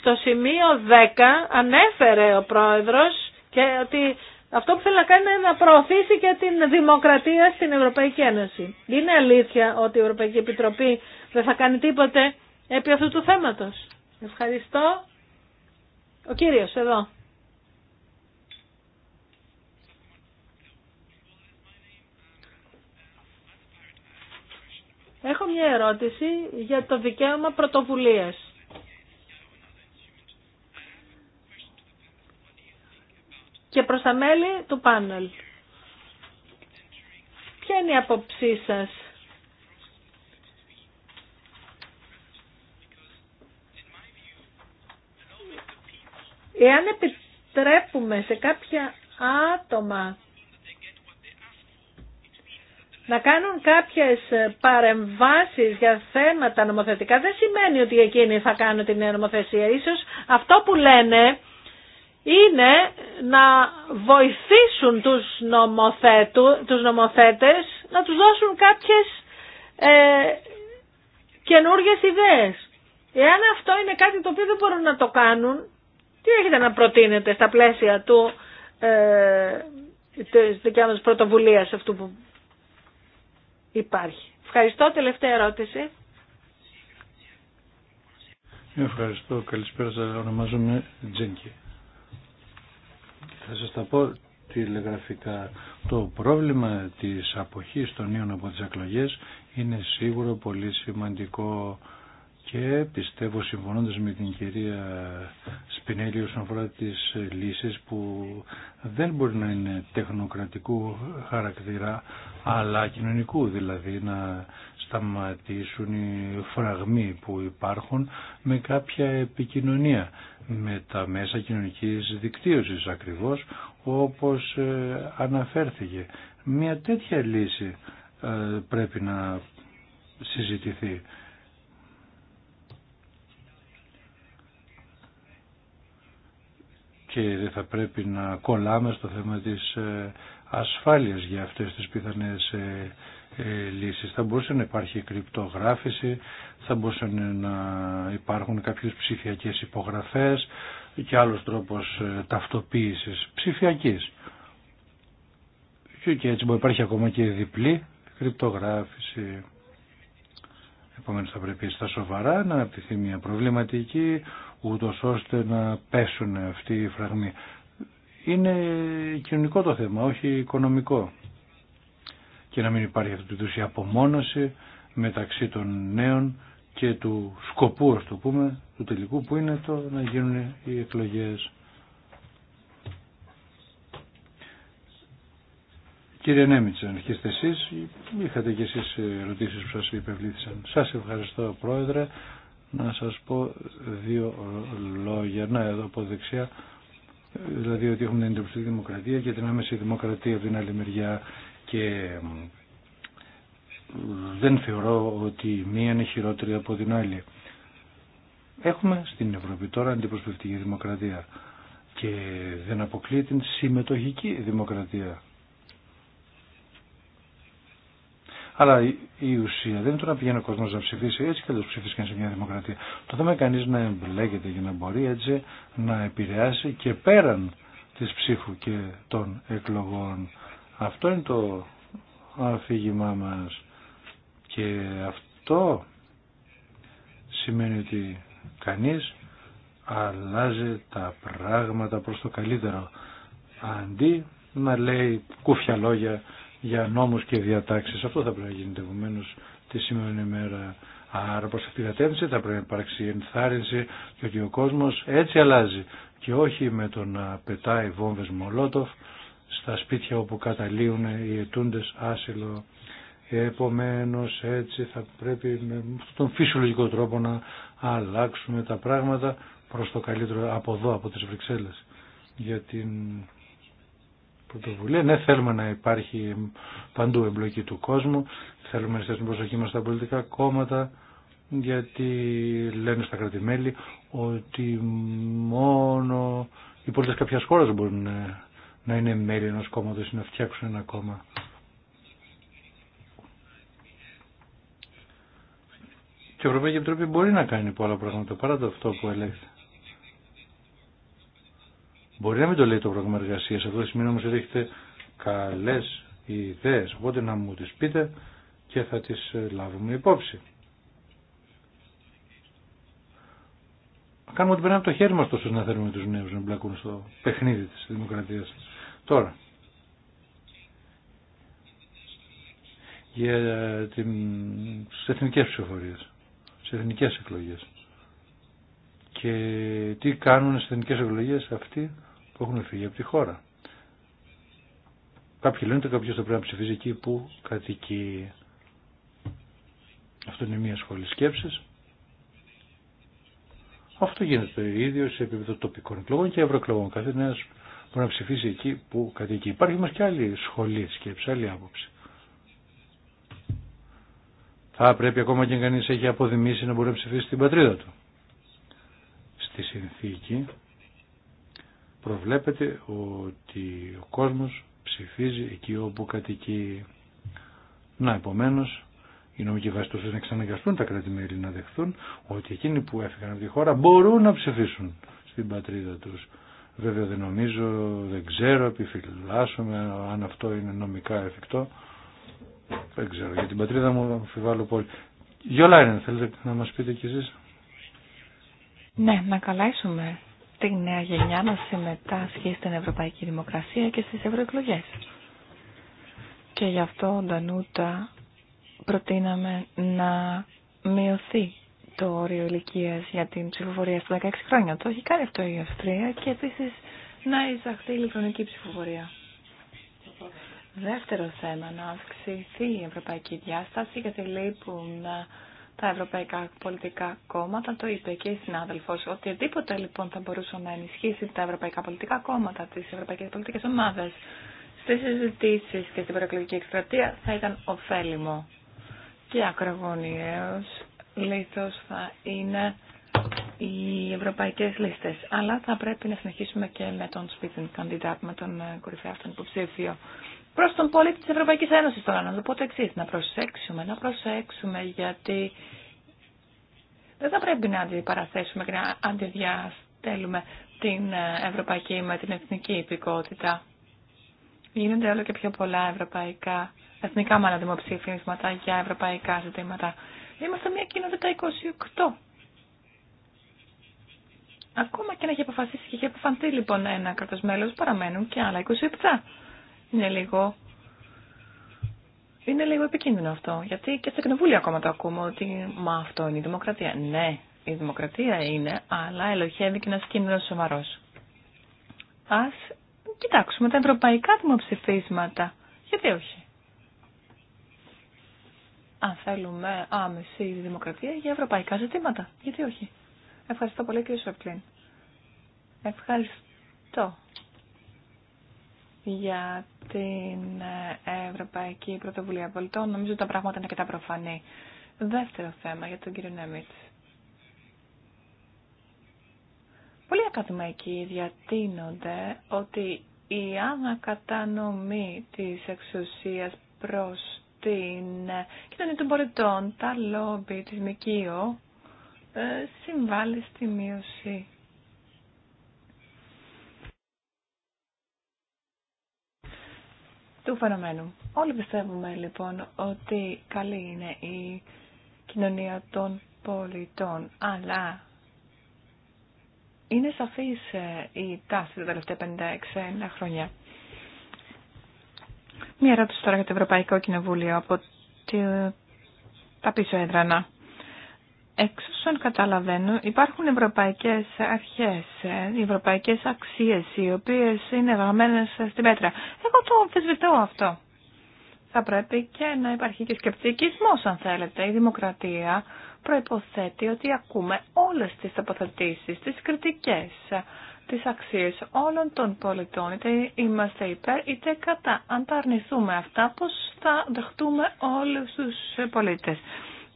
στο σημείο 10 ανέφερε ο πρόεδρος και ότι αυτό που θέλει να κάνει είναι να προωθήσει και την δημοκρατία στην Ευρωπαϊκή Ένωση. Είναι αλήθεια ότι η Ευρωπαϊκή Επιτροπή δεν θα κάνει τίποτε επί αυτού του θέματος. Ευχαριστώ. Ο κύριος εδώ. Έχω μια ερώτηση για το δικαίωμα πρωτοβουλίας. και προς τα μέλη του πάνελ. Ποια είναι η απόψή σας Εάν επιτρέπουμε σε κάποια άτομα να κάνουν κάποιες παρεμβάσεις για θέματα νομοθετικά δεν σημαίνει ότι εκείνοι θα κάνουν την νομοθεσία. Ίσως αυτό που λένε είναι να βοηθήσουν τους, νομοθέτου, τους νομοθέτες να τους δώσουν κάποιες ε, καινούργιες ιδέες. Εάν αυτό είναι κάτι το οποίο δεν μπορούν να το κάνουν, τι έχετε να προτείνετε στα πλαίσια του, ε, της δικιά μας πρωτοβουλίας αυτού που υπάρχει. Ευχαριστώ. Τελευταία ερώτηση. Ευχαριστώ. Καλησπέρα σας. Ονομάζομαι Τζένκη. Θα σας τα πω τηλεγραφικά. Το πρόβλημα της αποχής των νέων από τις εκλογέ είναι σίγουρο πολύ σημαντικό και πιστεύω συμφωνώντας με την κυρία Σπινέλη όσον αφορά τις λύσεις που δεν μπορεί να είναι τεχνοκρατικού χαρακτήρα αλλά κοινωνικού δηλαδή να σταματήσουν οι φραγμοί που υπάρχουν με κάποια επικοινωνία με τα μέσα κοινωνικής δικτύωσης ακριβώς όπως ε, αναφέρθηκε. Μια τέτοια λύση ε, πρέπει να συζητηθεί. και δεν θα πρέπει να κολλάμε στο θέμα της ε, ασφάλειας για αυτές τις πιθανές ε, λύσεις. Θα μπορούσε να υπάρχει κρυπτογράφηση, θα μπορούσε να υπάρχουν κάποιες ψηφιακές υπογραφές και άλλος τρόπος ε, ταυτοποίησης ψηφιακής. Και έτσι μπορεί να υπάρχει ακόμα και διπλή κρυπτογράφηση. Επομένως θα πρέπει στα σοβαρά να αναπτυχθεί μια προβληματική ούτω ώστε να πέσουν αυτοί οι φραγμοί. Είναι κοινωνικό το θέμα, όχι οικονομικό και να μην υπάρχει αυτή η απομόνωση μεταξύ των νέων και του σκοπού, α το πούμε, του τελικού που είναι το να γίνουν οι εκλογές. Κύριε Νέμιτσα, αρχίστε εσείς, είχατε και εσείς ερωτήσεις που σας υπευλήθησαν. Σας ευχαριστώ Πρόεδρε, να σας πω δύο λόγια. Να, εδώ από δεξιά, δηλαδή ότι έχουμε την εντοπιστική δημοκρατία και την άμεση δημοκρατία από την άλλη μεριά και δεν θεωρώ ότι μία είναι χειρότερη από την άλλη. Έχουμε στην Ευρώπη τώρα αντιπροσπευτική δημοκρατία και δεν αποκλεί την συμμετοχική δημοκρατία. Αλλά η ουσία δεν είναι το να πηγαίνει ο κόσμο να ψηφίσει, έτσι και του ψηφίσει σε μια δημοκρατία. Το θέμα κανεί να εμπλέκεται για να μπορεί έτσι να επηρεάσει και πέραν τη ψήφου και των εκλογών. Αυτό είναι το αφήγημά μας και αυτό σημαίνει ότι κανείς αλλάζει τα πράγματα προς το καλύτερο αντί να λέει κούφια λόγια για νόμους και διατάξεις. Αυτό θα πρέπει να γίνεται επομένω τη σημερινή μέρα. Άρα προς αυτή την κατεύθυνση θα πρέπει να υπάρξει ενθάρρυνση και ο κόσμος έτσι αλλάζει και όχι με το να πετάει βόμβες μολότοφ στα σπίτια όπου καταλύουν οι αιτούντες άσυλο. Επομένως έτσι θα πρέπει με τον φυσιολογικό τρόπο να αλλάξουμε τα πράγματα προς το καλύτερο από εδώ, από τις Βρυξέλλες. Για την πρωτοβουλία, ναι θέλουμε να υπάρχει παντού εμπλοκή του κόσμου, θέλουμε να εστιάσουμε προσοχή μας στα πολιτικά κόμματα, γιατί λένε στα κρατημέλη ότι μόνο οι πολίτες κάποιας χώρας μπορούν να είναι μέλη ενός κόμματος ή να φτιάξουν ένα κόμμα. Και η Ευρωπαϊκή Επιτροπή μπορεί να κάνει πολλά πράγματα παρά το αυτό που ελέγχθη. Μπορεί να μην το λέει το πρόγραμμα εργασίας. αυτό το σημείο ότι έχετε καλέ ιδέες. Οπότε να μου τις πείτε και θα τις ε, λάβουμε υπόψη. Κάνουμε ό,τι περνάμε το χέρι μας τόσο να θέλουμε τους νέους να μπλακούν στο παιχνίδι τη δημοκρατία Τώρα, για την... τις εθνικές ψηφοφορίες, τις εθνικές εκλογές. Και τι κάνουν στις εθνικές εκλογές αυτοί που έχουν φύγει από τη χώρα. Κάποιοι λένε ότι κάποιο θα πρέπει να ψηφίζει εκεί που κατοικεί. Αυτό είναι μια σχολή σκέψης. Αυτό γίνεται το ίδιο σε επίπεδο τοπικών εκλογών και ευρωεκλογών. Κάθε νέας μπορεί να ψηφίσει εκεί που κατοικεί. Υπάρχει μας και άλλη σχολή σκέψη, άλλη άποψη. Θα πρέπει ακόμα και κανείς έχει αποδημήσει να μπορεί να ψηφίσει την πατρίδα του. Στη συνθήκη προβλέπεται ότι ο κόσμος ψηφίζει εκεί όπου κατοικεί. Να, επομένως, οι νομικοί βάσει να εξαναγκαστούν τα κράτη-μέλη να δεχθούν ότι εκείνοι που έφυγαν από τη χώρα μπορούν να ψηφίσουν στην πατρίδα τους. Βέβαια δεν νομίζω, δεν ξέρω, επιφυλάσσομαι αν αυτό είναι νομικά εφικτό. Δεν ξέρω, για την πατρίδα μου αμφιβάλλω πολύ. Γιολάινεν, θέλετε να μας πείτε κι εσείς. Ναι, να καλάσουμε τη νέα γενιά να συμμετάσχει στην Ευρωπαϊκή Δημοκρασία και στις ευρωεκλογέ. Και γι' αυτό, Ντανούτα, προτείναμε να μειωθεί το όριο ηλικία για την ψηφοφορία στα 16 χρόνια. Το έχει κάνει αυτό η Αυστρία και επίση να εισαχθεί η ηλεκτρονική ψηφοφορία. Δεύτερο θέμα, να αυξηθεί η ευρωπαϊκή διάσταση γιατί λείπουν τα ευρωπαϊκά πολιτικά κόμματα. Το είπε και η συνάδελφο. Οτιδήποτε λοιπόν θα μπορούσε να ενισχύσει τα ευρωπαϊκά πολιτικά κόμματα, τι ευρωπαϊκέ πολιτικέ ομάδε στι συζητήσει και στην προεκλογική εκστρατεία θα ήταν ωφέλιμο και ακρογωνιαίος Λίθος θα είναι οι ευρωπαϊκές λίστες. Αλλά θα πρέπει να συνεχίσουμε και με τον Σπίτιν καντιντάτ, με τον ε, κορυφαίο αυτόν υποψήφιο. Προς τον πολίτη της Ευρωπαϊκής Ένωσης τώρα, να το πω το εξής, να προσέξουμε, να προσέξουμε γιατί δεν θα πρέπει να αντιπαραθέσουμε και να αντιδιαστέλουμε την ε, ευρωπαϊκή με την εθνική υπηκότητα. Γίνονται όλο και πιο πολλά ευρωπαϊκά, εθνικά μάλλον δημοψήφισματα για ευρωπαϊκά ζητήματα. Είμαστε μια κοινότητα 28. Ακόμα και να έχει αποφασίσει και έχει αποφανθεί λοιπόν ένα κράτος παραμένουν και άλλα 27. Είναι λίγο... Είναι λίγο επικίνδυνο αυτό, γιατί και στα κοινοβούλια ακόμα το ακούμε ότι «Μα αυτό είναι η δημοκρατία». Ναι, η δημοκρατία είναι, αλλά ελοχεύει και ένα κίνδυνος σοβαρός. Α κοιτάξουμε τα ευρωπαϊκά δημοψηφίσματα. Γιατί όχι αν θέλουμε άμεση δημοκρατία για ευρωπαϊκά ζητήματα. Γιατί όχι. Ευχαριστώ πολύ κύριε Σοπλίν. Ευχαριστώ για την ε, Ευρωπαϊκή Πρωτοβουλία Πολιτών. Νομίζω τα πράγματα είναι και τα προφανή. Δεύτερο θέμα για τον κύριο Νέμιτ. Πολλοί ακαδημαϊκοί διατείνονται ότι η ανακατανομή της εξουσίας προς την κοινωνία των πολιτών, τα λόμπι, τη ΜΚΙΟ, ε, συμβάλλει στη μείωση του φαινομένου. Όλοι πιστεύουμε λοιπόν ότι καλή είναι η κοινωνία των πολιτών, αλλά είναι σαφής ε, η τάση τα τελευταία 56 χρόνια. Μία ερώτηση τώρα για το Ευρωπαϊκό Κοινοβούλιο από τα πίσω έδρανα. Έξω, όσων καταλαβαίνω υπάρχουν ευρωπαϊκές αρχές, ε, ευρωπαϊκές αξίες οι οποίες είναι γραμμένες στην πέτρα. Εγώ το αμφισβητώ αυτό. Θα πρέπει και να υπάρχει και σκεπτικισμός αν θέλετε. Η δημοκρατία προϋποθέτει ότι ακούμε όλες τις τοποθετήσει, τις κριτικές, τις αξίες όλων των πολιτών, είτε είμαστε υπέρ είτε κατά. Αν τα αρνηθούμε αυτά, πώς θα δεχτούμε όλους τους πολίτες.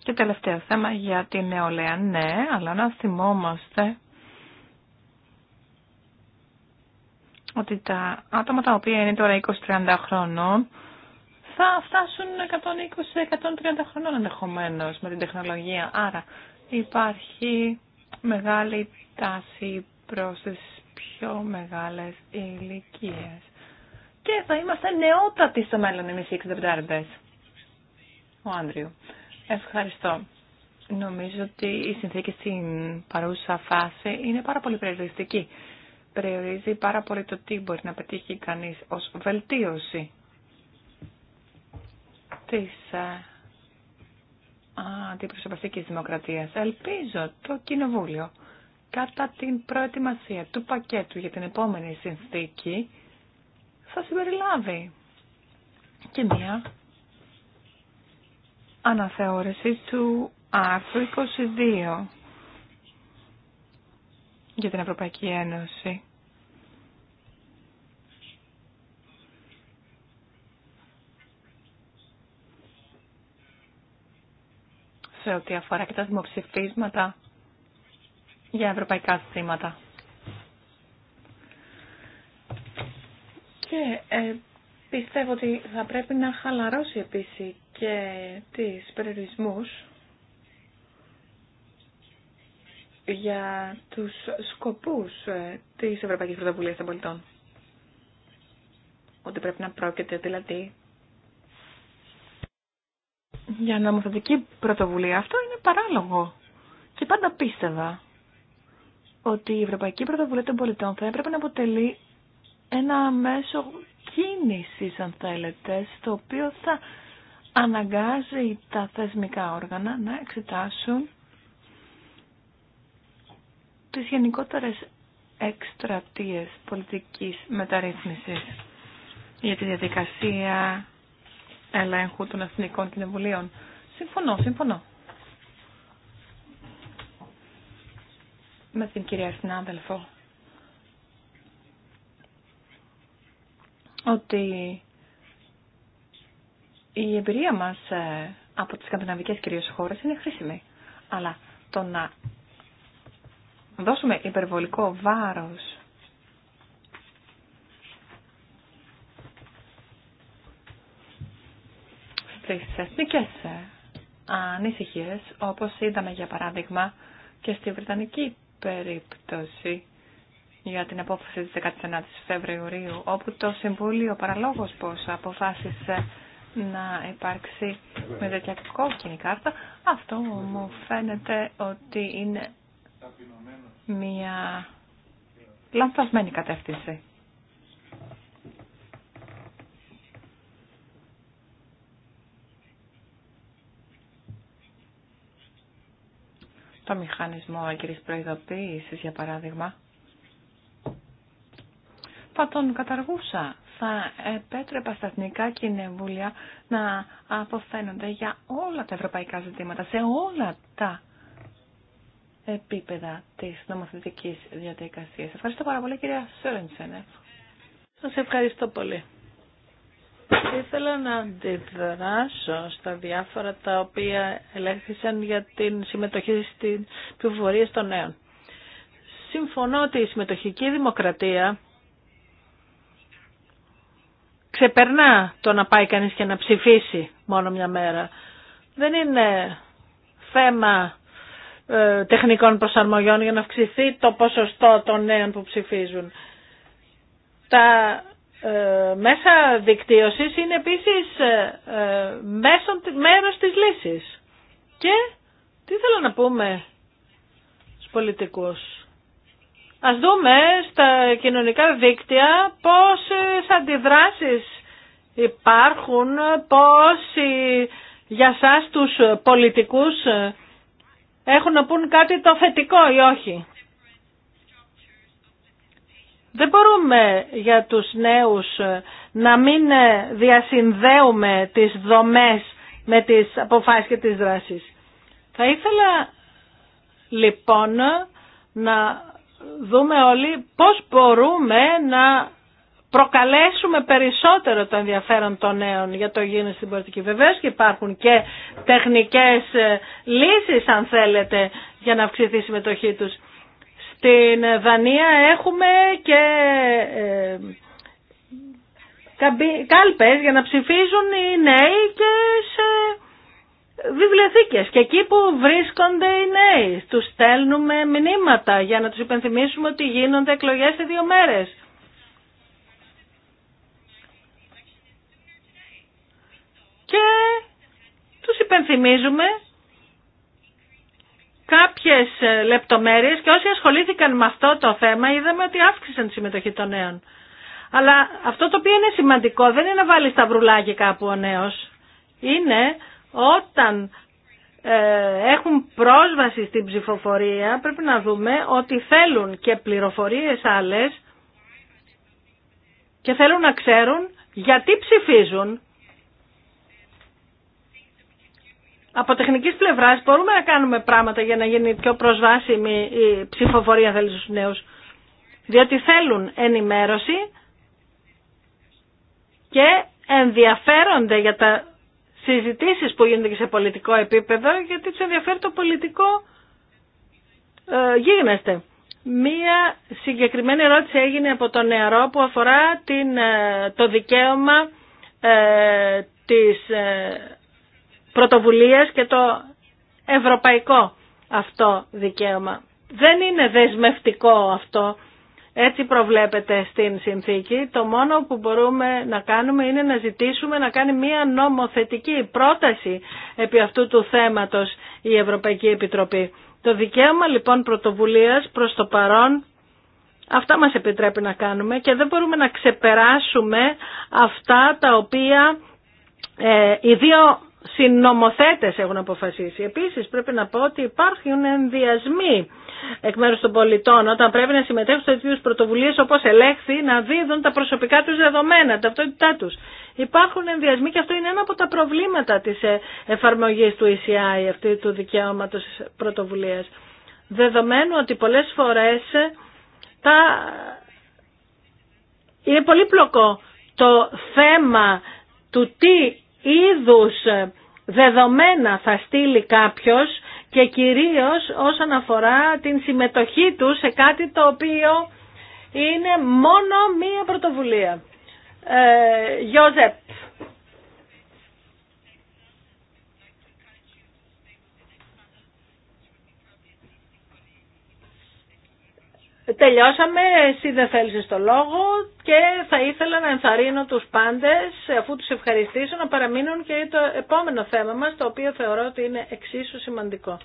Και τελευταίο θέμα για την νεολαία. Ναι, αλλά να θυμόμαστε ότι τα άτομα τα οποία είναι τώρα 20-30 χρονών θα φτάσουν 120-130 χρονών ενδεχομένω με την τεχνολογία. Άρα υπάρχει μεγάλη τάση προς πιο μεγάλες ηλικίε. Και θα είμαστε νεότατοι στο μέλλον εμείς οι 65 Ο Άντριου. Ευχαριστώ. Νομίζω ότι η συνθήκη στην παρούσα φάση είναι πάρα πολύ περιοριστική. Περιορίζει πάρα πολύ το τι μπορεί να πετύχει κανείς ως βελτίωση της ε, αντιπροσωπευτικής δημοκρατίας. Ελπίζω το Κοινοβούλιο κατά την προετοιμασία του πακέτου για την επόμενη συνθήκη θα συμπεριλάβει και μία αναθεώρηση του άρθρου 22 για την Ευρωπαϊκή Ένωση. Σε ό,τι αφορά και τα δημοψηφίσματα για ευρωπαϊκά ζητήματα Και ε, πιστεύω ότι θα πρέπει να χαλαρώσει επίσης και τις περιορισμούς για τους σκοπούς ε, της Ευρωπαϊκής Πρωτοβουλίας των Πολιτών. Ότι πρέπει να πρόκειται δηλαδή για νομοθετική πρωτοβουλία. Αυτό είναι παράλογο. Και πάντα πίστευα ότι η Ευρωπαϊκή Πρωτοβουλία των Πολιτών θα έπρεπε να αποτελεί ένα μέσο κίνησης, αν θέλετε, στο οποίο θα αναγκάζει τα θεσμικά όργανα να εξετάσουν τις γενικότερες εκστρατείες πολιτικής μεταρρύθμισης για τη διαδικασία ελέγχου των εθνικών κοινοβουλίων. Συμφωνώ, συμφωνώ. με την κυρία συνάδελφο ότι η εμπειρία μας ε, από τις σκανδιναβικές κυρίως χώρες είναι χρήσιμη. Αλλά το να δώσουμε υπερβολικό βάρος στις εθνικές ε, ανησυχίες, όπως είδαμε για παράδειγμα και στη Βρετανική περίπτωση για την απόφαση της 19ης Φεβρουαρίου, όπου το Συμβούλιο παραλόγως πως αποφάσισε να υπάρξει με τέτοια κόκκινη κάρτα. Αυτό μου φαίνεται ότι είναι μια λανθασμένη κατεύθυνση. το μηχανισμό έγκυρης προειδοποίησης, για παράδειγμα, θα τον καταργούσα. Θα επέτρεπα στα εθνικά κοινέμβουλια να αποφαίνονται για όλα τα ευρωπαϊκά ζητήματα, σε όλα τα επίπεδα της νομοθετικής διαδικασίας. Ευχαριστώ πάρα πολύ κυρία Σόρενσεν. Σας ευχαριστώ πολύ. Ήθελα να αντιδράσω στα διάφορα τα οποία ελέγχθησαν για την συμμετοχή στην πληροφορία των νέων. Συμφωνώ ότι η συμμετοχική δημοκρατία ξεπερνά το να πάει κανείς και να ψηφίσει μόνο μια μέρα. Δεν είναι θέμα ε, τεχνικών προσαρμογιών για να αυξηθεί το ποσοστό των νέων που ψηφίζουν. Τα ε, μέσα δικτύωσης είναι επίσης ε, ε, μέσον, μέρος της λύσης. Και τι θέλω να πούμε στους πολιτικούς. Ας δούμε στα κοινωνικά δίκτυα πόσες αντιδράσεις υπάρχουν, πόσοι για σας τους πολιτικούς έχουν να πούν κάτι το θετικό ή όχι. Δεν μπορούμε για τους νέους ε, να μην ε, διασυνδέουμε τις δομές με τις αποφάσεις και τις δράσεις. Θα ήθελα λοιπόν να δούμε όλοι πώς μπορούμε να προκαλέσουμε περισσότερο το ενδιαφέρον των νέων για το γίνεται στην πολιτική. Βεβαίως και υπάρχουν και τεχνικές ε, λύσεις αν θέλετε για να αυξηθεί η συμμετοχή τους. Στην Δανία έχουμε και ε, κάλπες για να ψηφίζουν οι νέοι και σε βιβλιοθήκες και εκεί που βρίσκονται οι νέοι. Τους στέλνουμε μηνύματα για να τους υπενθυμίσουμε ότι γίνονται εκλογές σε δύο μέρες. Και τους υπενθυμίζουμε κάποιες ε, λεπτομέρειες και όσοι ασχολήθηκαν με αυτό το θέμα είδαμε ότι αύξησαν τη συμμετοχή των νέων. Αλλά αυτό το οποίο είναι σημαντικό δεν είναι να βάλει τα βρουλάκια κάπου ο νέος. Είναι όταν ε, έχουν πρόσβαση στην ψηφοφορία πρέπει να δούμε ότι θέλουν και πληροφορίες άλλες και θέλουν να ξέρουν γιατί ψηφίζουν από τεχνικής πλευράς μπορούμε να κάνουμε πράγματα για να γίνει πιο προσβάσιμη η ψηφοφορία θέλει στους νέους. Διότι θέλουν ενημέρωση και ενδιαφέρονται για τα συζητήσεις που γίνονται και σε πολιτικό επίπεδο γιατί τους ενδιαφέρει το πολιτικό ε, γίγνεσθε. Μία συγκεκριμένη ερώτηση έγινε από τον νεαρό που αφορά την, ε, το δικαίωμα ε, της... Ε, πρωτοβουλίες και το ευρωπαϊκό αυτό δικαίωμα. Δεν είναι δεσμευτικό αυτό. Έτσι προβλέπεται στην συνθήκη. Το μόνο που μπορούμε να κάνουμε είναι να ζητήσουμε να κάνει μία νομοθετική πρόταση επί αυτού του θέματος η Ευρωπαϊκή Επιτροπή. Το δικαίωμα λοιπόν πρωτοβουλίας προς το παρόν αυτά μας επιτρέπει να κάνουμε και δεν μπορούμε να ξεπεράσουμε αυτά τα οποία ε, οι δύο συνομοθέτες έχουν αποφασίσει. Επίσης πρέπει να πω ότι υπάρχουν ενδιασμοί εκ μέρους των πολιτών όταν πρέπει να συμμετέχουν σε τέτοιου πρωτοβουλίες όπως ελέγχθη να δίδουν τα προσωπικά τους δεδομένα, ταυτότητά τους. Υπάρχουν ενδιασμοί και αυτό είναι ένα από τα προβλήματα της ε, εφαρμογής του ECI, αυτή του δικαιώματος πρωτοβουλίας. Δεδομένου ότι πολλές φορές ε, τα... είναι πολύ πλοκό το θέμα του τι είδους δεδομένα θα στείλει κάποιος και κυρίως όσον αφορά την συμμετοχή του σε κάτι το οποίο είναι μόνο μία πρωτοβουλία. Ε, Γιώζεπ, Τελειώσαμε, εσύ δεν θέλεις το λόγο και θα ήθελα να ενθαρρύνω τους πάντες, αφού τους ευχαριστήσω, να παραμείνουν και το επόμενο θέμα μας, το οποίο θεωρώ ότι είναι εξίσου σημαντικό.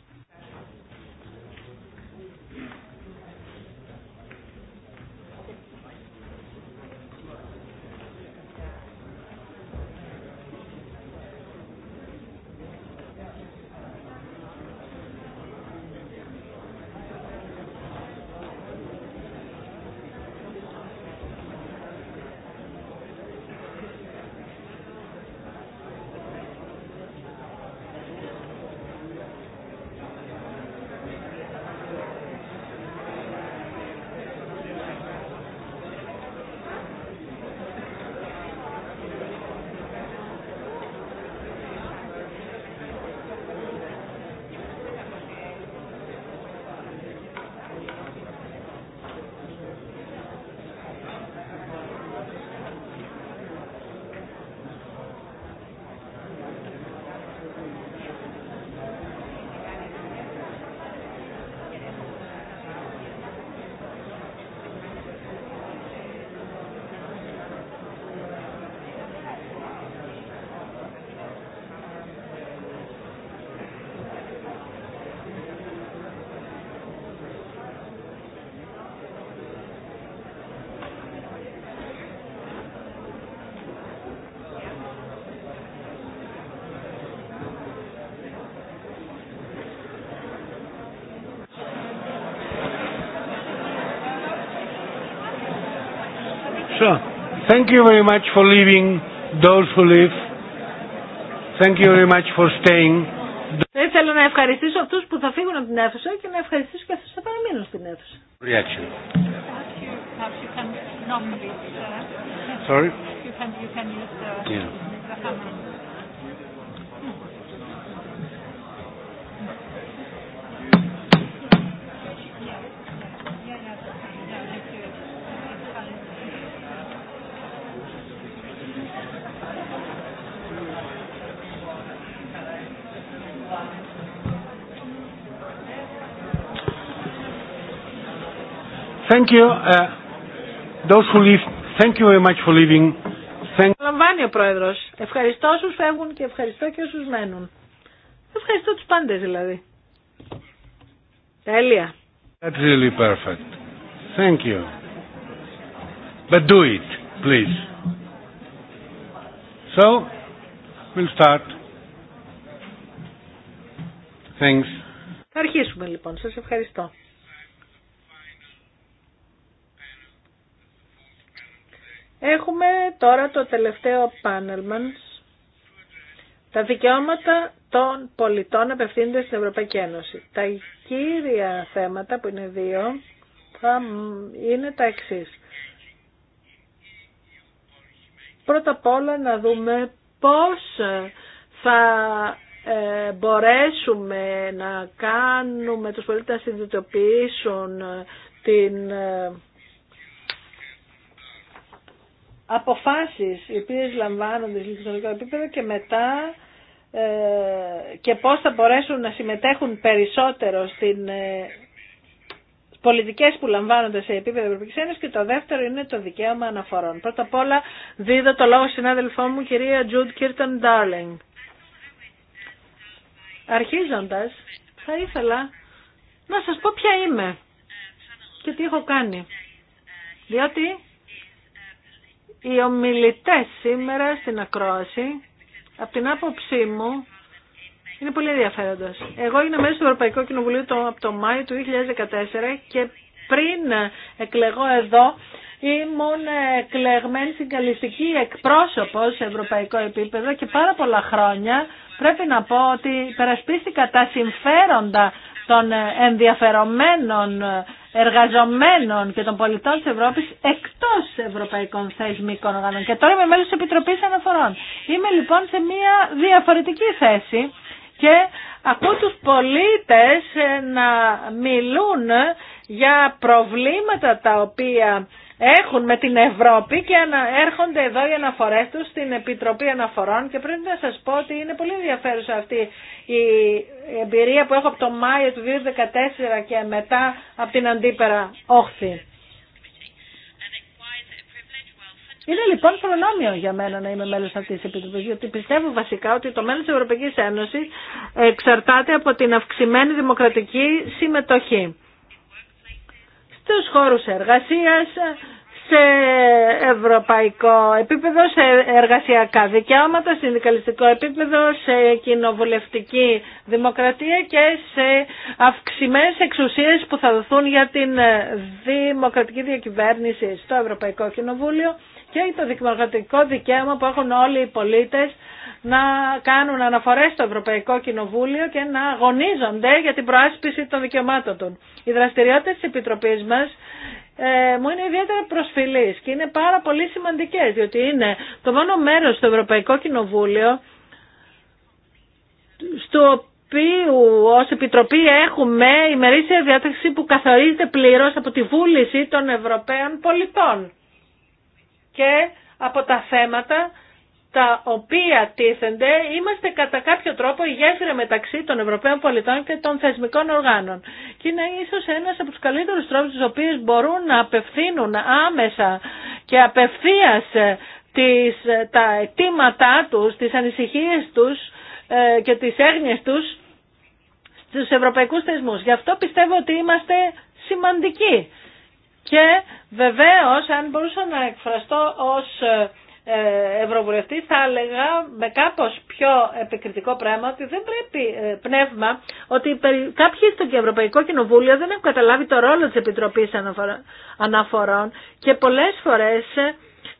Thank you very much for leaving those who live. Thank you very much for staying. Θα θέλω να ευχαριστήσω αυτούς που θα φύγουν από την αίθουσα και να ευχαριστήσω και αυτούς που θα παραμείνουν στην αίθουσα. Reaction. Sorry. yeah. Thank you. Uh, those who leave, thank you very much for leaving. Thank... Λαμβάνει ο Πρόεδρος. Ευχαριστώ όσους φεύγουν και ευχαριστώ και όσους μένουν. Ευχαριστώ τους πάντες δηλαδή. Τέλεια. That's really perfect. Thank you. But do it, please. So, we'll start. Thanks. Θα αρχίσουμε λοιπόν. Σας ευχαριστώ. Έχουμε τώρα το τελευταίο πάνελ μας. Τα δικαιώματα των πολιτών απευθύνονται στην Ευρωπαϊκή Ένωση. Τα κύρια θέματα που είναι δύο θα είναι τα εξής. Πρώτα απ' όλα να δούμε πώς θα ε, μπορέσουμε να κάνουμε τους πολίτες να συνειδητοποιήσουν ε, την ε, αποφάσεις οι οποίες λαμβάνονται σε λειτουργικό επίπεδο και μετά ε, και πώς θα μπορέσουν να συμμετέχουν περισσότερο στην ε, πολιτικές που λαμβάνονται σε επίπεδο Ευρωπαϊκής Ένωσης και το δεύτερο είναι το δικαίωμα αναφορών. Πρώτα απ' όλα δίδω το λόγο συνάδελφό μου κυρία Τζουντ Κίρτον Ντάρλινγκ. Αρχίζοντας θα ήθελα να σας πω ποια είμαι και τι έχω κάνει. Διότι οι ομιλητές σήμερα στην ακρόαση, από την άποψή μου, είναι πολύ ενδιαφέροντα. Εγώ ήμουν μέσα στο Ευρωπαϊκό Κοινοβουλίο το, από το Μάιο του 2014 και πριν εκλεγώ εδώ ήμουν εκλεγμένη συγκαλιστική εκπρόσωπο σε ευρωπαϊκό επίπεδο και πάρα πολλά χρόνια πρέπει να πω ότι υπερασπίστηκα τα συμφέροντα των ενδιαφερομένων εργαζομένων και των πολιτών της Ευρώπης εκτός ευρωπαϊκών θεσμικών οργάνων. Και τώρα είμαι μέλος της Επιτροπής Αναφορών. Είμαι λοιπόν σε μια διαφορετική θέση και ακούω τους πολίτες να μιλούν για προβλήματα τα οποία έχουν με την Ευρώπη και έρχονται εδώ οι αναφορές τους στην Επιτροπή Αναφορών και πρέπει να σας πω ότι είναι πολύ ενδιαφέρουσα αυτή η εμπειρία που έχω από το Μάιο του 2014 και μετά από την αντίπερα όχθη. Είναι λοιπόν προνόμιο για μένα να είμαι μέλος αυτής της Επιτροπής, γιατί πιστεύω βασικά ότι το μέλλον της Ευρωπαϊκής Ένωσης εξαρτάται από την αυξημένη δημοκρατική συμμετοχή στους χώρους εργασίας, σε ευρωπαϊκό επίπεδο, σε εργασιακά δικαιώματα, συνδικαλιστικό επίπεδο, σε κοινοβουλευτική δημοκρατία και σε αυξημένες εξουσίες που θα δοθούν για την δημοκρατική διακυβέρνηση στο Ευρωπαϊκό Κοινοβούλιο και το δημοκρατικό δικαίωμα που έχουν όλοι οι πολίτες να κάνουν αναφορές στο Ευρωπαϊκό Κοινοβούλιο και να αγωνίζονται για την προάσπιση των δικαιωμάτων των. Οι δραστηριότητες της Επιτροπής μας ε, μου είναι ιδιαίτερα προσφυλής και είναι πάρα πολύ σημαντικές, διότι είναι το μόνο μέρος στο Ευρωπαϊκό Κοινοβούλιο στο οποίο ως Επιτροπή έχουμε ημερήσια διάταξη που καθορίζεται πλήρως από τη βούληση των Ευρωπαίων πολιτών και από τα θέματα τα οποία τίθενται, είμαστε κατά κάποιο τρόπο η γέφυρα μεταξύ των Ευρωπαίων πολιτών και των θεσμικών οργάνων. Και είναι ίσως ένας από τους καλύτερους τρόπους του οποίου μπορούν να απευθύνουν άμεσα και απευθεία ε, ε, τα αιτήματά τους, τις ανησυχίες τους ε, και τις έγνοιε τους στου ευρωπαϊκούς θεσμού. Γι' αυτό πιστεύω ότι είμαστε σημαντικοί. Και βεβαίω, αν μπορούσα να εκφραστώ ως ε, Ευρωβουλευτή θα έλεγα με κάπω πιο επικριτικό πράγμα ότι δεν πρέπει ε, πνεύμα ότι κάποιοι στο Ευρωπαϊκό Κοινοβούλιο δεν έχουν καταλάβει το ρόλο της Επιτροπής Αναφορών και πολλές φορές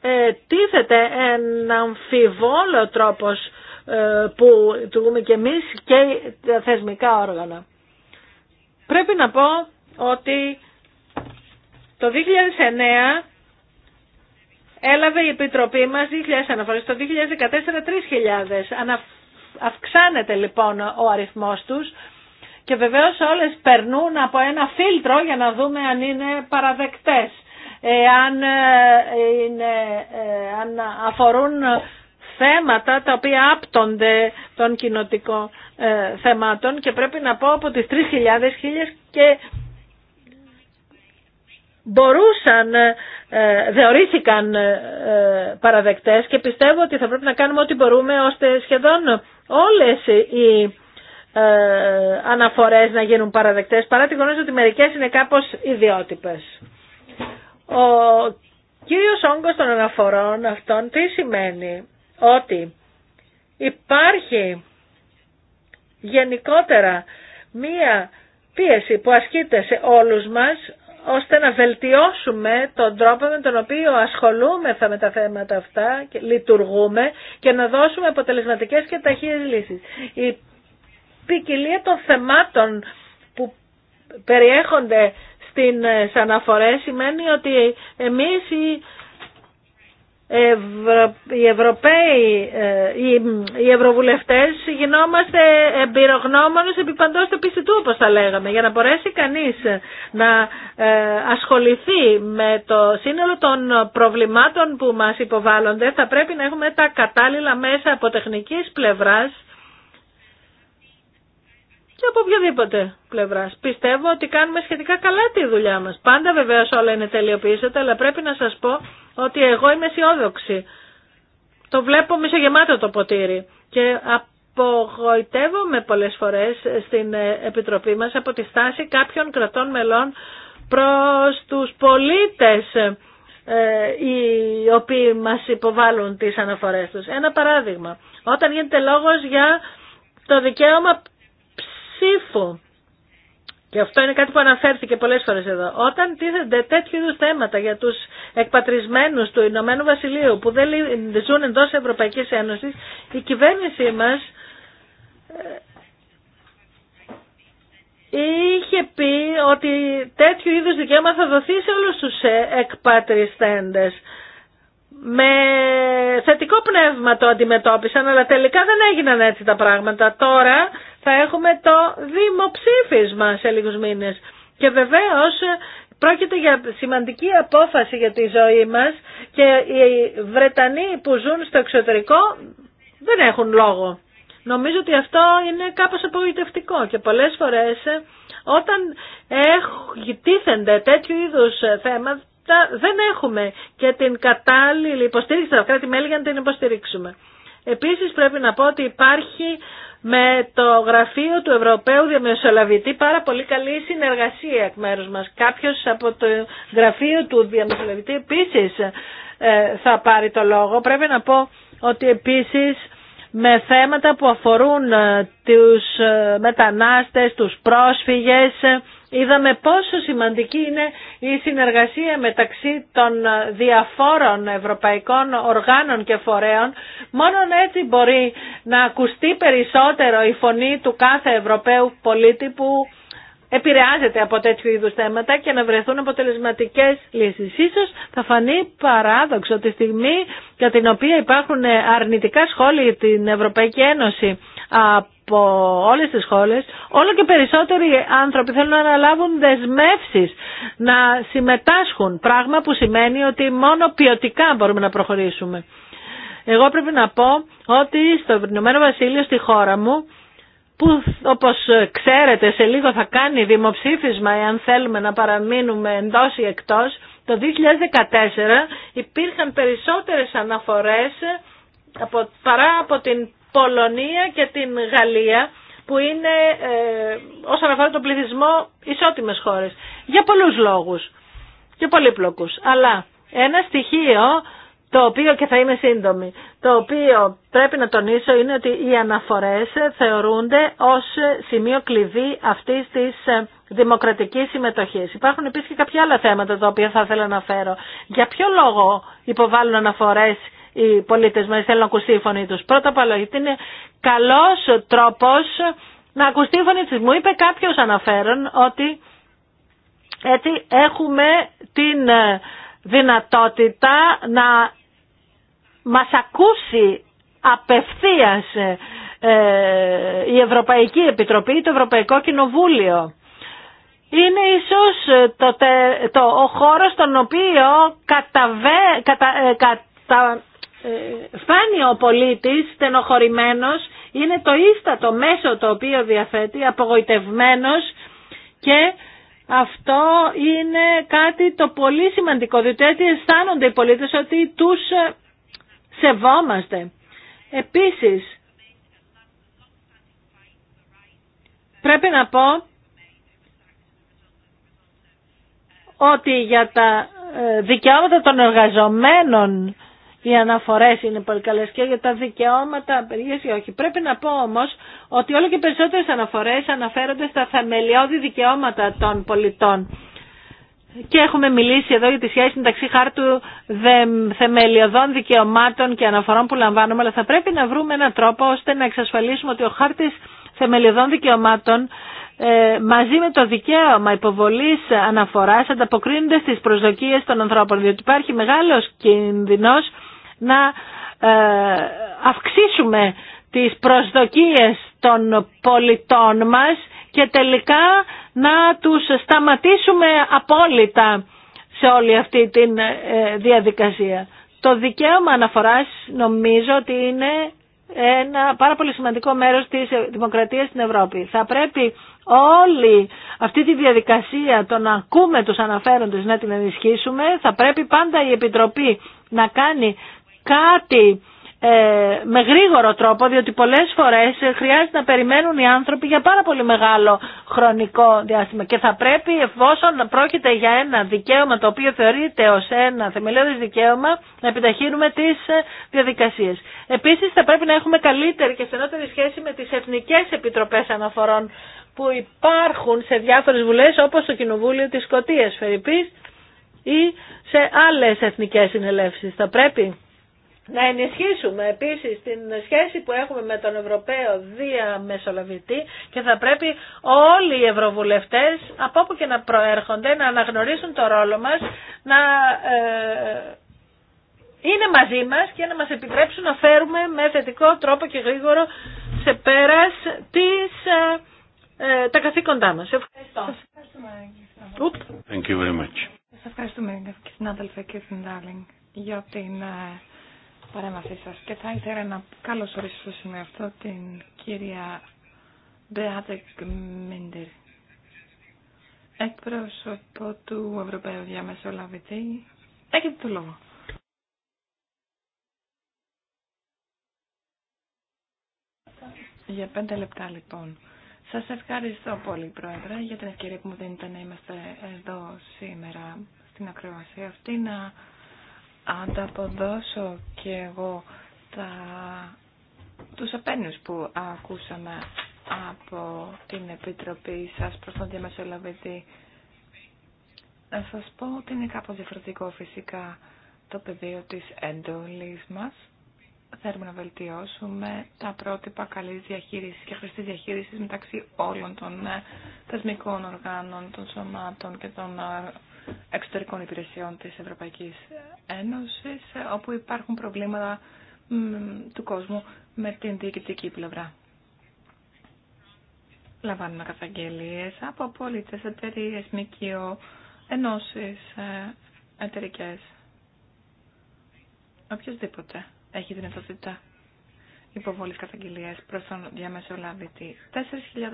ε, τίθεται ένα αμφιβόλο τρόπος που λειτουργούμε και εμείς και τα θεσμικά όργανα. Πρέπει να πω ότι το 2009 έλαβε η Επιτροπή μας 2.000 αναφορές, το 2014 3.000. Αυξάνεται λοιπόν ο αριθμός τους και βεβαίως όλες περνούν από ένα φίλτρο για να δούμε αν είναι παραδεκτές, ε, ε, αν, είναι, αφορούν θέματα τα οποία άπτονται των κοινοτικών ε, θεμάτων και πρέπει να πω από τις 3.000 χίλιες και μπορούσαν ε, θεωρήθηκαν ε, ε, παραδεκτές και πιστεύω ότι θα πρέπει να κάνουμε ό,τι μπορούμε ώστε σχεδόν όλες οι αναφορές να γίνουν παραδεκτές παρά τη γνώση ότι μερικές είναι κάπως ιδιότυπες. Ο κύριος όγκος των αναφορών αυτών τι σημαίνει ότι υπάρχει γενικότερα μία πίεση που ασκείται σε όλους μας ώστε να βελτιώσουμε τον τρόπο με τον οποίο ασχολούμεθα με τα θέματα αυτά και λειτουργούμε και να δώσουμε αποτελεσματικές και ταχύες λύσεις. Η ποικιλία των θεμάτων που περιέχονται ε, στις αναφορές σημαίνει ότι εμείς οι Ευρω... οι Ευρωπαίοι, ε, οι, Ευρωβουλευτές γινόμαστε εμπειρογνώμονες επί παντός του πιστητού όπως τα λέγαμε για να μπορέσει κανείς να ε, ασχοληθεί με το σύνολο των προβλημάτων που μας υποβάλλονται θα πρέπει να έχουμε τα κατάλληλα μέσα από τεχνικής πλευράς και από οποιαδήποτε πλευρά. Πιστεύω ότι κάνουμε σχετικά καλά τη δουλειά μας. Πάντα βεβαίως όλα είναι τελειοποιήσατε, αλλά πρέπει να σας πω ότι εγώ είμαι αισιόδοξη. Το βλέπω μισογεμάτο το ποτήρι και απογοητεύομαι πολλές φορές στην ε, Επιτροπή μας από τη στάση κάποιων κρατών μελών προς τους πολίτες ε, οι οποίοι μας υποβάλλουν τις αναφορές τους. Ένα παράδειγμα, όταν γίνεται λόγος για το δικαίωμα ψήφου και αυτό είναι κάτι που αναφέρθηκε πολλές φορές εδώ. Όταν τίθενται τέτοιου είδου θέματα για τους εκπατρισμένους του Ηνωμένου Βασιλείου που δεν ζουν εντός Ευρωπαϊκής Ένωσης, η κυβέρνησή μας ε, είχε πει ότι τέτοιου είδους δικαίωμα θα δοθεί σε όλους τους ε, εκπατριστέντες με θετικό πνεύμα το αντιμετώπισαν, αλλά τελικά δεν έγιναν έτσι τα πράγματα. Τώρα θα έχουμε το δημοψήφισμα σε λίγους μήνες. Και βεβαίως πρόκειται για σημαντική απόφαση για τη ζωή μας και οι Βρετανοί που ζουν στο εξωτερικό δεν έχουν λόγο. Νομίζω ότι αυτό είναι κάπως απογοητευτικό και πολλές φορές όταν τίθενται τέτοιου είδους θέματα δεν έχουμε και την κατάλληλη υποστήριξη στα κράτη-μέλη για να την υποστηρίξουμε. Επίσης πρέπει να πω ότι υπάρχει με το γραφείο του Ευρωπαίου Διαμεσολαβητή πάρα πολύ καλή συνεργασία εκ μέρους μας. Κάποιος από το γραφείο του Διαμεσολαβητή επίσης ε, θα πάρει το λόγο. Πρέπει να πω ότι επίσης με θέματα που αφορούν ε, τους ε, μετανάστες, τους πρόσφυγες, είδαμε πόσο σημαντική είναι η συνεργασία μεταξύ των διαφόρων ευρωπαϊκών οργάνων και φορέων. Μόνον έτσι μπορεί να ακουστεί περισσότερο η φωνή του κάθε Ευρωπαίου πολίτη που επηρεάζεται από τέτοιου είδους θέματα και να βρεθούν αποτελεσματικές λύσεις. Ίσως θα φανεί παράδοξο τη στιγμή για την οποία υπάρχουν αρνητικά σχόλια την Ευρωπαϊκή Ένωση από όλες τις σχόλες, όλο και περισσότεροι άνθρωποι θέλουν να αναλάβουν δεσμεύσεις, να συμμετάσχουν, πράγμα που σημαίνει ότι μόνο ποιοτικά μπορούμε να προχωρήσουμε. Εγώ πρέπει να πω ότι στο Ευρωπαϊκό Βασίλειο, στη χώρα μου, που όπως ξέρετε σε λίγο θα κάνει δημοψήφισμα εάν θέλουμε να παραμείνουμε εντός ή εκτός, το 2014 υπήρχαν περισσότερες αναφορές από, παρά από την Πολωνία και την Γαλλία που είναι ε, όσον αφορά τον πληθυσμό ισότιμες χώρες. Για πολλούς λόγους και πολύπλοκους. Αλλά ένα στοιχείο το οποίο και θα είμαι σύντομη, το οποίο πρέπει να τονίσω είναι ότι οι αναφορές θεωρούνται ως σημείο κλειδί αυτής της ε, δημοκρατικής συμμετοχής. Υπάρχουν επίσης και κάποια άλλα θέματα τα οποία θα ήθελα να φέρω. Για ποιο λόγο υποβάλλουν αναφορές οι πολίτες μας θέλουν να ακουστεί η φωνή τους. Πρώτα απ' όλα, είναι καλός τρόπος να ακουστεί η φωνή της. Μου είπε κάποιος αναφέρον ότι έτσι έχουμε την ε, δυνατότητα να μας ακούσει απευθείας ε, ε, η Ευρωπαϊκή Επιτροπή ή το Ευρωπαϊκό Κοινοβούλιο. Είναι ίσως το, το, ο χώρος στον οποίο καταβε, κατα, κατα, Φάνει ε, ο πολίτης στενοχωρημένος, είναι το ίστατο μέσο το οποίο διαθέτει, απογοητευμένος και αυτό είναι κάτι το πολύ σημαντικό, διότι έτσι αισθάνονται οι πολίτες ότι τους ε, σεβόμαστε. Επίσης, πρέπει να πω ότι για τα ε, δικαιώματα των εργαζομένων οι αναφορές είναι πολύ καλές και για τα δικαιώματα απεργίας ή όχι. Πρέπει να πω όμως ότι όλο και περισσότερες αναφορές αναφέρονται στα θεμελιώδη δικαιώματα των πολιτών. Και έχουμε μιλήσει εδώ για τη σχέση μεταξύ χάρτου θεμελιωδών δικαιωμάτων και αναφορών που λαμβάνουμε, αλλά θα πρέπει να βρούμε έναν τρόπο ώστε να εξασφαλίσουμε ότι ο χάρτης θεμελιωδών δικαιωμάτων ε, μαζί με το δικαίωμα υποβολής αναφοράς ανταποκρίνονται στις προσδοκίες των ανθρώπων, διότι υπάρχει μεγάλο κίνδυνο να ε, αυξήσουμε τις προσδοκίες των πολιτών μας και τελικά να τους σταματήσουμε απόλυτα σε όλη αυτή τη ε, διαδικασία. Το δικαίωμα αναφοράς νομίζω ότι είναι ένα πάρα πολύ σημαντικό μέρος της δημοκρατίας στην Ευρώπη. Θα πρέπει όλη αυτή τη διαδικασία το να ακούμε τους αναφέροντες να την ενισχύσουμε. Θα πρέπει πάντα η Επιτροπή να κάνει κάτι ε, με γρήγορο τρόπο, διότι πολλές φορές ε, χρειάζεται να περιμένουν οι άνθρωποι για πάρα πολύ μεγάλο χρονικό διάστημα και θα πρέπει εφόσον πρόκειται για ένα δικαίωμα το οποίο θεωρείται ως ένα θεμελιώδης δικαίωμα να επιταχύνουμε τις ε, διαδικασίες. Επίσης θα πρέπει να έχουμε καλύτερη και στενότερη σχέση με τις εθνικές επιτροπές αναφορών που υπάρχουν σε διάφορες βουλές όπως το Κοινοβούλιο της Σκοτίας Φερυπής ή σε άλλες εθνικές συνελεύσεις. Θα πρέπει να ενισχύσουμε επίσης την σχέση που έχουμε με τον Ευρωπαίο διαμεσολαβητή και θα πρέπει όλοι οι ευρωβουλευτές από όπου και να προέρχονται να αναγνωρίσουν το ρόλο μας, να ε, είναι μαζί μας και να μας επιτρέψουν να φέρουμε με θετικό τρόπο και γρήγορο σε πέρας τις, ε, ε, τα καθήκοντά μας. Ευχαριστώ. Thank you very much παρέμβασή σας και θα ήθελα να καλωσορίσω στο σημείο αυτό την κυρία Μπεάτε Γκμίντερ, εκπρόσωπο του Ευρωπαίου Διαμεσολαβητή. Έχετε το λόγο. Για πέντε λεπτά λοιπόν. Σας ευχαριστώ πολύ Πρόεδρε για την ευκαιρία που μου δίνετε να είμαστε εδώ σήμερα στην ακροασία αυτή να ανταποδώσω και εγώ τα, τους που ακούσαμε από την Επιτροπή σας προς τον διαμεσολαβητή. Να σας πω ότι είναι κάπως διαφορετικό φυσικά το πεδίο της εντολής μας. Θέλουμε να βελτιώσουμε τα πρότυπα καλής διαχείρισης και χρηστής διαχείρισης μεταξύ όλων των ε, θεσμικών οργάνων, των σωμάτων και των ε, εξωτερικών υπηρεσιών της Ευρωπαϊκής Ένωσης, όπου υπάρχουν προβλήματα του κόσμου με την διοικητική πλευρά. Λαμβάνουμε καταγγελίες από πολίτες, εταιρείε ΜΚΟ, ενώσεις ε, εταιρικέ. Οποιοςδήποτε έχει δυνατότητα υποβολής καταγγελίας προς τον διαμεσολαβητή. 4.000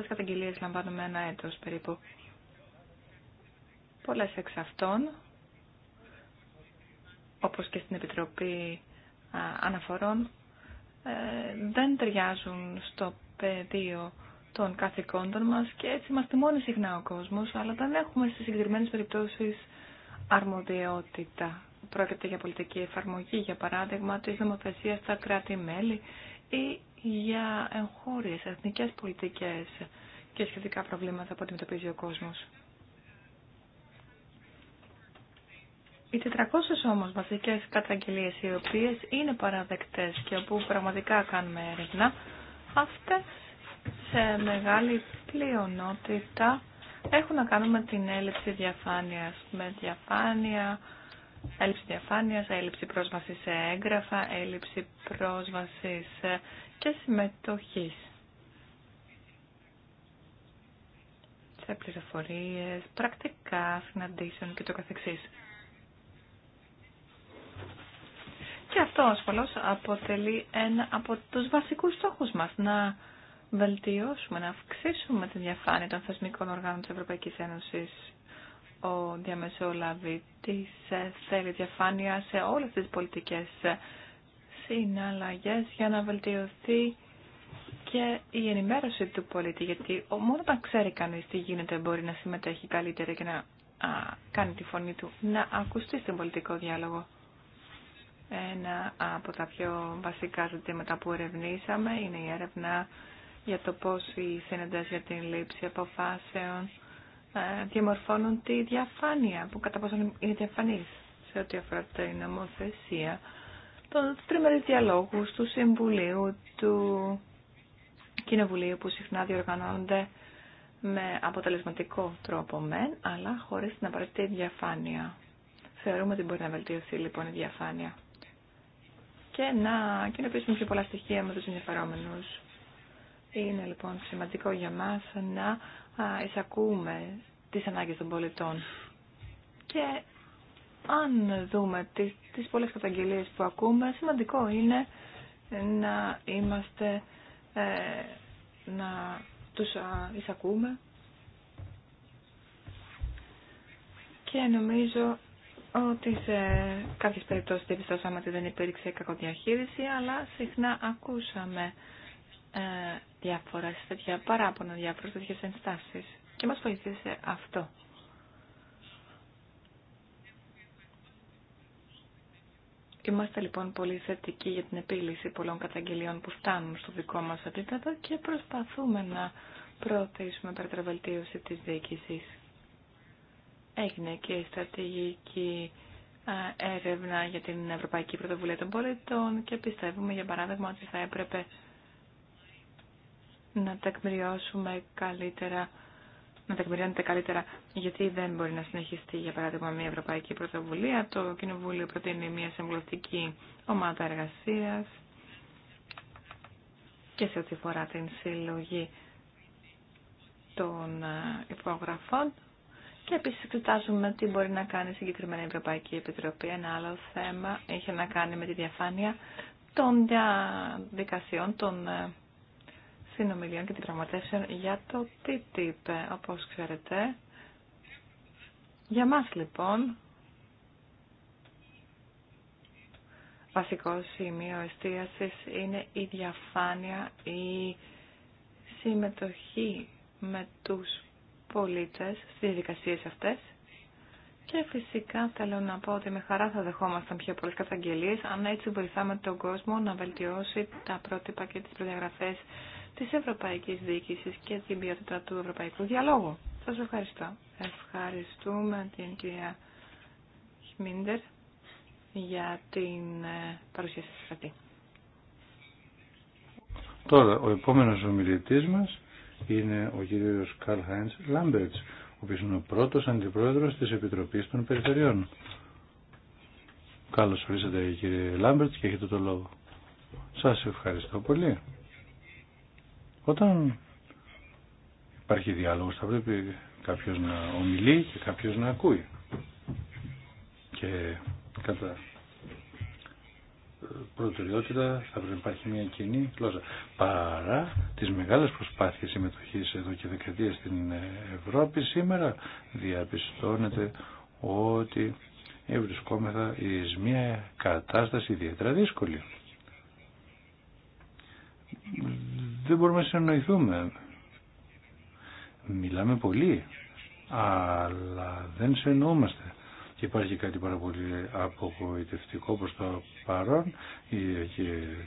καταγγελίες λαμβάνουμε ένα έτος περίπου. Πολλές εξ αυτών, όπως και στην Επιτροπή Αναφορών, ε, δεν ταιριάζουν στο πεδίο των καθηκόντων μας και έτσι μας τιμώνει συχνά ο κόσμος, αλλά δεν έχουμε στις συγκεκριμένες περιπτώσεις αρμοδιότητα. Πρόκειται για πολιτική εφαρμογή, για παράδειγμα, της νομοθεσία, στα κράτη-μέλη ή για εγχώριες εθνικές πολιτικές και σχετικά προβλήματα που αντιμετωπίζει ο κόσμος. Οι 400 όμως βασικές καταγγελίες οι οποίες είναι παραδεκτές και όπου πραγματικά κάνουμε έρευνα, αυτές σε μεγάλη πλειονότητα έχουν να κάνουν με την έλλειψη διαφάνειας, με διαφάνεια, έλλειψη διαφάνειας, έλλειψη πρόσβασης σε έγγραφα, έλλειψη πρόσβασης και συμμετοχής. Σε πληροφορίες, πρακτικά, συναντήσεων και το καθεξής. Και αυτό ασφαλώς αποτελεί ένα από τους βασικούς στόχους μας, να βελτιώσουμε, να αυξήσουμε τη διαφάνεια των θεσμικών οργάνων της Ευρωπαϊκής Ένωσης. Ο διαμεσολαβητής ε, θέλει διαφάνεια σε όλες τις πολιτικές συναλλαγές για να βελτιωθεί και η ενημέρωση του πολίτη, γιατί μόνο όταν ξέρει κανείς τι γίνεται μπορεί να συμμετέχει καλύτερα και να κάνει τη φωνή του να ακουστεί στον πολιτικό διάλογο. Ένα από τα πιο βασικά ζητήματα που ερευνήσαμε είναι η έρευνα για το πώς οι σύναντες για την λήψη αποφάσεων ε, διαμορφώνουν τη διαφάνεια, που κατά πόσο είναι διαφανής σε ό,τι αφορά την νομοθεσία, των τριμερείς διαλόγου του Συμβουλίου, του Κοινοβουλίου που συχνά διοργανώνονται με αποτελεσματικό τρόπο μεν, αλλά χωρίς την απαραίτητη διαφάνεια. Θεωρούμε ότι μπορεί να βελτιωθεί λοιπόν η διαφάνεια και να κοινοποιήσουμε πιο πολλά στοιχεία με τους ενδιαφερόμενους. Είναι λοιπόν σημαντικό για μας να εισακούμε τις ανάγκες των πολιτών. Και αν δούμε τις, τις πολλές καταγγελίες που ακούμε, σημαντικό είναι να είμαστε, ε, να τους εισακούμε. Και νομίζω ότι σε κάποιες περιπτώσεις διαπιστώσαμε ότι δεν υπήρξε κακοδιαχείριση, αλλά συχνά ακούσαμε ε, διάφορα τέτοια παράπονα, διάφορες τέτοιες ενστάσεις και μας βοηθήσε αυτό. Είμαστε λοιπόν πολύ θετικοί για την επίλυση πολλών καταγγελιών που φτάνουν στο δικό μας επίπεδο και προσπαθούμε να προωθήσουμε περαιτέρω βελτίωση της διοίκησης έγινε και η στρατηγική έρευνα για την Ευρωπαϊκή Πρωτοβουλία των Πολιτών και πιστεύουμε για παράδειγμα ότι θα έπρεπε να τεκμηριώσουμε καλύτερα να τεκμηριώνεται καλύτερα γιατί δεν μπορεί να συνεχιστεί για παράδειγμα μια Ευρωπαϊκή Πρωτοβουλία. Το Κοινοβούλιο προτείνει μια συμβουλευτική ομάδα εργασίας και σε ό,τι φορά την συλλογή των ε, υπογραφών και επίσης εξετάζουμε τι μπορεί να κάνει η συγκεκριμένη Ευρωπαϊκή Επιτροπή. Ένα άλλο θέμα είχε να κάνει με τη διαφάνεια των διαδικασιών, των ε, συνομιλίων και την πραγματεύσεων για το TTIP, όπω ξέρετε. Για μας λοιπόν, βασικό σημείο εστίασης είναι η διαφάνεια, η συμμετοχή με τους πολίτες στις δικασίες αυτές και φυσικά θέλω να πω ότι με χαρά θα δεχόμασταν πιο πολλές καταγγελίες αν έτσι βοηθάμε τον κόσμο να βελτιώσει τα πρότυπα και τις προδιαγραφές της Ευρωπαϊκής Διοίκησης και την ποιότητα του Ευρωπαϊκού Διαλόγου. Σας ευχαριστώ. Ευχαριστούμε την κυρία Χμίντερ για την ε, παρουσία σας Τώρα, ο επόμενος ομιλητής μας είναι ο κύριος Καρλ Χάιντς Λάμπερτς, ο οποίος είναι ο πρώτος αντιπρόεδρος της Επιτροπής των Περιφερειών. Καλώς ορίσατε κύριε Λάμπερτς και έχετε το λόγο. Σας ευχαριστώ πολύ. Όταν υπάρχει διάλογος θα πρέπει κάποιος να ομιλεί και κάποιος να ακούει. Και κατά προτεραιότητα θα πρέπει να υπάρχει μια κοινή γλώσσα. Παρά τις μεγάλες προσπάθειες συμμετοχής εδώ και δεκαετίες στην Ευρώπη σήμερα διαπιστώνεται ότι βρισκόμεθα εις μια κατάσταση ιδιαίτερα δύσκολη. Δεν μπορούμε να συνεννοηθούμε Μιλάμε πολύ, αλλά δεν συνεννοούμαστε υπάρχει κάτι πάρα πολύ απογοητευτικό προς το παρόν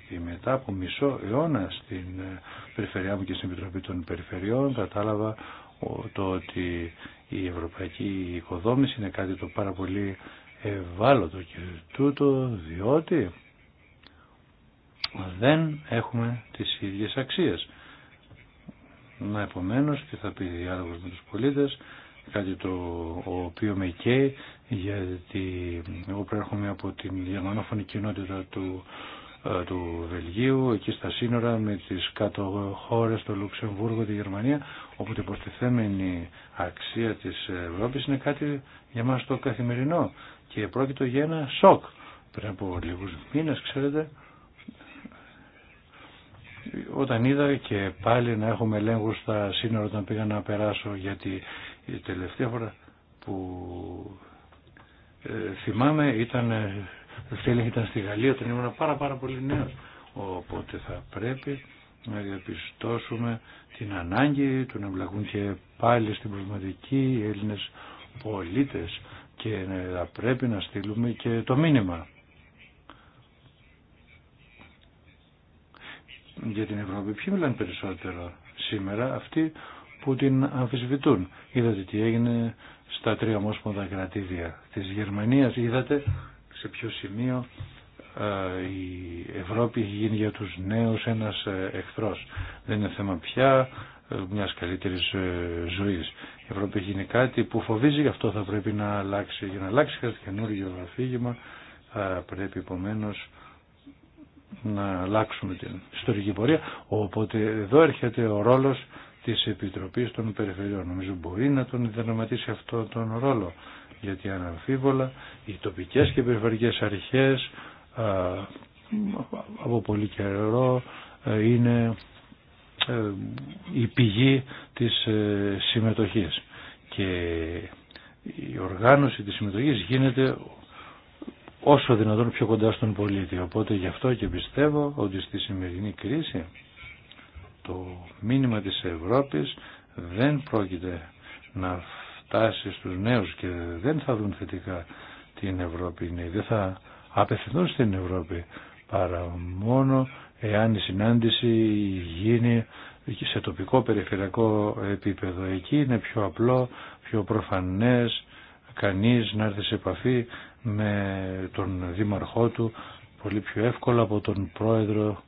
και μετά από μισό αιώνα στην ε, Περιφερειά μου και στην Επιτροπή των Περιφερειών κατάλαβα το ότι η ευρωπαϊκή οικοδόμηση είναι κάτι το πάρα πολύ ευάλωτο και τούτο διότι δεν έχουμε τις ίδιες αξίες. Να επομένως και θα πει διάλογος με τους πολίτες κάτι το οποίο με καίει γιατί εγώ προέρχομαι από την γερμανόφωνη κοινότητα του, ε, του Βελγίου εκεί στα σύνορα με τις κάτω χώρες, το Λουξεμβούργο, τη Γερμανία όπου την προστιθέμενη αξία της Ευρώπης είναι κάτι για μας το καθημερινό και πρόκειται για ένα σοκ πριν από λίγους μήνες ξέρετε όταν είδα και πάλι να έχουμε ελέγχου στα σύνορα όταν πήγα να περάσω γιατί η τελευταία φορά που ε, θυμάμαι ήταν, ε, στη Γαλλία όταν ήμουν πάρα πάρα πολύ νέος. Οπότε θα πρέπει να διαπιστώσουμε την ανάγκη του να εμπλακούν και πάλι στην πραγματική οι Έλληνες πολίτες και θα πρέπει να στείλουμε και το μήνυμα. Για την Ευρώπη ποιοι μιλάνε περισσότερο σήμερα αυτοί που την αμφισβητούν. Είδατε τι έγινε στα τρία ομόσπονδα κρατήδια της Γερμανίας. Είδατε σε ποιο σημείο ε, η Ευρώπη έχει γίνει για τους νέους ένας ε, εχθρός. Δεν είναι θέμα πια ε, μιας καλύτερης ζωής. Η Ευρώπη έχει γίνει κάτι που φοβίζει, γι' αυτό θα πρέπει να αλλάξει. Για να αλλάξει κάτι καινούργιο αφήγημα θα πρέπει επομένω να αλλάξουμε την ιστορική πορεία. Οπότε εδώ έρχεται ο ρόλος της Επιτροπής των Περιφερειών. Νομίζω μπορεί να τον ιδενοματίσει αυτό τον ρόλο, γιατί αναμφίβολα οι τοπικές και περιφερειακές αρχές από πολύ καιρό είναι ε, η πηγή της ε, συμμετοχής και η οργάνωση της συμμετοχής γίνεται όσο δυνατόν πιο κοντά στον πολίτη. Οπότε γι' αυτό και πιστεύω ότι στη σημερινή κρίση το μήνυμα της Ευρώπης δεν πρόκειται να φτάσει στους νέους και δεν θα δουν θετικά την Ευρώπη Δεν θα απευθυνθούν στην Ευρώπη παρά μόνο εάν η συνάντηση γίνει σε τοπικό περιφερειακό επίπεδο. Εκεί είναι πιο απλό, πιο προφανές κανείς να έρθει σε επαφή με τον δήμαρχό του πολύ πιο εύκολα από τον πρόεδρο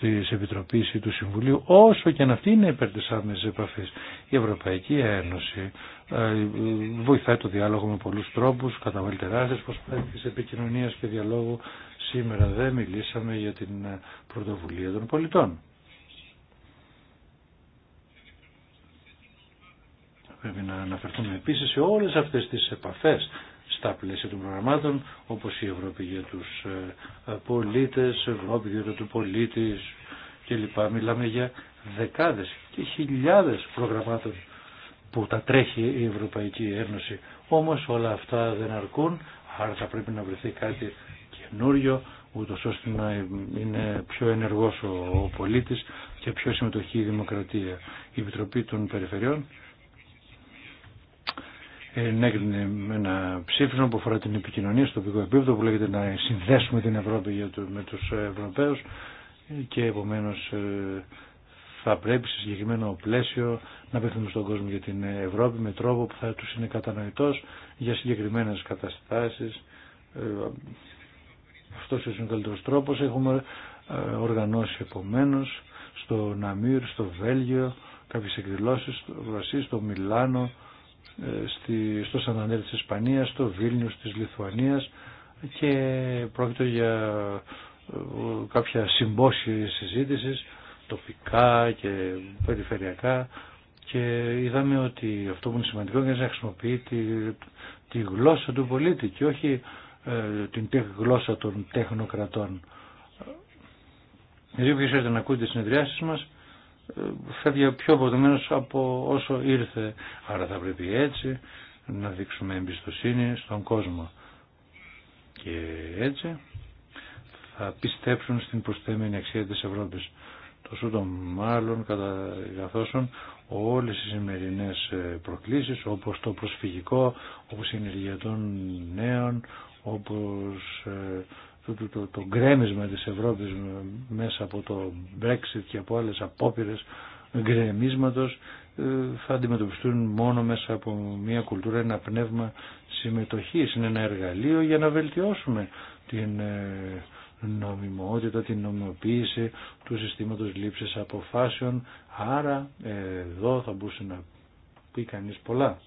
τη Επιτροπής ή του Συμβουλίου, όσο και αν αυτή είναι υπέρ της άμεσης επαφής. Η Ευρωπαϊκή Ένωση ε, βοηθάει το διάλογο με πολλούς τρόπους, καταβάλει τεράστιες προσπάθειες επικοινωνίας και διαλόγου. Σήμερα δεν μιλήσαμε για την ε, πρωτοβουλία των πολιτών. Πρέπει να αναφερθούμε επίσης σε όλες αυτές τις επαφές στα πλαίσια των προγραμμάτων όπως η Ευρώπη για τους ε, πολίτες, Ευρώπη για του πολίτη κλπ. Μιλάμε για δεκάδες και χιλιάδες προγραμμάτων που τα τρέχει η Ευρωπαϊκή Ένωση. Όμως όλα αυτά δεν αρκούν, άρα θα πρέπει να βρεθεί κάτι καινούριο, ούτως ώστε να είναι πιο ενεργός ο πολίτης και πιο συμμετοχή η δημοκρατία. Η Επιτροπή των Περιφερειών ενέκρινε ένα ψήφισμα που αφορά την επικοινωνία στο τοπικό επίπεδο που λέγεται να συνδέσουμε την Ευρώπη για με τους Ευρωπαίους και επομένως ε, θα πρέπει σε συγκεκριμένο πλαίσιο να πέθουμε στον κόσμο για την Ευρώπη με τρόπο που θα τους είναι κατανοητός για συγκεκριμένες καταστάσεις. Ε, αυτός είναι ο καλύτερος τρόπος. Έχουμε ε, οργανώσει επομένως στο Ναμύρ, στο Βέλγιο, κάποιες εκδηλώσεις, στο στο Μιλάνο, ε, στη, στο σανανέρι της Ισπανίας, στο Βίλνιους της Λιθουανίας και πρόκειται για ε, κάποια συμπόσια συζήτηση, τοπικά και περιφερειακά και είδαμε ότι αυτό που είναι σημαντικό είναι να χρησιμοποιεί τη, γλώσσα του πολίτη και όχι ε, την γλώσσα των τεχνοκρατών. κρατών. Ε, που να ακούτε τις συνεδριάσεις μας φεύγει πιο αποδομένος από όσο ήρθε. Άρα θα πρέπει έτσι να δείξουμε εμπιστοσύνη στον κόσμο. Και έτσι θα πιστέψουν στην προσθέμενη αξία της Ευρώπης. Το μάλλον κατά όλες οι σημερινές ε, προκλήσεις όπως το προσφυγικό, όπως η ενεργεια των νέων, όπως ε, το, το, το, το γκρέμισμα της Ευρώπης μέσα από το Brexit και από άλλες απόπειρες γκρεμίσματος ε, θα αντιμετωπιστούν μόνο μέσα από μια κουλτούρα, ένα πνεύμα συμμετοχής. Είναι ένα εργαλείο για να βελτιώσουμε την ε, νομιμότητα, την νομιμοποίηση του συστήματος λήψης αποφάσεων. Άρα εδώ θα μπορούσε να πει κανείς πολλά.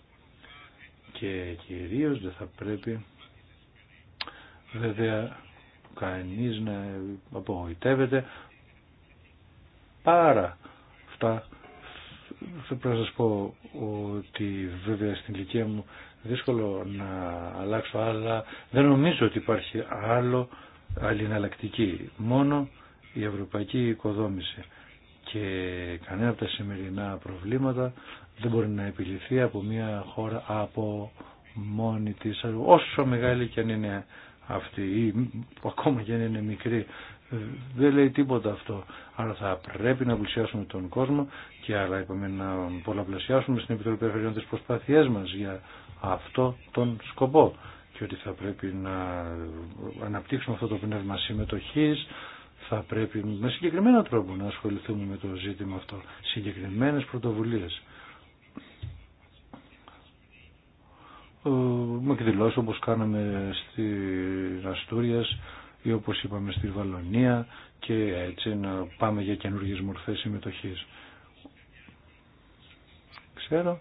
Και κυρίως δεν θα πρέπει βέβαια κανείς να απογοητεύεται. Πάρα αυτά θα πρέπει να σας πω ότι βέβαια στην ηλικία μου δύσκολο να αλλάξω αλλά δεν νομίζω ότι υπάρχει άλλο άλλη εναλλακτική. Μόνο η ευρωπαϊκή οικοδόμηση και κανένα από τα σημερινά προβλήματα δεν μπορεί να επιληθεί από μια χώρα από μόνη της όσο μεγάλη και αν είναι αυτή ή ακόμα και αν είναι μικρή δεν λέει τίποτα αυτό. Άρα θα πρέπει να πλησιάσουμε τον κόσμο και άλλα είπαμε να πολλαπλασιάσουμε στην Επιτροπή Περιφερειών τις προσπάθειές μας για αυτό τον σκοπό και ότι θα πρέπει να αναπτύξουμε αυτό το πνεύμα συμμετοχής, θα πρέπει με συγκεκριμένο τρόπο να ασχοληθούμε με το ζήτημα αυτό, συγκεκριμένες πρωτοβουλίες. Ε, με εκδηλώσει όπως κάναμε στην Αστούρια ή όπως είπαμε στη Βαλονία και έτσι να πάμε για καινούργιες μορφές συμμετοχής. Ξέρω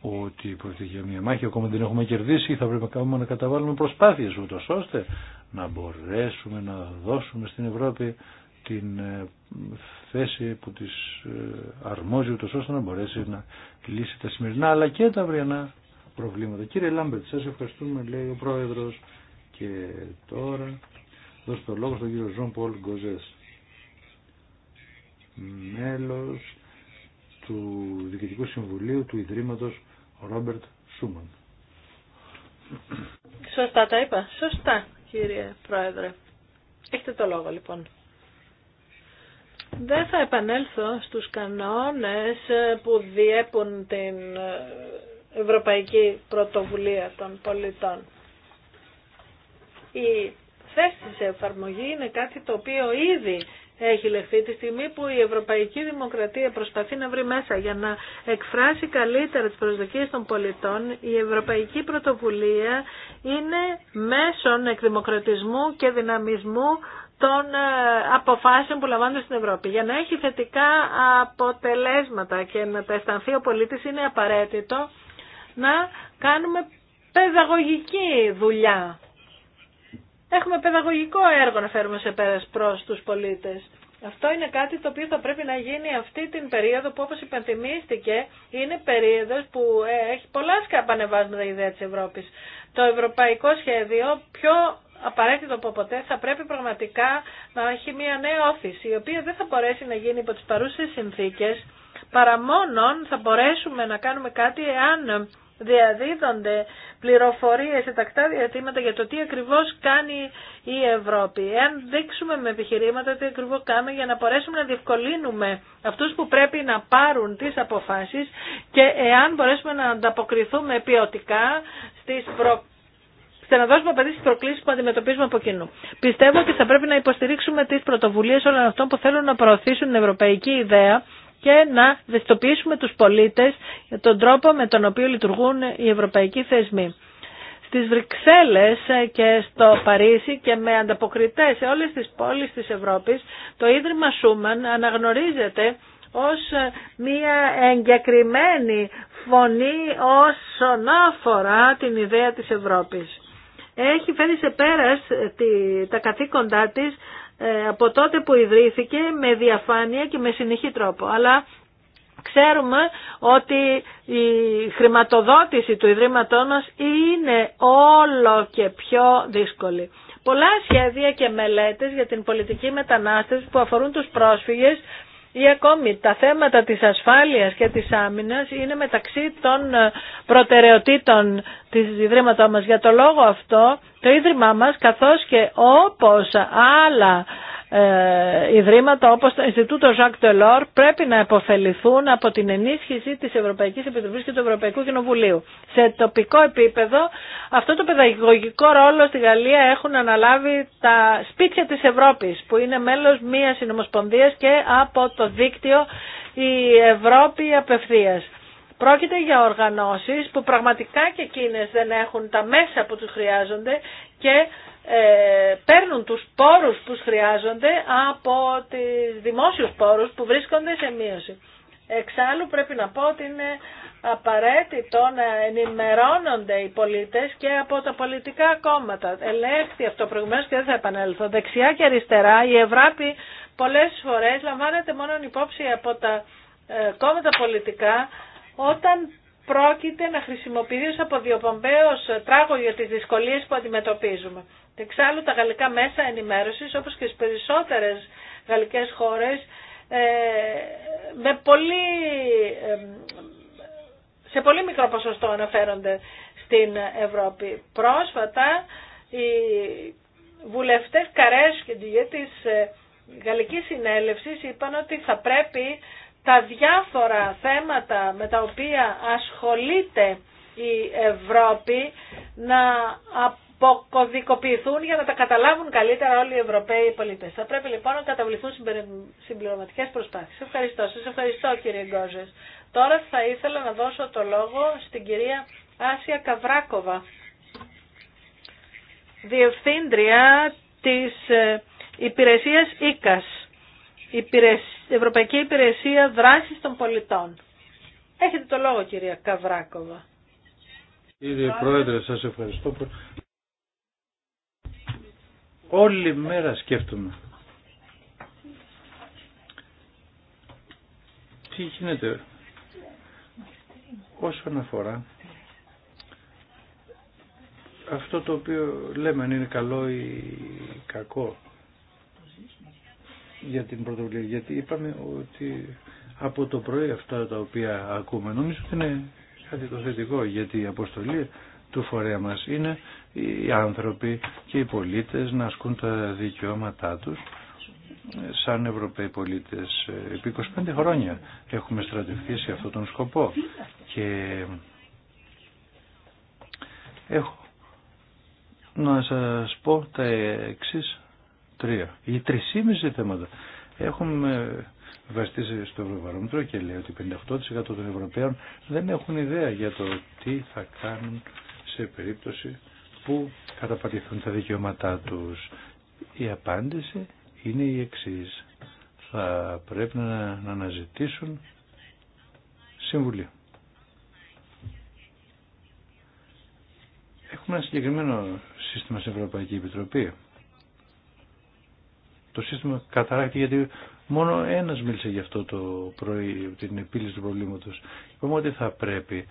ότι πρόκειται για μια μάχη, ακόμα δεν έχουμε κερδίσει, θα πρέπει να καταβάλουμε προσπάθειες ούτως ώστε να μπορέσουμε να δώσουμε στην Ευρώπη την ε, θέση που της ε, αρμόζει ούτως ώστε να μπορέσει να λύσει τα σημερινά αλλά και τα αυριανά προβλήματα. Κύριε Λάμπερτ, σας ευχαριστούμε, λέει ο Πρόεδρος. Και τώρα δώστε το λόγο στον κύριο Ζων Πολ Γκοζές, μέλος του Διοικητικού Συμβουλίου του Ιδρύματος Ρόμπερτ Σούμαν. Σωστά τα είπα. Σωστά, κύριε Πρόεδρε. Έχετε το λόγο, λοιπόν. Δεν θα επανέλθω στους κανόνες που διέπουν την Ευρωπαϊκή Πρωτοβουλία των Πολιτών. Η θέση σε εφαρμογή είναι κάτι το οποίο ήδη έχει λεχθεί τη στιγμή που η Ευρωπαϊκή Δημοκρατία προσπαθεί να βρει μέσα για να εκφράσει καλύτερα τις προσδοκίες των πολιτών. Η Ευρωπαϊκή Πρωτοβουλία είναι μέσον εκδημοκρατισμού και δυναμισμού των ε, αποφάσεων που λαμβάνονται στην Ευρώπη. Για να έχει θετικά αποτελέσματα και να τα αισθανθεί ο πολίτης είναι απαραίτητο να κάνουμε παιδαγωγική δουλειά. Έχουμε παιδαγωγικό έργο να φέρουμε σε πέρας προς τους πολίτες. Αυτό είναι κάτι το οποίο θα πρέπει να γίνει αυτή την περίοδο που όπως υπενθυμίστηκε είναι περίοδος που ε, έχει πολλά σκαπανεβάσματα η ιδέα της Ευρώπης. Το ευρωπαϊκό σχέδιο πιο απαραίτητο από ποτέ θα πρέπει πραγματικά να έχει μια νέα όφηση η οποία δεν θα μπορέσει να γίνει υπό τις παρούσες συνθήκες παρά μόνον θα μπορέσουμε να κάνουμε κάτι εάν διαδίδονται πληροφορίες σε τακτά διατήματα για το τι ακριβώς κάνει η Ευρώπη. Εάν δείξουμε με επιχειρήματα τι ακριβώς κάνουμε για να μπορέσουμε να διευκολύνουμε αυτούς που πρέπει να πάρουν τις αποφάσεις και εάν μπορέσουμε να ανταποκριθούμε ποιοτικά στις προ... Στε να δώσουμε απαντήσει στι προκλήσει που αντιμετωπίζουμε από κοινού. Πιστεύω ότι θα πρέπει να υποστηρίξουμε τι πρωτοβουλίε όλων αυτών που θέλουν να προωθήσουν την ευρωπαϊκή ιδέα και να δεστοποιήσουμε τους πολίτες για τον τρόπο με τον οποίο λειτουργούν οι ευρωπαϊκοί θεσμοί. Στις Βρυξέλλες και στο Παρίσι και με ανταποκριτές σε όλες τις πόλεις της Ευρώπης, το Ίδρυμα Σούμαν αναγνωρίζεται ως μία εγκεκριμένη φωνή όσον αφορά την ιδέα της Ευρώπης. Έχει φέρει σε πέρας τα καθήκοντά της ε, από τότε που ιδρύθηκε με διαφάνεια και με συνεχή τρόπο. Αλλά ξέρουμε ότι η χρηματοδότηση του Ιδρύματό μας είναι όλο και πιο δύσκολη. Πολλά σχέδια και μελέτες για την πολιτική μετανάστευση που αφορούν τους πρόσφυγες ή ακόμη τα θέματα της ασφάλειας και της άμυνας είναι μεταξύ των προτεραιοτήτων τις ιδρύματά μας. Για το λόγο αυτό το Ίδρυμά μας καθώς και όπως άλλα ε, ιδρύματα όπως το Ινστιτούτο Ζακ Τελόρ πρέπει να επωφεληθούν από την ενίσχυση της Ευρωπαϊκής Επιτροπής και του Ευρωπαϊκού Κοινοβουλίου. Σε τοπικό επίπεδο αυτό το παιδαγωγικό ρόλο στη Γαλλία έχουν αναλάβει τα σπίτια της Ευρώπης που είναι μέλος μιας συνομοσπονδίας και από το δίκτυο η Ευρώπη απευθείας. Πρόκειται για οργανώσεις που πραγματικά και εκείνες δεν έχουν τα μέσα που τους χρειάζονται και ε, παίρνουν τους πόρους που χρειάζονται από τις δημόσιους πόρους που βρίσκονται σε μείωση. Εξάλλου πρέπει να πω ότι είναι απαραίτητο να ενημερώνονται οι πολίτες και από τα πολιτικά κόμματα. Ελέγχθη αυτό προηγουμένως και δεν θα επανέλθω. Δεξιά και αριστερά η Ευρώπη πολλές φορές λαμβάνεται μόνο υπόψη από τα ε, κόμματα πολιτικά όταν πρόκειται να χρησιμοποιεί από αποδιοπομπαίος τράγο για τις δυσκολίες που αντιμετωπίζουμε. Εξάλλου τα γαλλικά μέσα ενημέρωσης όπως και στις περισσότερες γαλλικές χώρες ε, με πολύ, ε, σε πολύ μικρό ποσοστό αναφέρονται στην Ευρώπη. Πρόσφατα οι βουλευτές Καρές και της ε, Γαλλικής Συνέλευσης είπαν ότι θα πρέπει τα διάφορα θέματα με τα οποία ασχολείται η Ευρώπη να αποκωδικοποιηθούν για να τα καταλάβουν καλύτερα όλοι οι Ευρωπαίοι πολίτες. Θα πρέπει λοιπόν να καταβληθούν συμπληρωματικές προσπάθειες. Ευχαριστώ. Σας ευχαριστώ κύριε Γκόζες. Τώρα θα ήθελα να δώσω το λόγο στην κυρία Άσια Καβράκοβα, Διευθύντρια της ε, Υπηρεσίας ΙΚΑΣ Ευρωπαϊκή Υπηρεσία Δράσης των Πολιτών. Έχετε το λόγο κυρία Καβράκοβα. Κύριε Πρόεδρε, σας ευχαριστώ. Όλη μέρα σκέφτομαι. Τι γίνεται όσον αφορά αυτό το οποίο λέμε αν είναι καλό ή κακό για την πρωτοβουλία, γιατί είπαμε ότι από το πρωί αυτά τα οποία ακούμε, νομίζω ότι είναι κάτι το θετικό, γιατί η αποστολή του φορέα μας είναι οι άνθρωποι και οι πολίτες να ασκούν τα δικαιώματά τους σαν Ευρωπαίοι πολίτες. Επί 25 χρόνια έχουμε στρατευτεί σε αυτόν τον σκοπό και έχω να σας πω τα εξής τρία. ή 3,5 θέματα. Έχουμε βασίσει στο Ευρωβαρόμετρο και λέει ότι 58% των Ευρωπαίων δεν έχουν ιδέα για το τι θα κάνουν σε περίπτωση που καταπατηθούν τα δικαιώματά τους. Η απάντηση είναι η εξής. Θα πρέπει να, να αναζητήσουν συμβουλή. Έχουμε ένα συγκεκριμένο σύστημα στην Ευρωπαϊκή Επιτροπή το σύστημα καταράκτη γιατί μόνο ένας μίλησε γι' αυτό το πρωί, την επίλυση του προβλήματος. Είπαμε ότι θα πρέπει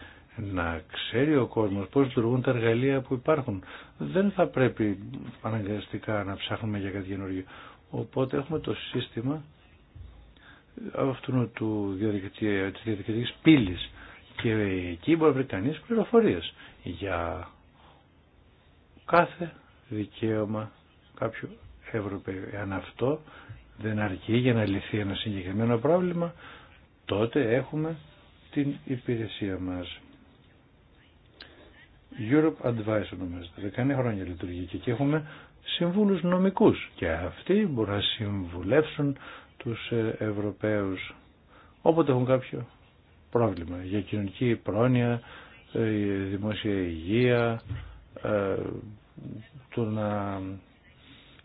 να ξέρει ο κόσμος πώς λειτουργούν τα εργαλεία που υπάρχουν. Δεν θα πρέπει αναγκαστικά να ψάχνουμε για κάτι καινούργιο. Οπότε έχουμε το σύστημα αυτού του της πύλης και εκεί μπορεί να βρει κανείς πληροφορίες για κάθε δικαίωμα κάποιου Ευρωπαίοι. Αν αυτό δεν αρκεί για να λυθεί ένα συγκεκριμένο πρόβλημα, τότε έχουμε την υπηρεσία μας. Europe Advice ονομάζεται. 19 χρόνια λειτουργεί και έχουμε συμβούλους νομικούς και αυτοί μπορούν να συμβουλεύσουν τους ε, Ευρωπαίους όποτε έχουν κάποιο πρόβλημα για κοινωνική πρόνοια, ε, δημόσια υγεία, ε, το να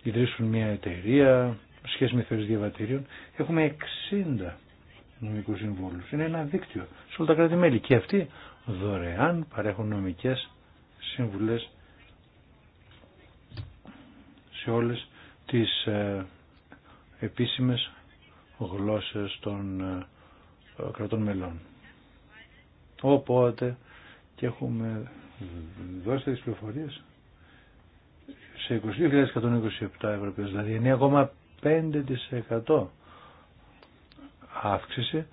ιδρύσουν μια εταιρεία, σχέση με θεωρίες διαβατήριων, έχουμε 60 νομικούς συμβούλους. Είναι ένα δίκτυο σε όλα τα κράτη-μέλη και αυτοί δωρεάν παρέχουν νομικές συμβουλές σε όλες τις ε, επίσημες γλώσσες των ε, κρατών μελών. Οπότε και έχουμε δώσει τις πληροφορίες σε 22.127 Ευρωπαίους, δηλαδή 9,5% αύξηση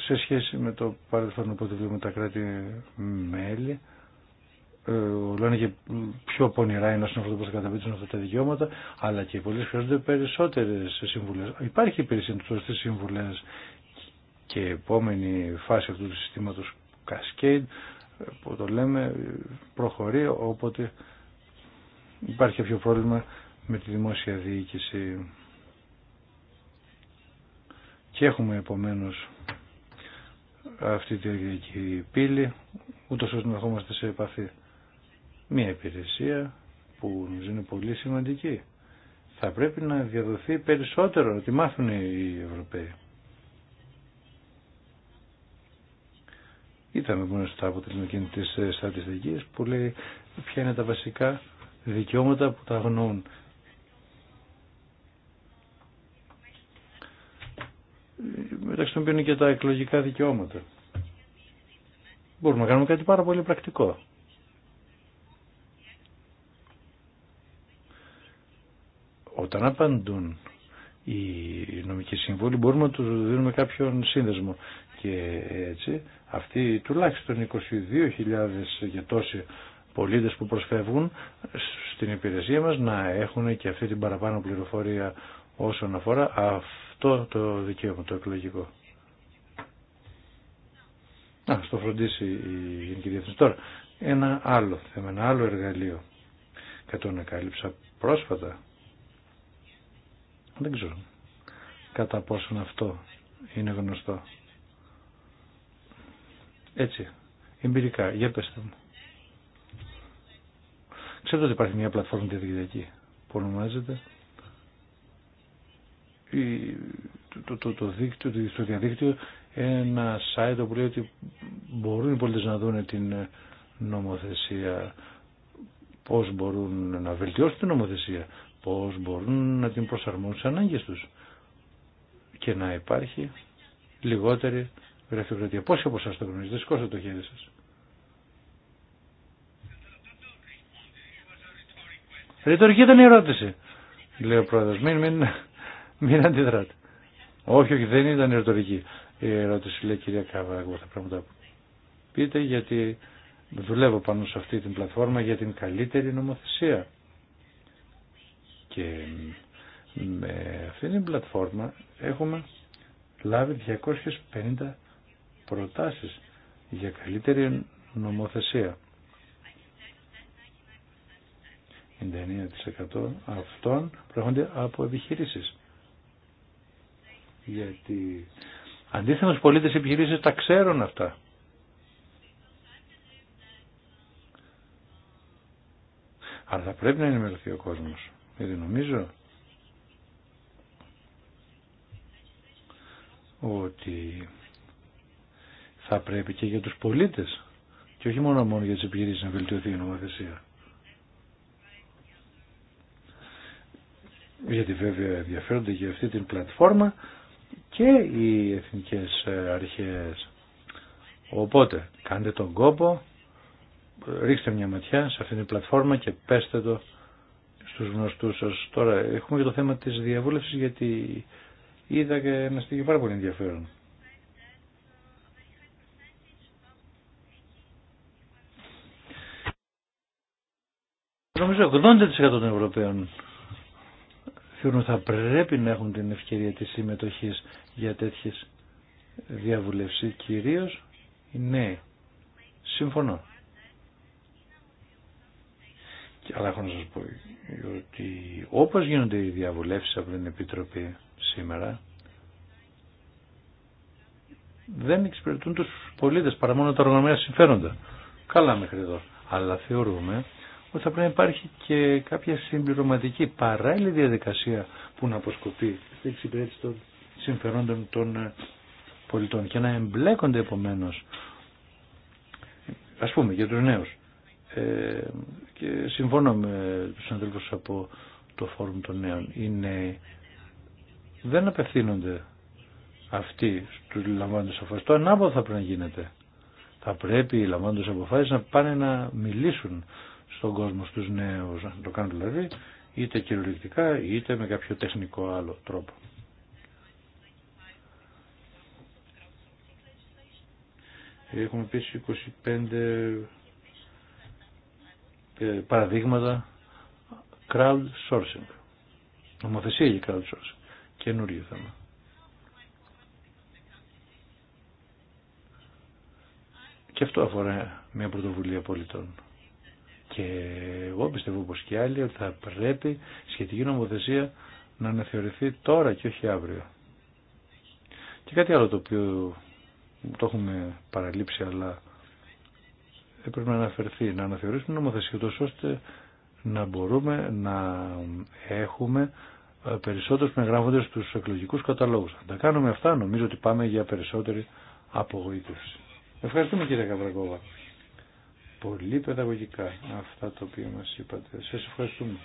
σε σχέση με το παρελθόν που βλέπουμε τα κράτη-μέλη. Ε, λένε και πιο πονηρά είναι όσον αφορά το πώς θα καταπίτουν αυτά τα δικαιώματα, αλλά και οι πολίτε χρειάζονται περισσότερε συμβουλέ, Υπάρχει υπηρεσία του συμβουλές και η επόμενη φάση αυτού του συστήματο Cascade, που το λέμε, προχωρεί, όποτε υπάρχει κάποιο πρόβλημα με τη δημόσια διοίκηση. Και έχουμε επομένως αυτή τη διοικητική πύλη, ούτω ώστε να ερχόμαστε σε επαφή. Μία υπηρεσία που νομίζω είναι πολύ σημαντική. Θα πρέπει να διαδοθεί περισσότερο, να τη μάθουν οι Ευρωπαίοι. Είδαμε μόνο στα αποτελεσματικά της ε, στατιστική που λέει ποια είναι τα βασικά δικαιώματα που τα αγνοούν. μεταξύ των οποίων και τα εκλογικά δικαιώματα. Μπορούμε να κάνουμε κάτι πάρα πολύ πρακτικό. Όταν απαντούν οι νομικοί συμβούλοι μπορούμε να τους δίνουμε κάποιον σύνδεσμο και έτσι αυτοί τουλάχιστον 22.000 και τόση πολίτες που προσφεύγουν στην υπηρεσία μας να έχουν και αυτή την παραπάνω πληροφορία όσον αφορά αυτό το δικαίωμα, το εκλογικό. Να, στο φροντίσει η Γενική Διεθνή. Τώρα, ένα άλλο θέμα, ένα άλλο εργαλείο. Κατ' ανακάλυψα πρόσφατα. Δεν ξέρω κατά πόσον αυτό είναι γνωστό. Έτσι, εμπειρικά, για μου. Ξέρετε ότι υπάρχει μια πλατφόρμα διαδικτυακή που ονομάζεται το, το, το, δίκτυο, το, διαδίκτυο ένα site που λέει ότι μπορούν οι πολίτες να δουν την νομοθεσία πώς μπορούν να βελτιώσουν την νομοθεσία πώς μπορούν να την προσαρμόσουν στις ανάγκες τους και να υπάρχει λιγότερη γραφειοκρατία. Πόσοι από εσάς το γνωρίζετε, σηκώστε το χέρι σας. Ρητορική ήταν η ερώτηση. Λέει ο πρόεδρο, Μην, μην, αντιδράτε. Όχι, όχι, δεν ήταν η ρητορική η ερώτηση, λέει η κυρία Κάβα. Εγώ θα πράγματα που πείτε γιατί δουλεύω πάνω σε αυτή την πλατφόρμα για την καλύτερη νομοθεσία. Και με αυτή την πλατφόρμα έχουμε λάβει 250 προτάσεις για καλύτερη νομοθεσία. 99% αυτών προέρχονται από επιχειρήσει. Γιατί αντίθετα οι πολίτες επιχειρήσεις τα ξέρουν αυτά. Αλλά θα πρέπει να ενημερωθεί ο κόσμο. Γιατί νομίζω ότι θα πρέπει και για τους πολίτες και όχι μόνο μόνο για τις επιχειρήσεις να βελτιωθεί η νομοθεσία. γιατί βέβαια ενδιαφέρονται για αυτή την πλατφόρμα και οι εθνικές αρχές. Οπότε, κάντε τον κόπο, ρίξτε μια ματιά σε αυτή την πλατφόρμα και πέστε το στους γνωστούς σας. Τώρα έχουμε και το θέμα της διαβούλευσης γιατί είδα και ένα στιγμό πάρα πολύ ενδιαφέρον. Νομίζω 80% των Ευρωπαίων θεωρούν θα πρέπει να έχουν την ευκαιρία της συμμετοχής για τέτοιες διαβουλεύσεις, κυρίως οι ναι, νέοι. Συμφωνώ. Αλλά έχω να σας πω ότι όπως γίνονται οι διαβουλεύσεις από την Επιτροπή σήμερα, δεν εξυπηρετούν τους πολίτες παρά μόνο τα οργανωμένα συμφέροντα. Καλά μέχρι εδώ. Αλλά θεωρούμε ότι θα πρέπει να υπάρχει και κάποια συμπληρωματική παράλληλη διαδικασία που να αποσκοπεί στην εξυπηρέτηση των συμφερόντων των ε, πολιτών και να εμπλέκονται επομένω. ας πούμε για τους νέους ε, και συμφωνώ με τους ανθρώπους από το Φόρουμ των Νέων είναι δεν απευθύνονται αυτοί στους λαμβάνοντες αποφάσεις το ανάποδο θα πρέπει να γίνεται θα πρέπει οι λαμβάνοντες αποφάσεις να πάνε να μιλήσουν στον κόσμο, στους νέους, να το κάνουν δηλαδή, είτε κυριολεκτικά είτε με κάποιο τεχνικό άλλο τρόπο. Έχουμε επίσης 25 ε, παραδείγματα sourcing Νομοθεσία για crowdsourcing. Καινούριο θέμα. Και αυτό αφορά μια πρωτοβουλία πολιτών. Και εγώ πιστεύω πως και άλλοι ότι θα πρέπει η σχετική νομοθεσία να αναθεωρηθεί τώρα και όχι αύριο. Και κάτι άλλο το οποίο το έχουμε παραλείψει αλλά έπρεπε να αναφερθεί, να αναθεωρήσουμε νομοθεσία ώστε να μπορούμε να έχουμε ε, περισσότερους που εγγράφονται στους εκλογικούς καταλόγους. Αν τα κάνουμε αυτά νομίζω ότι πάμε για περισσότερη απογοήτευση. Ευχαριστούμε κύριε Καβρακόβα πολύ παιδαγωγικά αυτά τα οποία μας είπατε. Σας ευχαριστούμε.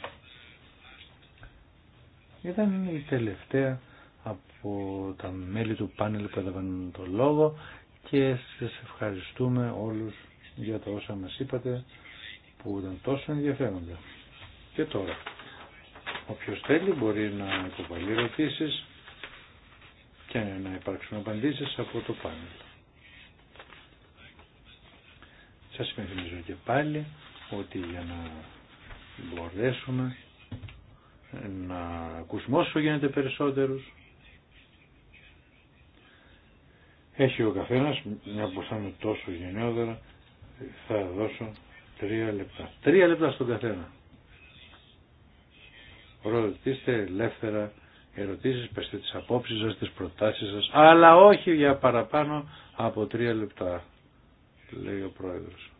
Ήταν η τελευταία από τα μέλη του πάνελ που έλαβαν το λόγο και σας ευχαριστούμε όλους για τα όσα μας είπατε που ήταν τόσο ενδιαφέροντα. Και τώρα, όποιος θέλει μπορεί να υποβαλεί ερωτήσει και να υπάρξουν απαντήσεις από το πάνελ. Σας υπενθυμίζω και πάλι ότι για να μπορέσουμε να ακούσουμε όσο γίνεται περισσότερους έχει ο καθένας, μια που θα είναι τόσο γενναιόδωρα θα δώσω τρία λεπτά. Τρία λεπτά στον καθένα. Ρωτήστε ελεύθερα ερωτήσεις, πέστε τις απόψεις σας, τις προτάσεις σας, αλλά όχι για παραπάνω από τρία λεπτά λέει ο πρόεδρος.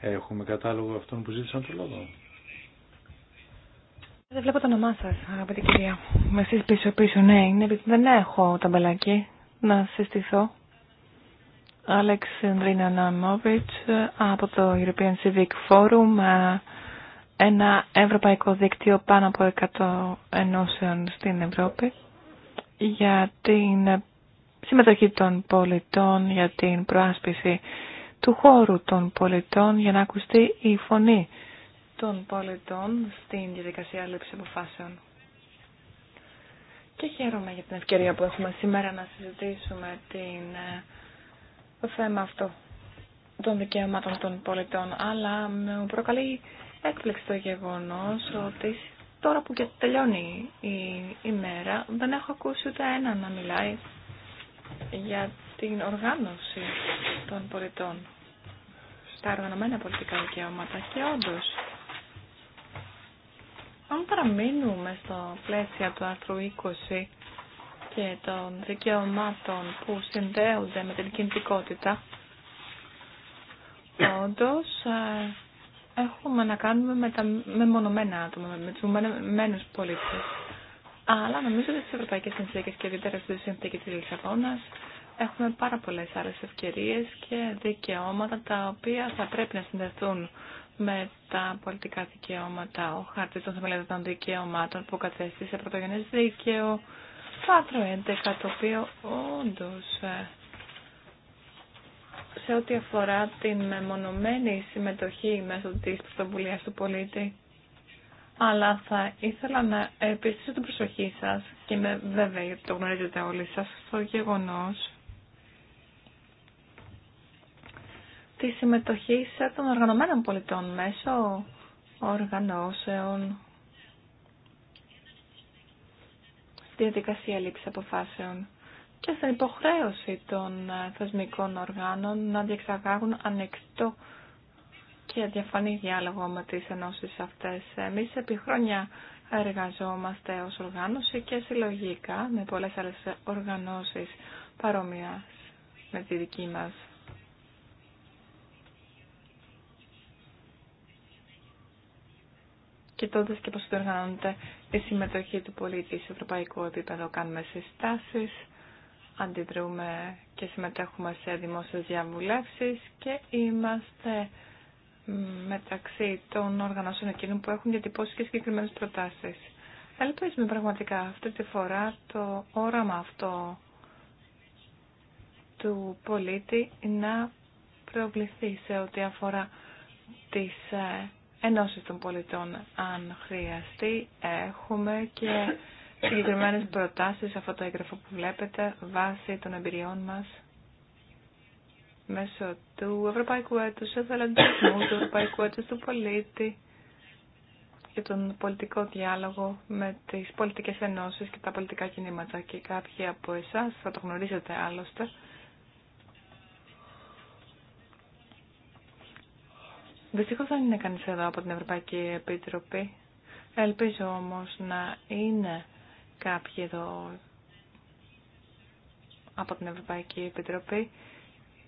Έχουμε κατάλογο αυτών που ζήτησαν το λόγο. Δεν βλέπω το όνομά σα, αγαπητή κυρία. Με εσεί πίσω-πίσω, ναι, είναι επειδή δεν έχω ταμπελάκι να συστηθώ. Άλεξ Ενδρίνα Ναμόβιτ από το European Civic Forum, ε, ένα ευρωπαϊκό δίκτυο πάνω από 100 ενώσεων στην Ευρώπη για την συμμετοχή των πολιτών για την προάσπιση του χώρου των πολιτών για να ακουστεί η φωνή των πολιτών στην διαδικασία λήψη αποφάσεων. Και χαίρομαι για την ευκαιρία που έχουμε σήμερα να συζητήσουμε την, ε, το θέμα αυτό των δικαιωμάτων των πολιτών, αλλά με προκαλεί έκπληξη το γεγονός ότι τώρα που και τελειώνει η ημέρα δεν έχω ακούσει ούτε έναν να μιλάει για την οργάνωση των πολιτών στα οργανωμένα πολιτικά δικαιώματα και όντω. Αν παραμείνουμε στο πλαίσιο του άρθρου 20 και των δικαιωμάτων που συνδέονται με την κινητικότητα, όντω ε, έχουμε να κάνουμε με τα μεμονωμένα άτομα, με τους μεμονωμένους πολίτες. Αλλά νομίζω ότι στι ευρωπαϊκέ συνθήκε και ιδιαίτερα στη συνθήκη τη Λισαβόνα έχουμε πάρα πολλέ άλλε ευκαιρίε και δικαιώματα τα οποία θα πρέπει να συνδεθούν με τα πολιτικά δικαιώματα. Ο χάρτη των θεμελιωδών δικαιωμάτων που κατέστησε πρωτογενέ δίκαιο, το άρθρο 11, το οποίο όντω ε, σε ό,τι αφορά την μεμονωμένη συμμετοχή μέσω της πρωτοβουλία του πολίτη αλλά θα ήθελα να επιστήσω την προσοχή σας και με βέβαια το γνωρίζετε όλοι σας στο γεγονός τη συμμετοχή των οργανωμένων πολιτών μέσω οργανώσεων στη διαδικασία λήψη αποφάσεων και στην υποχρέωση των θεσμικών οργάνων να διεξαγάγουν ανεκτό και διαφανή διάλογο με τις ενώσεις αυτές. Εμείς επί χρόνια εργαζόμαστε ως οργάνωση και συλλογικά με πολλές άλλες οργανώσεις παρόμοια με τη δική μας. Κοιτώντας και πώς διοργανώνεται η συμμετοχή του πολίτη σε ευρωπαϊκό επίπεδο, κάνουμε συστάσεις, αντιδρούμε και συμμετέχουμε σε δημόσιες διαβουλεύσεις και είμαστε μεταξύ των οργανώσεων εκείνων που έχουν διατυπώσει και συγκεκριμένε προτάσει. Ελπίζουμε πραγματικά αυτή τη φορά το όραμα αυτό του πολίτη να προβληθεί σε ό,τι αφορά τις ε, ενώσεις των πολιτών. Αν χρειαστεί, έχουμε και συγκεκριμένες προτάσεις σε αυτό το έγγραφο που βλέπετε βάσει των εμπειριών μας μέσω του Ευρωπαϊκού του Εθελοντισμού, του Ευρωπαϊκού Ετου του Πολίτη και τον πολιτικό διάλογο με τι πολιτικέ ενώσει και τα πολιτικά κινήματα. Και κάποιοι από εσά, θα το γνωρίζετε άλλωστε. Δυστυχώ δεν είναι κανεί εδώ από την Ευρωπαϊκή Επίτροπη. Ελπίζω όμω να είναι κάποιοι εδώ από την Ευρωπαϊκή Επιτροπή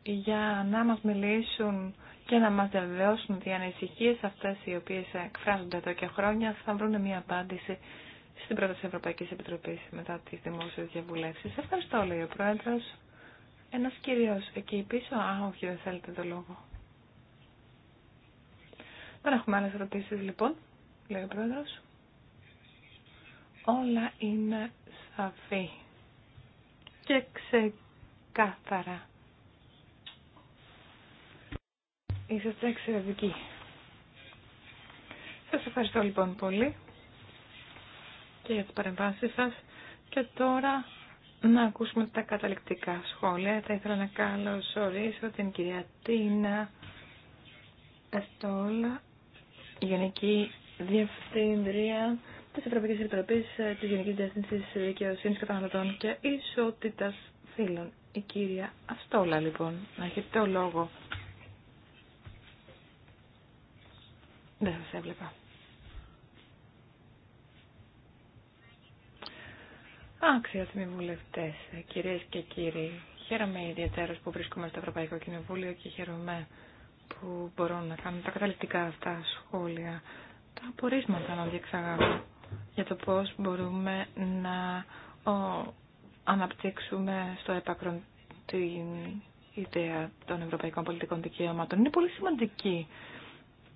για να μας μιλήσουν και να μας διαβεβαιώσουν ότι οι ανησυχίες αυτές οι οποίες εκφράζονται εδώ και χρόνια θα βρουν μια απάντηση στην πρόταση Ευρωπαϊκής Επιτροπής μετά τις δημόσιες διαβουλεύσεις. Ευχαριστώ, λέει ο Πρόεδρος. Ένας κύριος εκεί πίσω. Α, όχι, δεν θέλετε το λόγο. Δεν έχουμε άλλες ερωτήσεις, λοιπόν, λέει ο Πρόεδρος. Όλα είναι σαφή και ξεκάθαρα. Είσαστε εξαιρετικοί. Σας ευχαριστώ λοιπόν πολύ και για τις παρεμβάσεις σας. Και τώρα να ακούσουμε τα καταληκτικά σχόλια. Θα ήθελα να καλωσορίσω την κυρία Τίνα Εστόλα, Γενική Διευθύντρια τη Ευρωπαϊκή Επιτροπή ε, τη Γενική Διεύθυνση Δικαιοσύνη Καταναλωτών και Ισότητα Φίλων. Η κυρία Αστόλα, λοιπόν, να έχετε το λόγο. Δεν σας έβλεπα. Άξιοι βουλευτέ, κυρίε και κύριοι, χαίρομαι ιδιαίτερα που βρίσκομαι στο Ευρωπαϊκό Κοινοβούλιο και χαίρομαι που μπορώ να κάνω τα καταληκτικά αυτά σχόλια, τα απορίσματα να διεξαγάγω για το πως μπορούμε να αναπτύξουμε στο έπακρον την ιδέα των ευρωπαϊκών πολιτικών δικαιωμάτων. Είναι πολύ σημαντική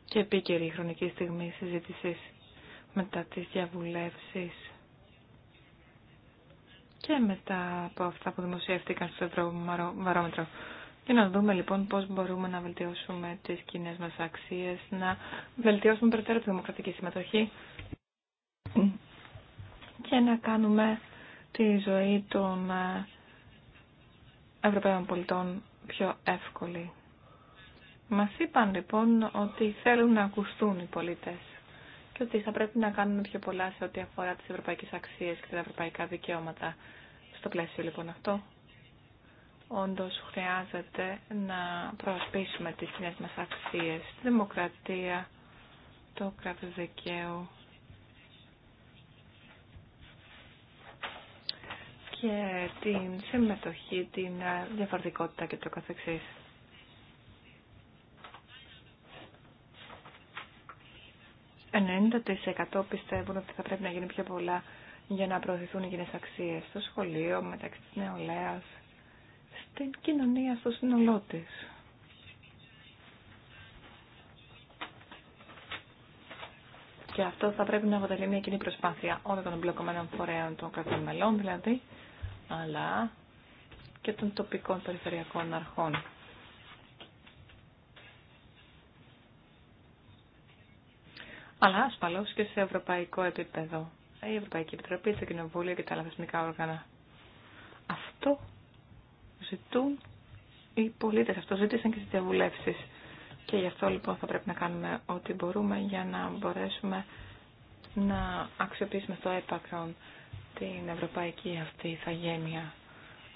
και επίκαιρη η χρονική στιγμή συζήτηση μετά τις διαβουλεύσεις και μετά από αυτά που δημοσιεύτηκαν στο Ευρωβαρόμετρο. Και να δούμε λοιπόν πώς μπορούμε να βελτιώσουμε τις κοινέ μας αξίες, να βελτιώσουμε περαιτέρω τη δημοκρατική συμμετοχή και να κάνουμε τη ζωή των ε, Ευρωπαίων πολιτών πιο εύκολη. Μας είπαν λοιπόν ότι θέλουν να ακουστούν οι πολίτες και ότι θα πρέπει να κάνουν πιο πολλά σε ό,τι αφορά τις ευρωπαϊκές αξίες και τα ευρωπαϊκά δικαιώματα. Στο πλαίσιο λοιπόν αυτό, όντως χρειάζεται να προασπίσουμε τις κοινές μας αξίες, τη δημοκρατία, το κράτος δικαίου και την συμμετοχή, την διαφορετικότητα και το καθεξής. 90% πιστεύουν ότι θα πρέπει να γίνει πιο πολλά για να προωθηθούν οι κοινές αξίες στο σχολείο, μεταξύ της νεολαίας, στην κοινωνία, στο σύνολό τη. Και αυτό θα πρέπει να αποτελεί μια κοινή προσπάθεια όλων των εμπλεκομένων φορέων των κρατών μελών, δηλαδή, αλλά και των τοπικών περιφερειακών αρχών. αλλά ασφαλώ και σε ευρωπαϊκό επίπεδο. Η Ευρωπαϊκή Επιτροπή, το Κοινοβούλιο και τα άλλα θεσμικά όργανα. Αυτό ζητούν οι πολίτε αυτό ζήτησαν και στι διαβουλεύσει. Και γι' αυτό λοιπόν θα πρέπει να κάνουμε ό,τι μπορούμε για να μπορέσουμε να αξιοποιήσουμε στο έπακρον την ευρωπαϊκή αυτή ηθαγένεια.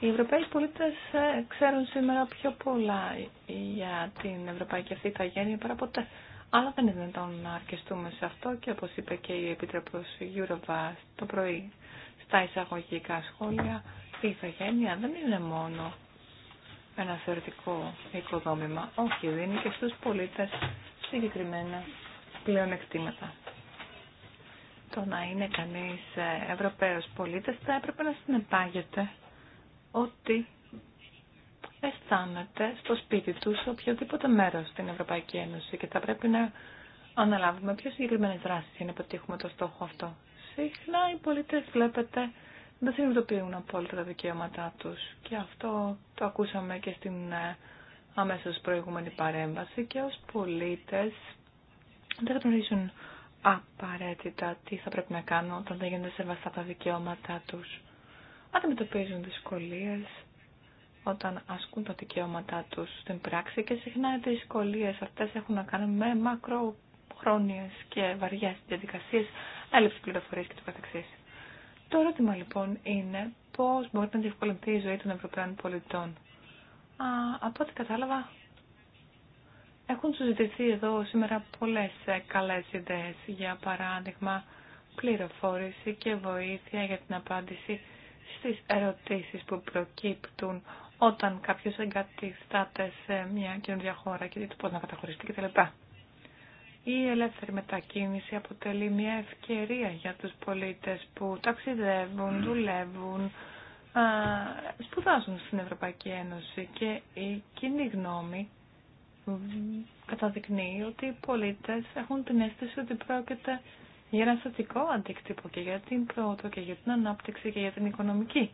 Οι Ευρωπαίοι πολίτε ε, ξέρουν σήμερα πιο πολλά για την ευρωπαϊκή αυτή ηθαγένεια παρά ποτέ. Αλλά δεν είναι δυνατόν να αρκεστούμε σε αυτό και όπως είπε και η Επίτροπος Γιούροβα το πρωί στα εισαγωγικά σχόλια, η ηθογένεια δεν είναι μόνο ένα θεωρητικό οικοδόμημα. Όχι, δίνει και στους πολίτες συγκεκριμένα πλεονεκτήματα. Το να είναι κανείς Ευρωπαίος πολίτης θα έπρεπε να συνεπάγεται ότι αισθάνεται στο σπίτι του σε οποιοδήποτε μέρο στην Ευρωπαϊκή Ένωση και θα πρέπει να αναλάβουμε πιο συγκεκριμένε δράσει για να πετύχουμε το στόχο αυτό. Συχνά οι πολίτε, βλέπετε, δεν συνειδητοποιούν απόλυτα τα δικαιώματά του και αυτό το ακούσαμε και στην ε, αμέσω προηγούμενη παρέμβαση και ω πολίτε δεν γνωρίζουν απαραίτητα τι θα πρέπει να κάνουν όταν δεν γίνονται σεβαστά τα δικαιώματά του, Αντιμετωπίζουν δυσκολίε όταν ασκούν τα δικαιώματά τους στην πράξη και συχνά οι δυσκολίες αυτές έχουν να κάνουν με μακροχρόνιες και βαριές διαδικασίες έλλειψη πληροφορίες και το καθεξής. Το ερώτημα λοιπόν είναι πώς μπορεί να διευκολυνθεί η ζωή των Ευρωπαίων πολιτών. Α, από ό,τι κατάλαβα, έχουν συζητηθεί εδώ σήμερα πολλές ε, καλές ιδέε, για παράδειγμα πληροφόρηση και βοήθεια για την απάντηση στις ερωτήσεις που προκύπτουν όταν κάποιο εγκαταστάται σε μια καινούργια χώρα και το πώ να καταχωριστεί κτλ. Η ελεύθερη μετακίνηση αποτελεί μια ευκαιρία για τους πολίτες που ταξιδεύουν, δουλεύουν, σπουδάζουν στην Ευρωπαϊκή Ένωση και η κοινή γνώμη καταδεικνύει ότι οι πολίτες έχουν την αίσθηση ότι πρόκειται για ένα στατικό αντίκτυπο και για την πρόοδο και για την ανάπτυξη και για την οικονομική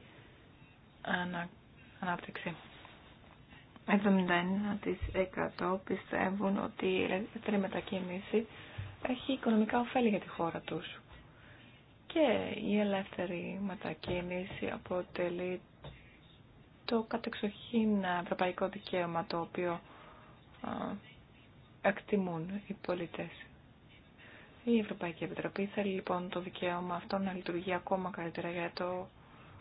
ανάπτυξη. 71% πιστεύουν ότι η ελεύθερη μετακίνηση έχει οικονομικά ωφέλη για τη χώρα τους. Και η ελεύθερη μετακίνηση αποτελεί το κατεξοχήν ευρωπαϊκό δικαίωμα το οποίο εκτιμούν οι πολίτες. Η Ευρωπαϊκή Επιτροπή θέλει λοιπόν το δικαίωμα αυτό να λειτουργεί ακόμα καλύτερα για το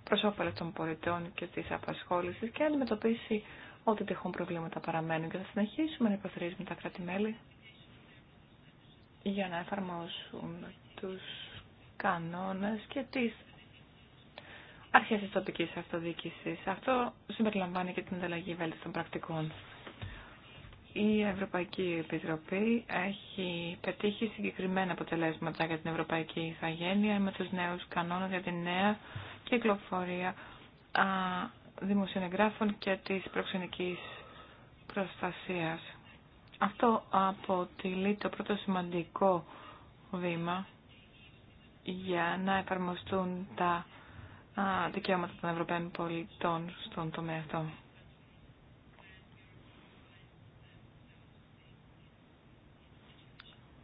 προς των πολιτών και της απασχόλησης και αντιμετωπίσει ό,τι τυχόν προβλήματα παραμένουν και θα συνεχίσουμε να υποστηρίζουμε τα κράτη-μέλη για να εφαρμόσουν τους κανόνες και τις αρχές της τοπικής αυτοδιοίκησης. Αυτό συμπεριλαμβάνει και την ανταλλαγή των πρακτικών. Η Ευρωπαϊκή Επιτροπή έχει πετύχει συγκεκριμένα αποτελέσματα για την Ευρωπαϊκή Ιθαγένεια με τους νέους κανόνες για την νέα κυκλοφορία α, και της προξενικής προστασίας. Αυτό αποτελεί το πρώτο σημαντικό βήμα για να εφαρμοστούν τα δικαιώματα των Ευρωπαίων πολιτών στον τομέα αυτό.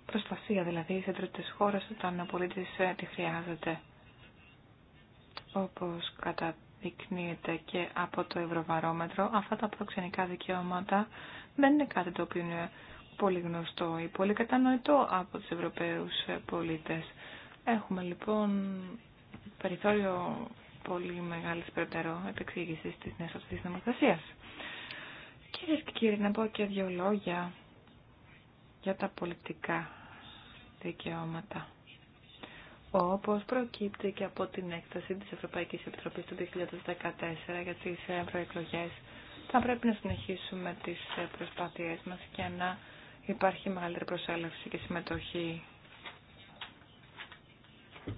Προστασία δηλαδή σε τρίτες χώρες όταν ο πολίτης ε, τη χρειάζεται. Όπως καταδεικνύεται και από το Ευρωβαρόμετρο, αυτά τα προξενικά δικαιώματα δεν είναι κάτι το οποίο είναι πολύ γνωστό ή πολύ κατανοητό από τους Ευρωπαίους πολίτες. Έχουμε λοιπόν περιθώριο πολύ μεγάλης περαιτέρω επεξήγησης της νέας αυτής νομοθεσίας. Κυρίε και κύριοι, να πω και δύο λόγια για τα πολιτικά δικαιώματα όπως προκύπτει και από την έκταση της Ευρωπαϊκής Επιτροπής του 2014 για τις ευρωεκλογέ. Θα πρέπει να συνεχίσουμε τις ε, προσπάθειές μας και να υπάρχει μεγαλύτερη προσέλευση και συμμετοχή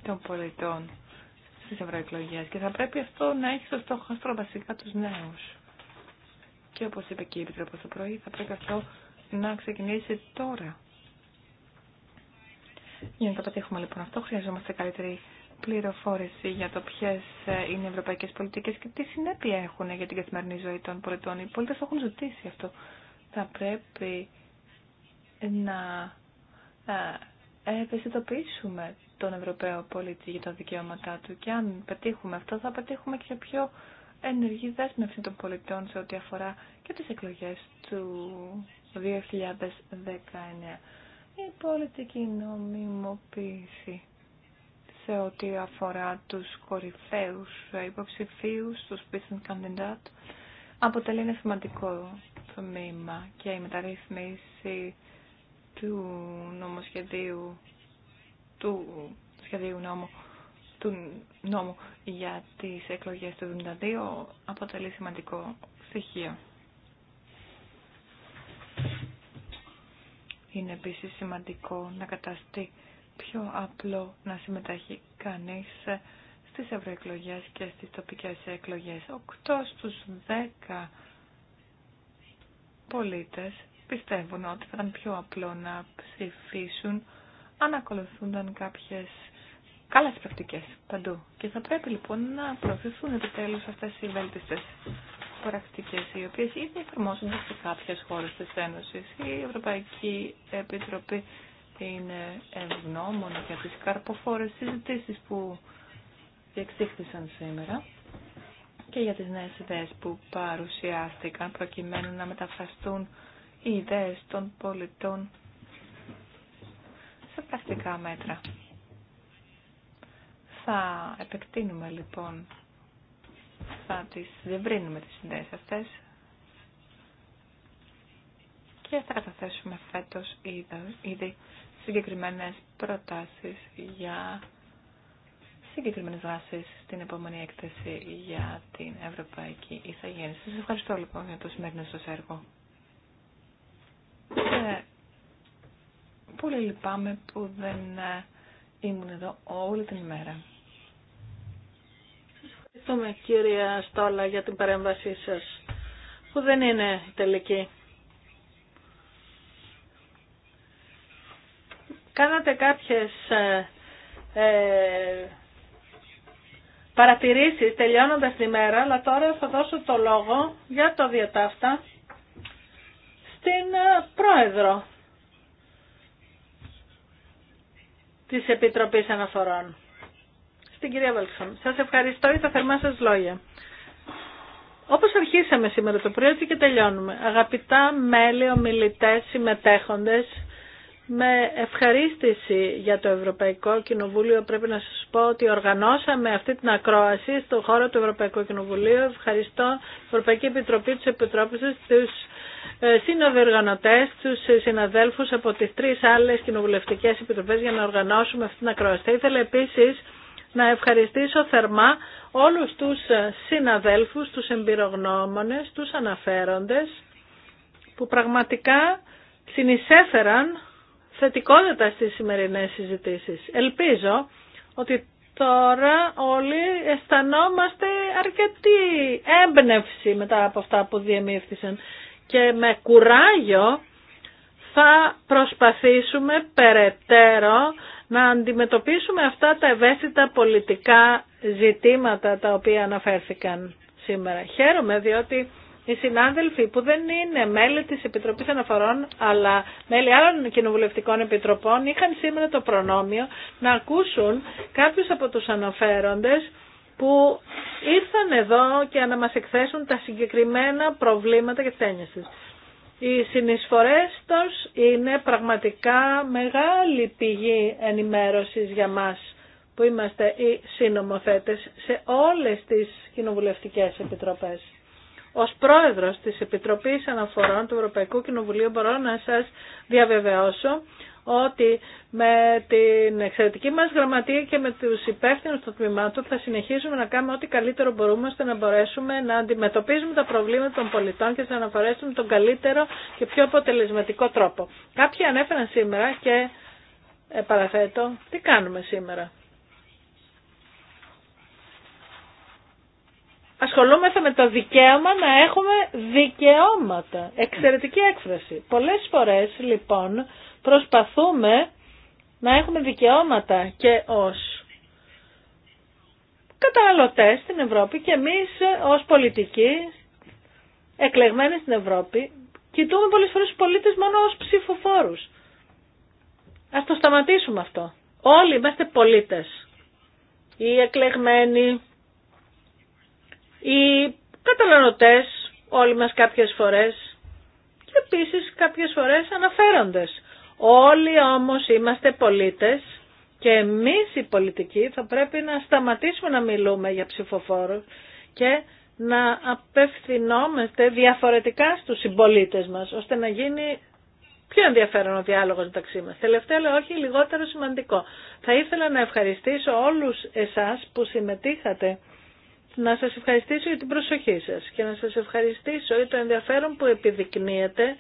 των πολιτών στις ευρωεκλογέ και θα πρέπει αυτό να έχει στο στόχο στο βασικά τους νέους. Και όπως είπε και η Επιτροπή το πρωί, θα πρέπει αυτό να ξεκινήσει τώρα. Για να το πετύχουμε λοιπόν αυτό, χρειαζόμαστε καλύτερη πληροφόρηση για το ποιε ε, είναι οι ευρωπαϊκέ πολιτικέ και τι συνέπεια έχουν για την καθημερινή ζωή των πολιτών. Οι πολίτε το έχουν ζητήσει αυτό. Θα πρέπει να ε, ευαισθητοποιήσουμε τον Ευρωπαίο πολίτη για τα δικαιώματά του και αν πετύχουμε αυτό θα πετύχουμε και πιο ενεργή δέσμευση των πολιτών σε ό,τι αφορά και τις εκλογές του 2019 η πολιτική νομιμοποίηση σε ό,τι αφορά τους κορυφαίους υποψηφίους, τους πίθεν καντιντάτ, αποτελεί ένα σημαντικό τμήμα και η μεταρρύθμιση του νομοσχεδίου, του σχεδίου νόμου, του νόμου για τις εκλογές του 72 αποτελεί σημαντικό στοιχείο. Είναι επίσης σημαντικό να καταστεί πιο απλό να συμμεταχεί κανείς στις ευρωεκλογέ και στις τοπικές εκλογές. Οκτώ στους δέκα πολίτες πιστεύουν ότι θα ήταν πιο απλό να ψηφίσουν αν ακολουθούνταν κάποιες καλές πρακτικές παντού. Και θα πρέπει λοιπόν να προωθηθούν επιτέλους αυτές οι βέλτιστες οι οποίες ήδη εφαρμόζονται σε κάποιες χώρες της Ένωσης. Η Ευρωπαϊκή Επιτροπή είναι ευγνώμων για τις καρποφόρες συζητήσεις που διεξήχθησαν σήμερα και για τις νέες ιδέες που παρουσιάστηκαν προκειμένου να μεταφραστούν οι ιδέες των πολιτών σε πρακτικά μέτρα. Θα επεκτείνουμε λοιπόν θα τις διευρύνουμε τις συνδέσεις αυτές και θα καταθέσουμε φέτος ήδη συγκεκριμένες προτάσεις για συγκεκριμένες βάσεις στην επόμενη έκθεση για την Ευρωπαϊκή Ιθαγέννηση. Σας ευχαριστώ λοιπόν για το σημερινό σας έργο. Και πολύ λυπάμαι που δεν ε, ήμουν εδώ όλη την ημέρα. Ευχαριστούμε κύριε Στόλα για την παρέμβασή σας, που δεν είναι τελική. Κάνατε κάποιες ε, ε παρατηρήσεις τελειώνοντας τη μέρα, αλλά τώρα θα δώσω το λόγο για το διατάφτα στην ε, πρόεδρο της Επιτροπής Αναφορών την κυρία Βαλξον. Σας ευχαριστώ για τα θερμά σα λόγια. Όπω αρχίσαμε σήμερα το πρωί, έτσι και τελειώνουμε. Αγαπητά μέλη, ομιλητές, συμμετέχοντε, με ευχαρίστηση για το Ευρωπαϊκό Κοινοβούλιο πρέπει να σας πω ότι οργανώσαμε αυτή την ακρόαση στον χώρο του Ευρωπαϊκού Κοινοβουλίου. Ευχαριστώ την Ευρωπαϊκή Επιτροπή, Επιτρόπου σα, του ε, συνοδεργανωτές, του συναδέλφου από τις τρει άλλες κοινοβουλευτικέ επιτροπές για να οργανώσουμε αυτή την ακρόαση. Θα ήθελα επίσης να ευχαριστήσω θερμά όλους τους συναδέλφους, τους εμπειρογνώμονες, τους αναφέροντες που πραγματικά συνεισέφεραν θετικότητα στις σημερινές συζητήσεις. Ελπίζω ότι τώρα όλοι αισθανόμαστε αρκετή έμπνευση μετά από αυτά που διεμήφθησαν και με κουράγιο θα προσπαθήσουμε περαιτέρω να αντιμετωπίσουμε αυτά τα ευαίσθητα πολιτικά ζητήματα τα οποία αναφέρθηκαν σήμερα. Χαίρομαι διότι οι συνάδελφοι που δεν είναι μέλη της Επιτροπής Αναφορών αλλά μέλη άλλων κοινοβουλευτικών επιτροπών είχαν σήμερα το προνόμιο να ακούσουν κάποιους από τους αναφέροντες που ήρθαν εδώ και να μας εκθέσουν τα συγκεκριμένα προβλήματα και τένιες οι συνεισφορές τους είναι πραγματικά μεγάλη πηγή ενημέρωσης για μας που είμαστε οι συνομοθέτες σε όλες τις κοινοβουλευτικές επιτροπές. Ως πρόεδρος της Επιτροπής Αναφορών του Ευρωπαϊκού Κοινοβουλίου μπορώ να σας διαβεβαιώσω ότι με την εξαιρετική μας γραμματεία και με τους υπεύθυνους των τμήματων θα συνεχίσουμε να κάνουμε ό,τι καλύτερο μπορούμε ώστε να μπορέσουμε να αντιμετωπίζουμε τα προβλήματα των πολιτών και να αναφορέσουμε τον καλύτερο και πιο αποτελεσματικό τρόπο. Κάποιοι ανέφεραν σήμερα και ε, παραθέτω, τι κάνουμε σήμερα. Ασχολούμαστε με το δικαίωμα να έχουμε δικαιώματα. Εξαιρετική έκφραση. Πολλές φορές λοιπόν προσπαθούμε να έχουμε δικαιώματα και ως καταναλωτές στην Ευρώπη και εμείς ως πολιτικοί εκλεγμένοι στην Ευρώπη κοιτούμε πολλές φορές τους πολίτες μόνο ως ψηφοφόρους. Ας το σταματήσουμε αυτό. Όλοι είμαστε πολίτες. Οι εκλεγμένοι, οι καταναλωτές, όλοι μας κάποιες φορές και επίσης κάποιες φορές αναφέροντες. Όλοι όμως είμαστε πολίτες και εμείς οι πολιτικοί θα πρέπει να σταματήσουμε να μιλούμε για ψηφοφόρους και να απευθυνόμαστε διαφορετικά στους συμπολίτε μας, ώστε να γίνει πιο ενδιαφέρον ο διάλογος μεταξύ μας. Τελευταίο, αλλά όχι λιγότερο σημαντικό. Θα ήθελα να ευχαριστήσω όλους εσάς που συμμετείχατε, να σας ευχαριστήσω για την προσοχή σας και να σας ευχαριστήσω για το ενδιαφέρον που επιδεικνύεται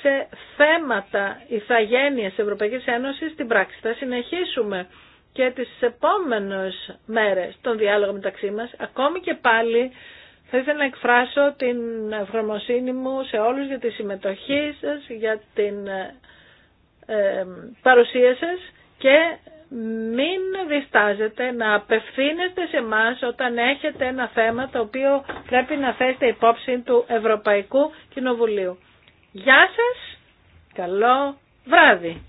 σε θέματα ηθαγένειας Ευρωπαϊκής Ένωσης στην πράξη. Θα συνεχίσουμε και τις επόμενες μέρες τον διάλογο μεταξύ μας. Ακόμη και πάλι θα ήθελα να εκφράσω την ευγνωμοσύνη μου σε όλους για τη συμμετοχή σας, για την ε, παρουσία σας και μην διστάζετε να απευθύνεστε σε εμά όταν έχετε ένα θέμα το οποίο πρέπει να θέσετε υπόψη του Ευρωπαϊκού Κοινοβουλίου. Γεια σας, καλό βράδυ.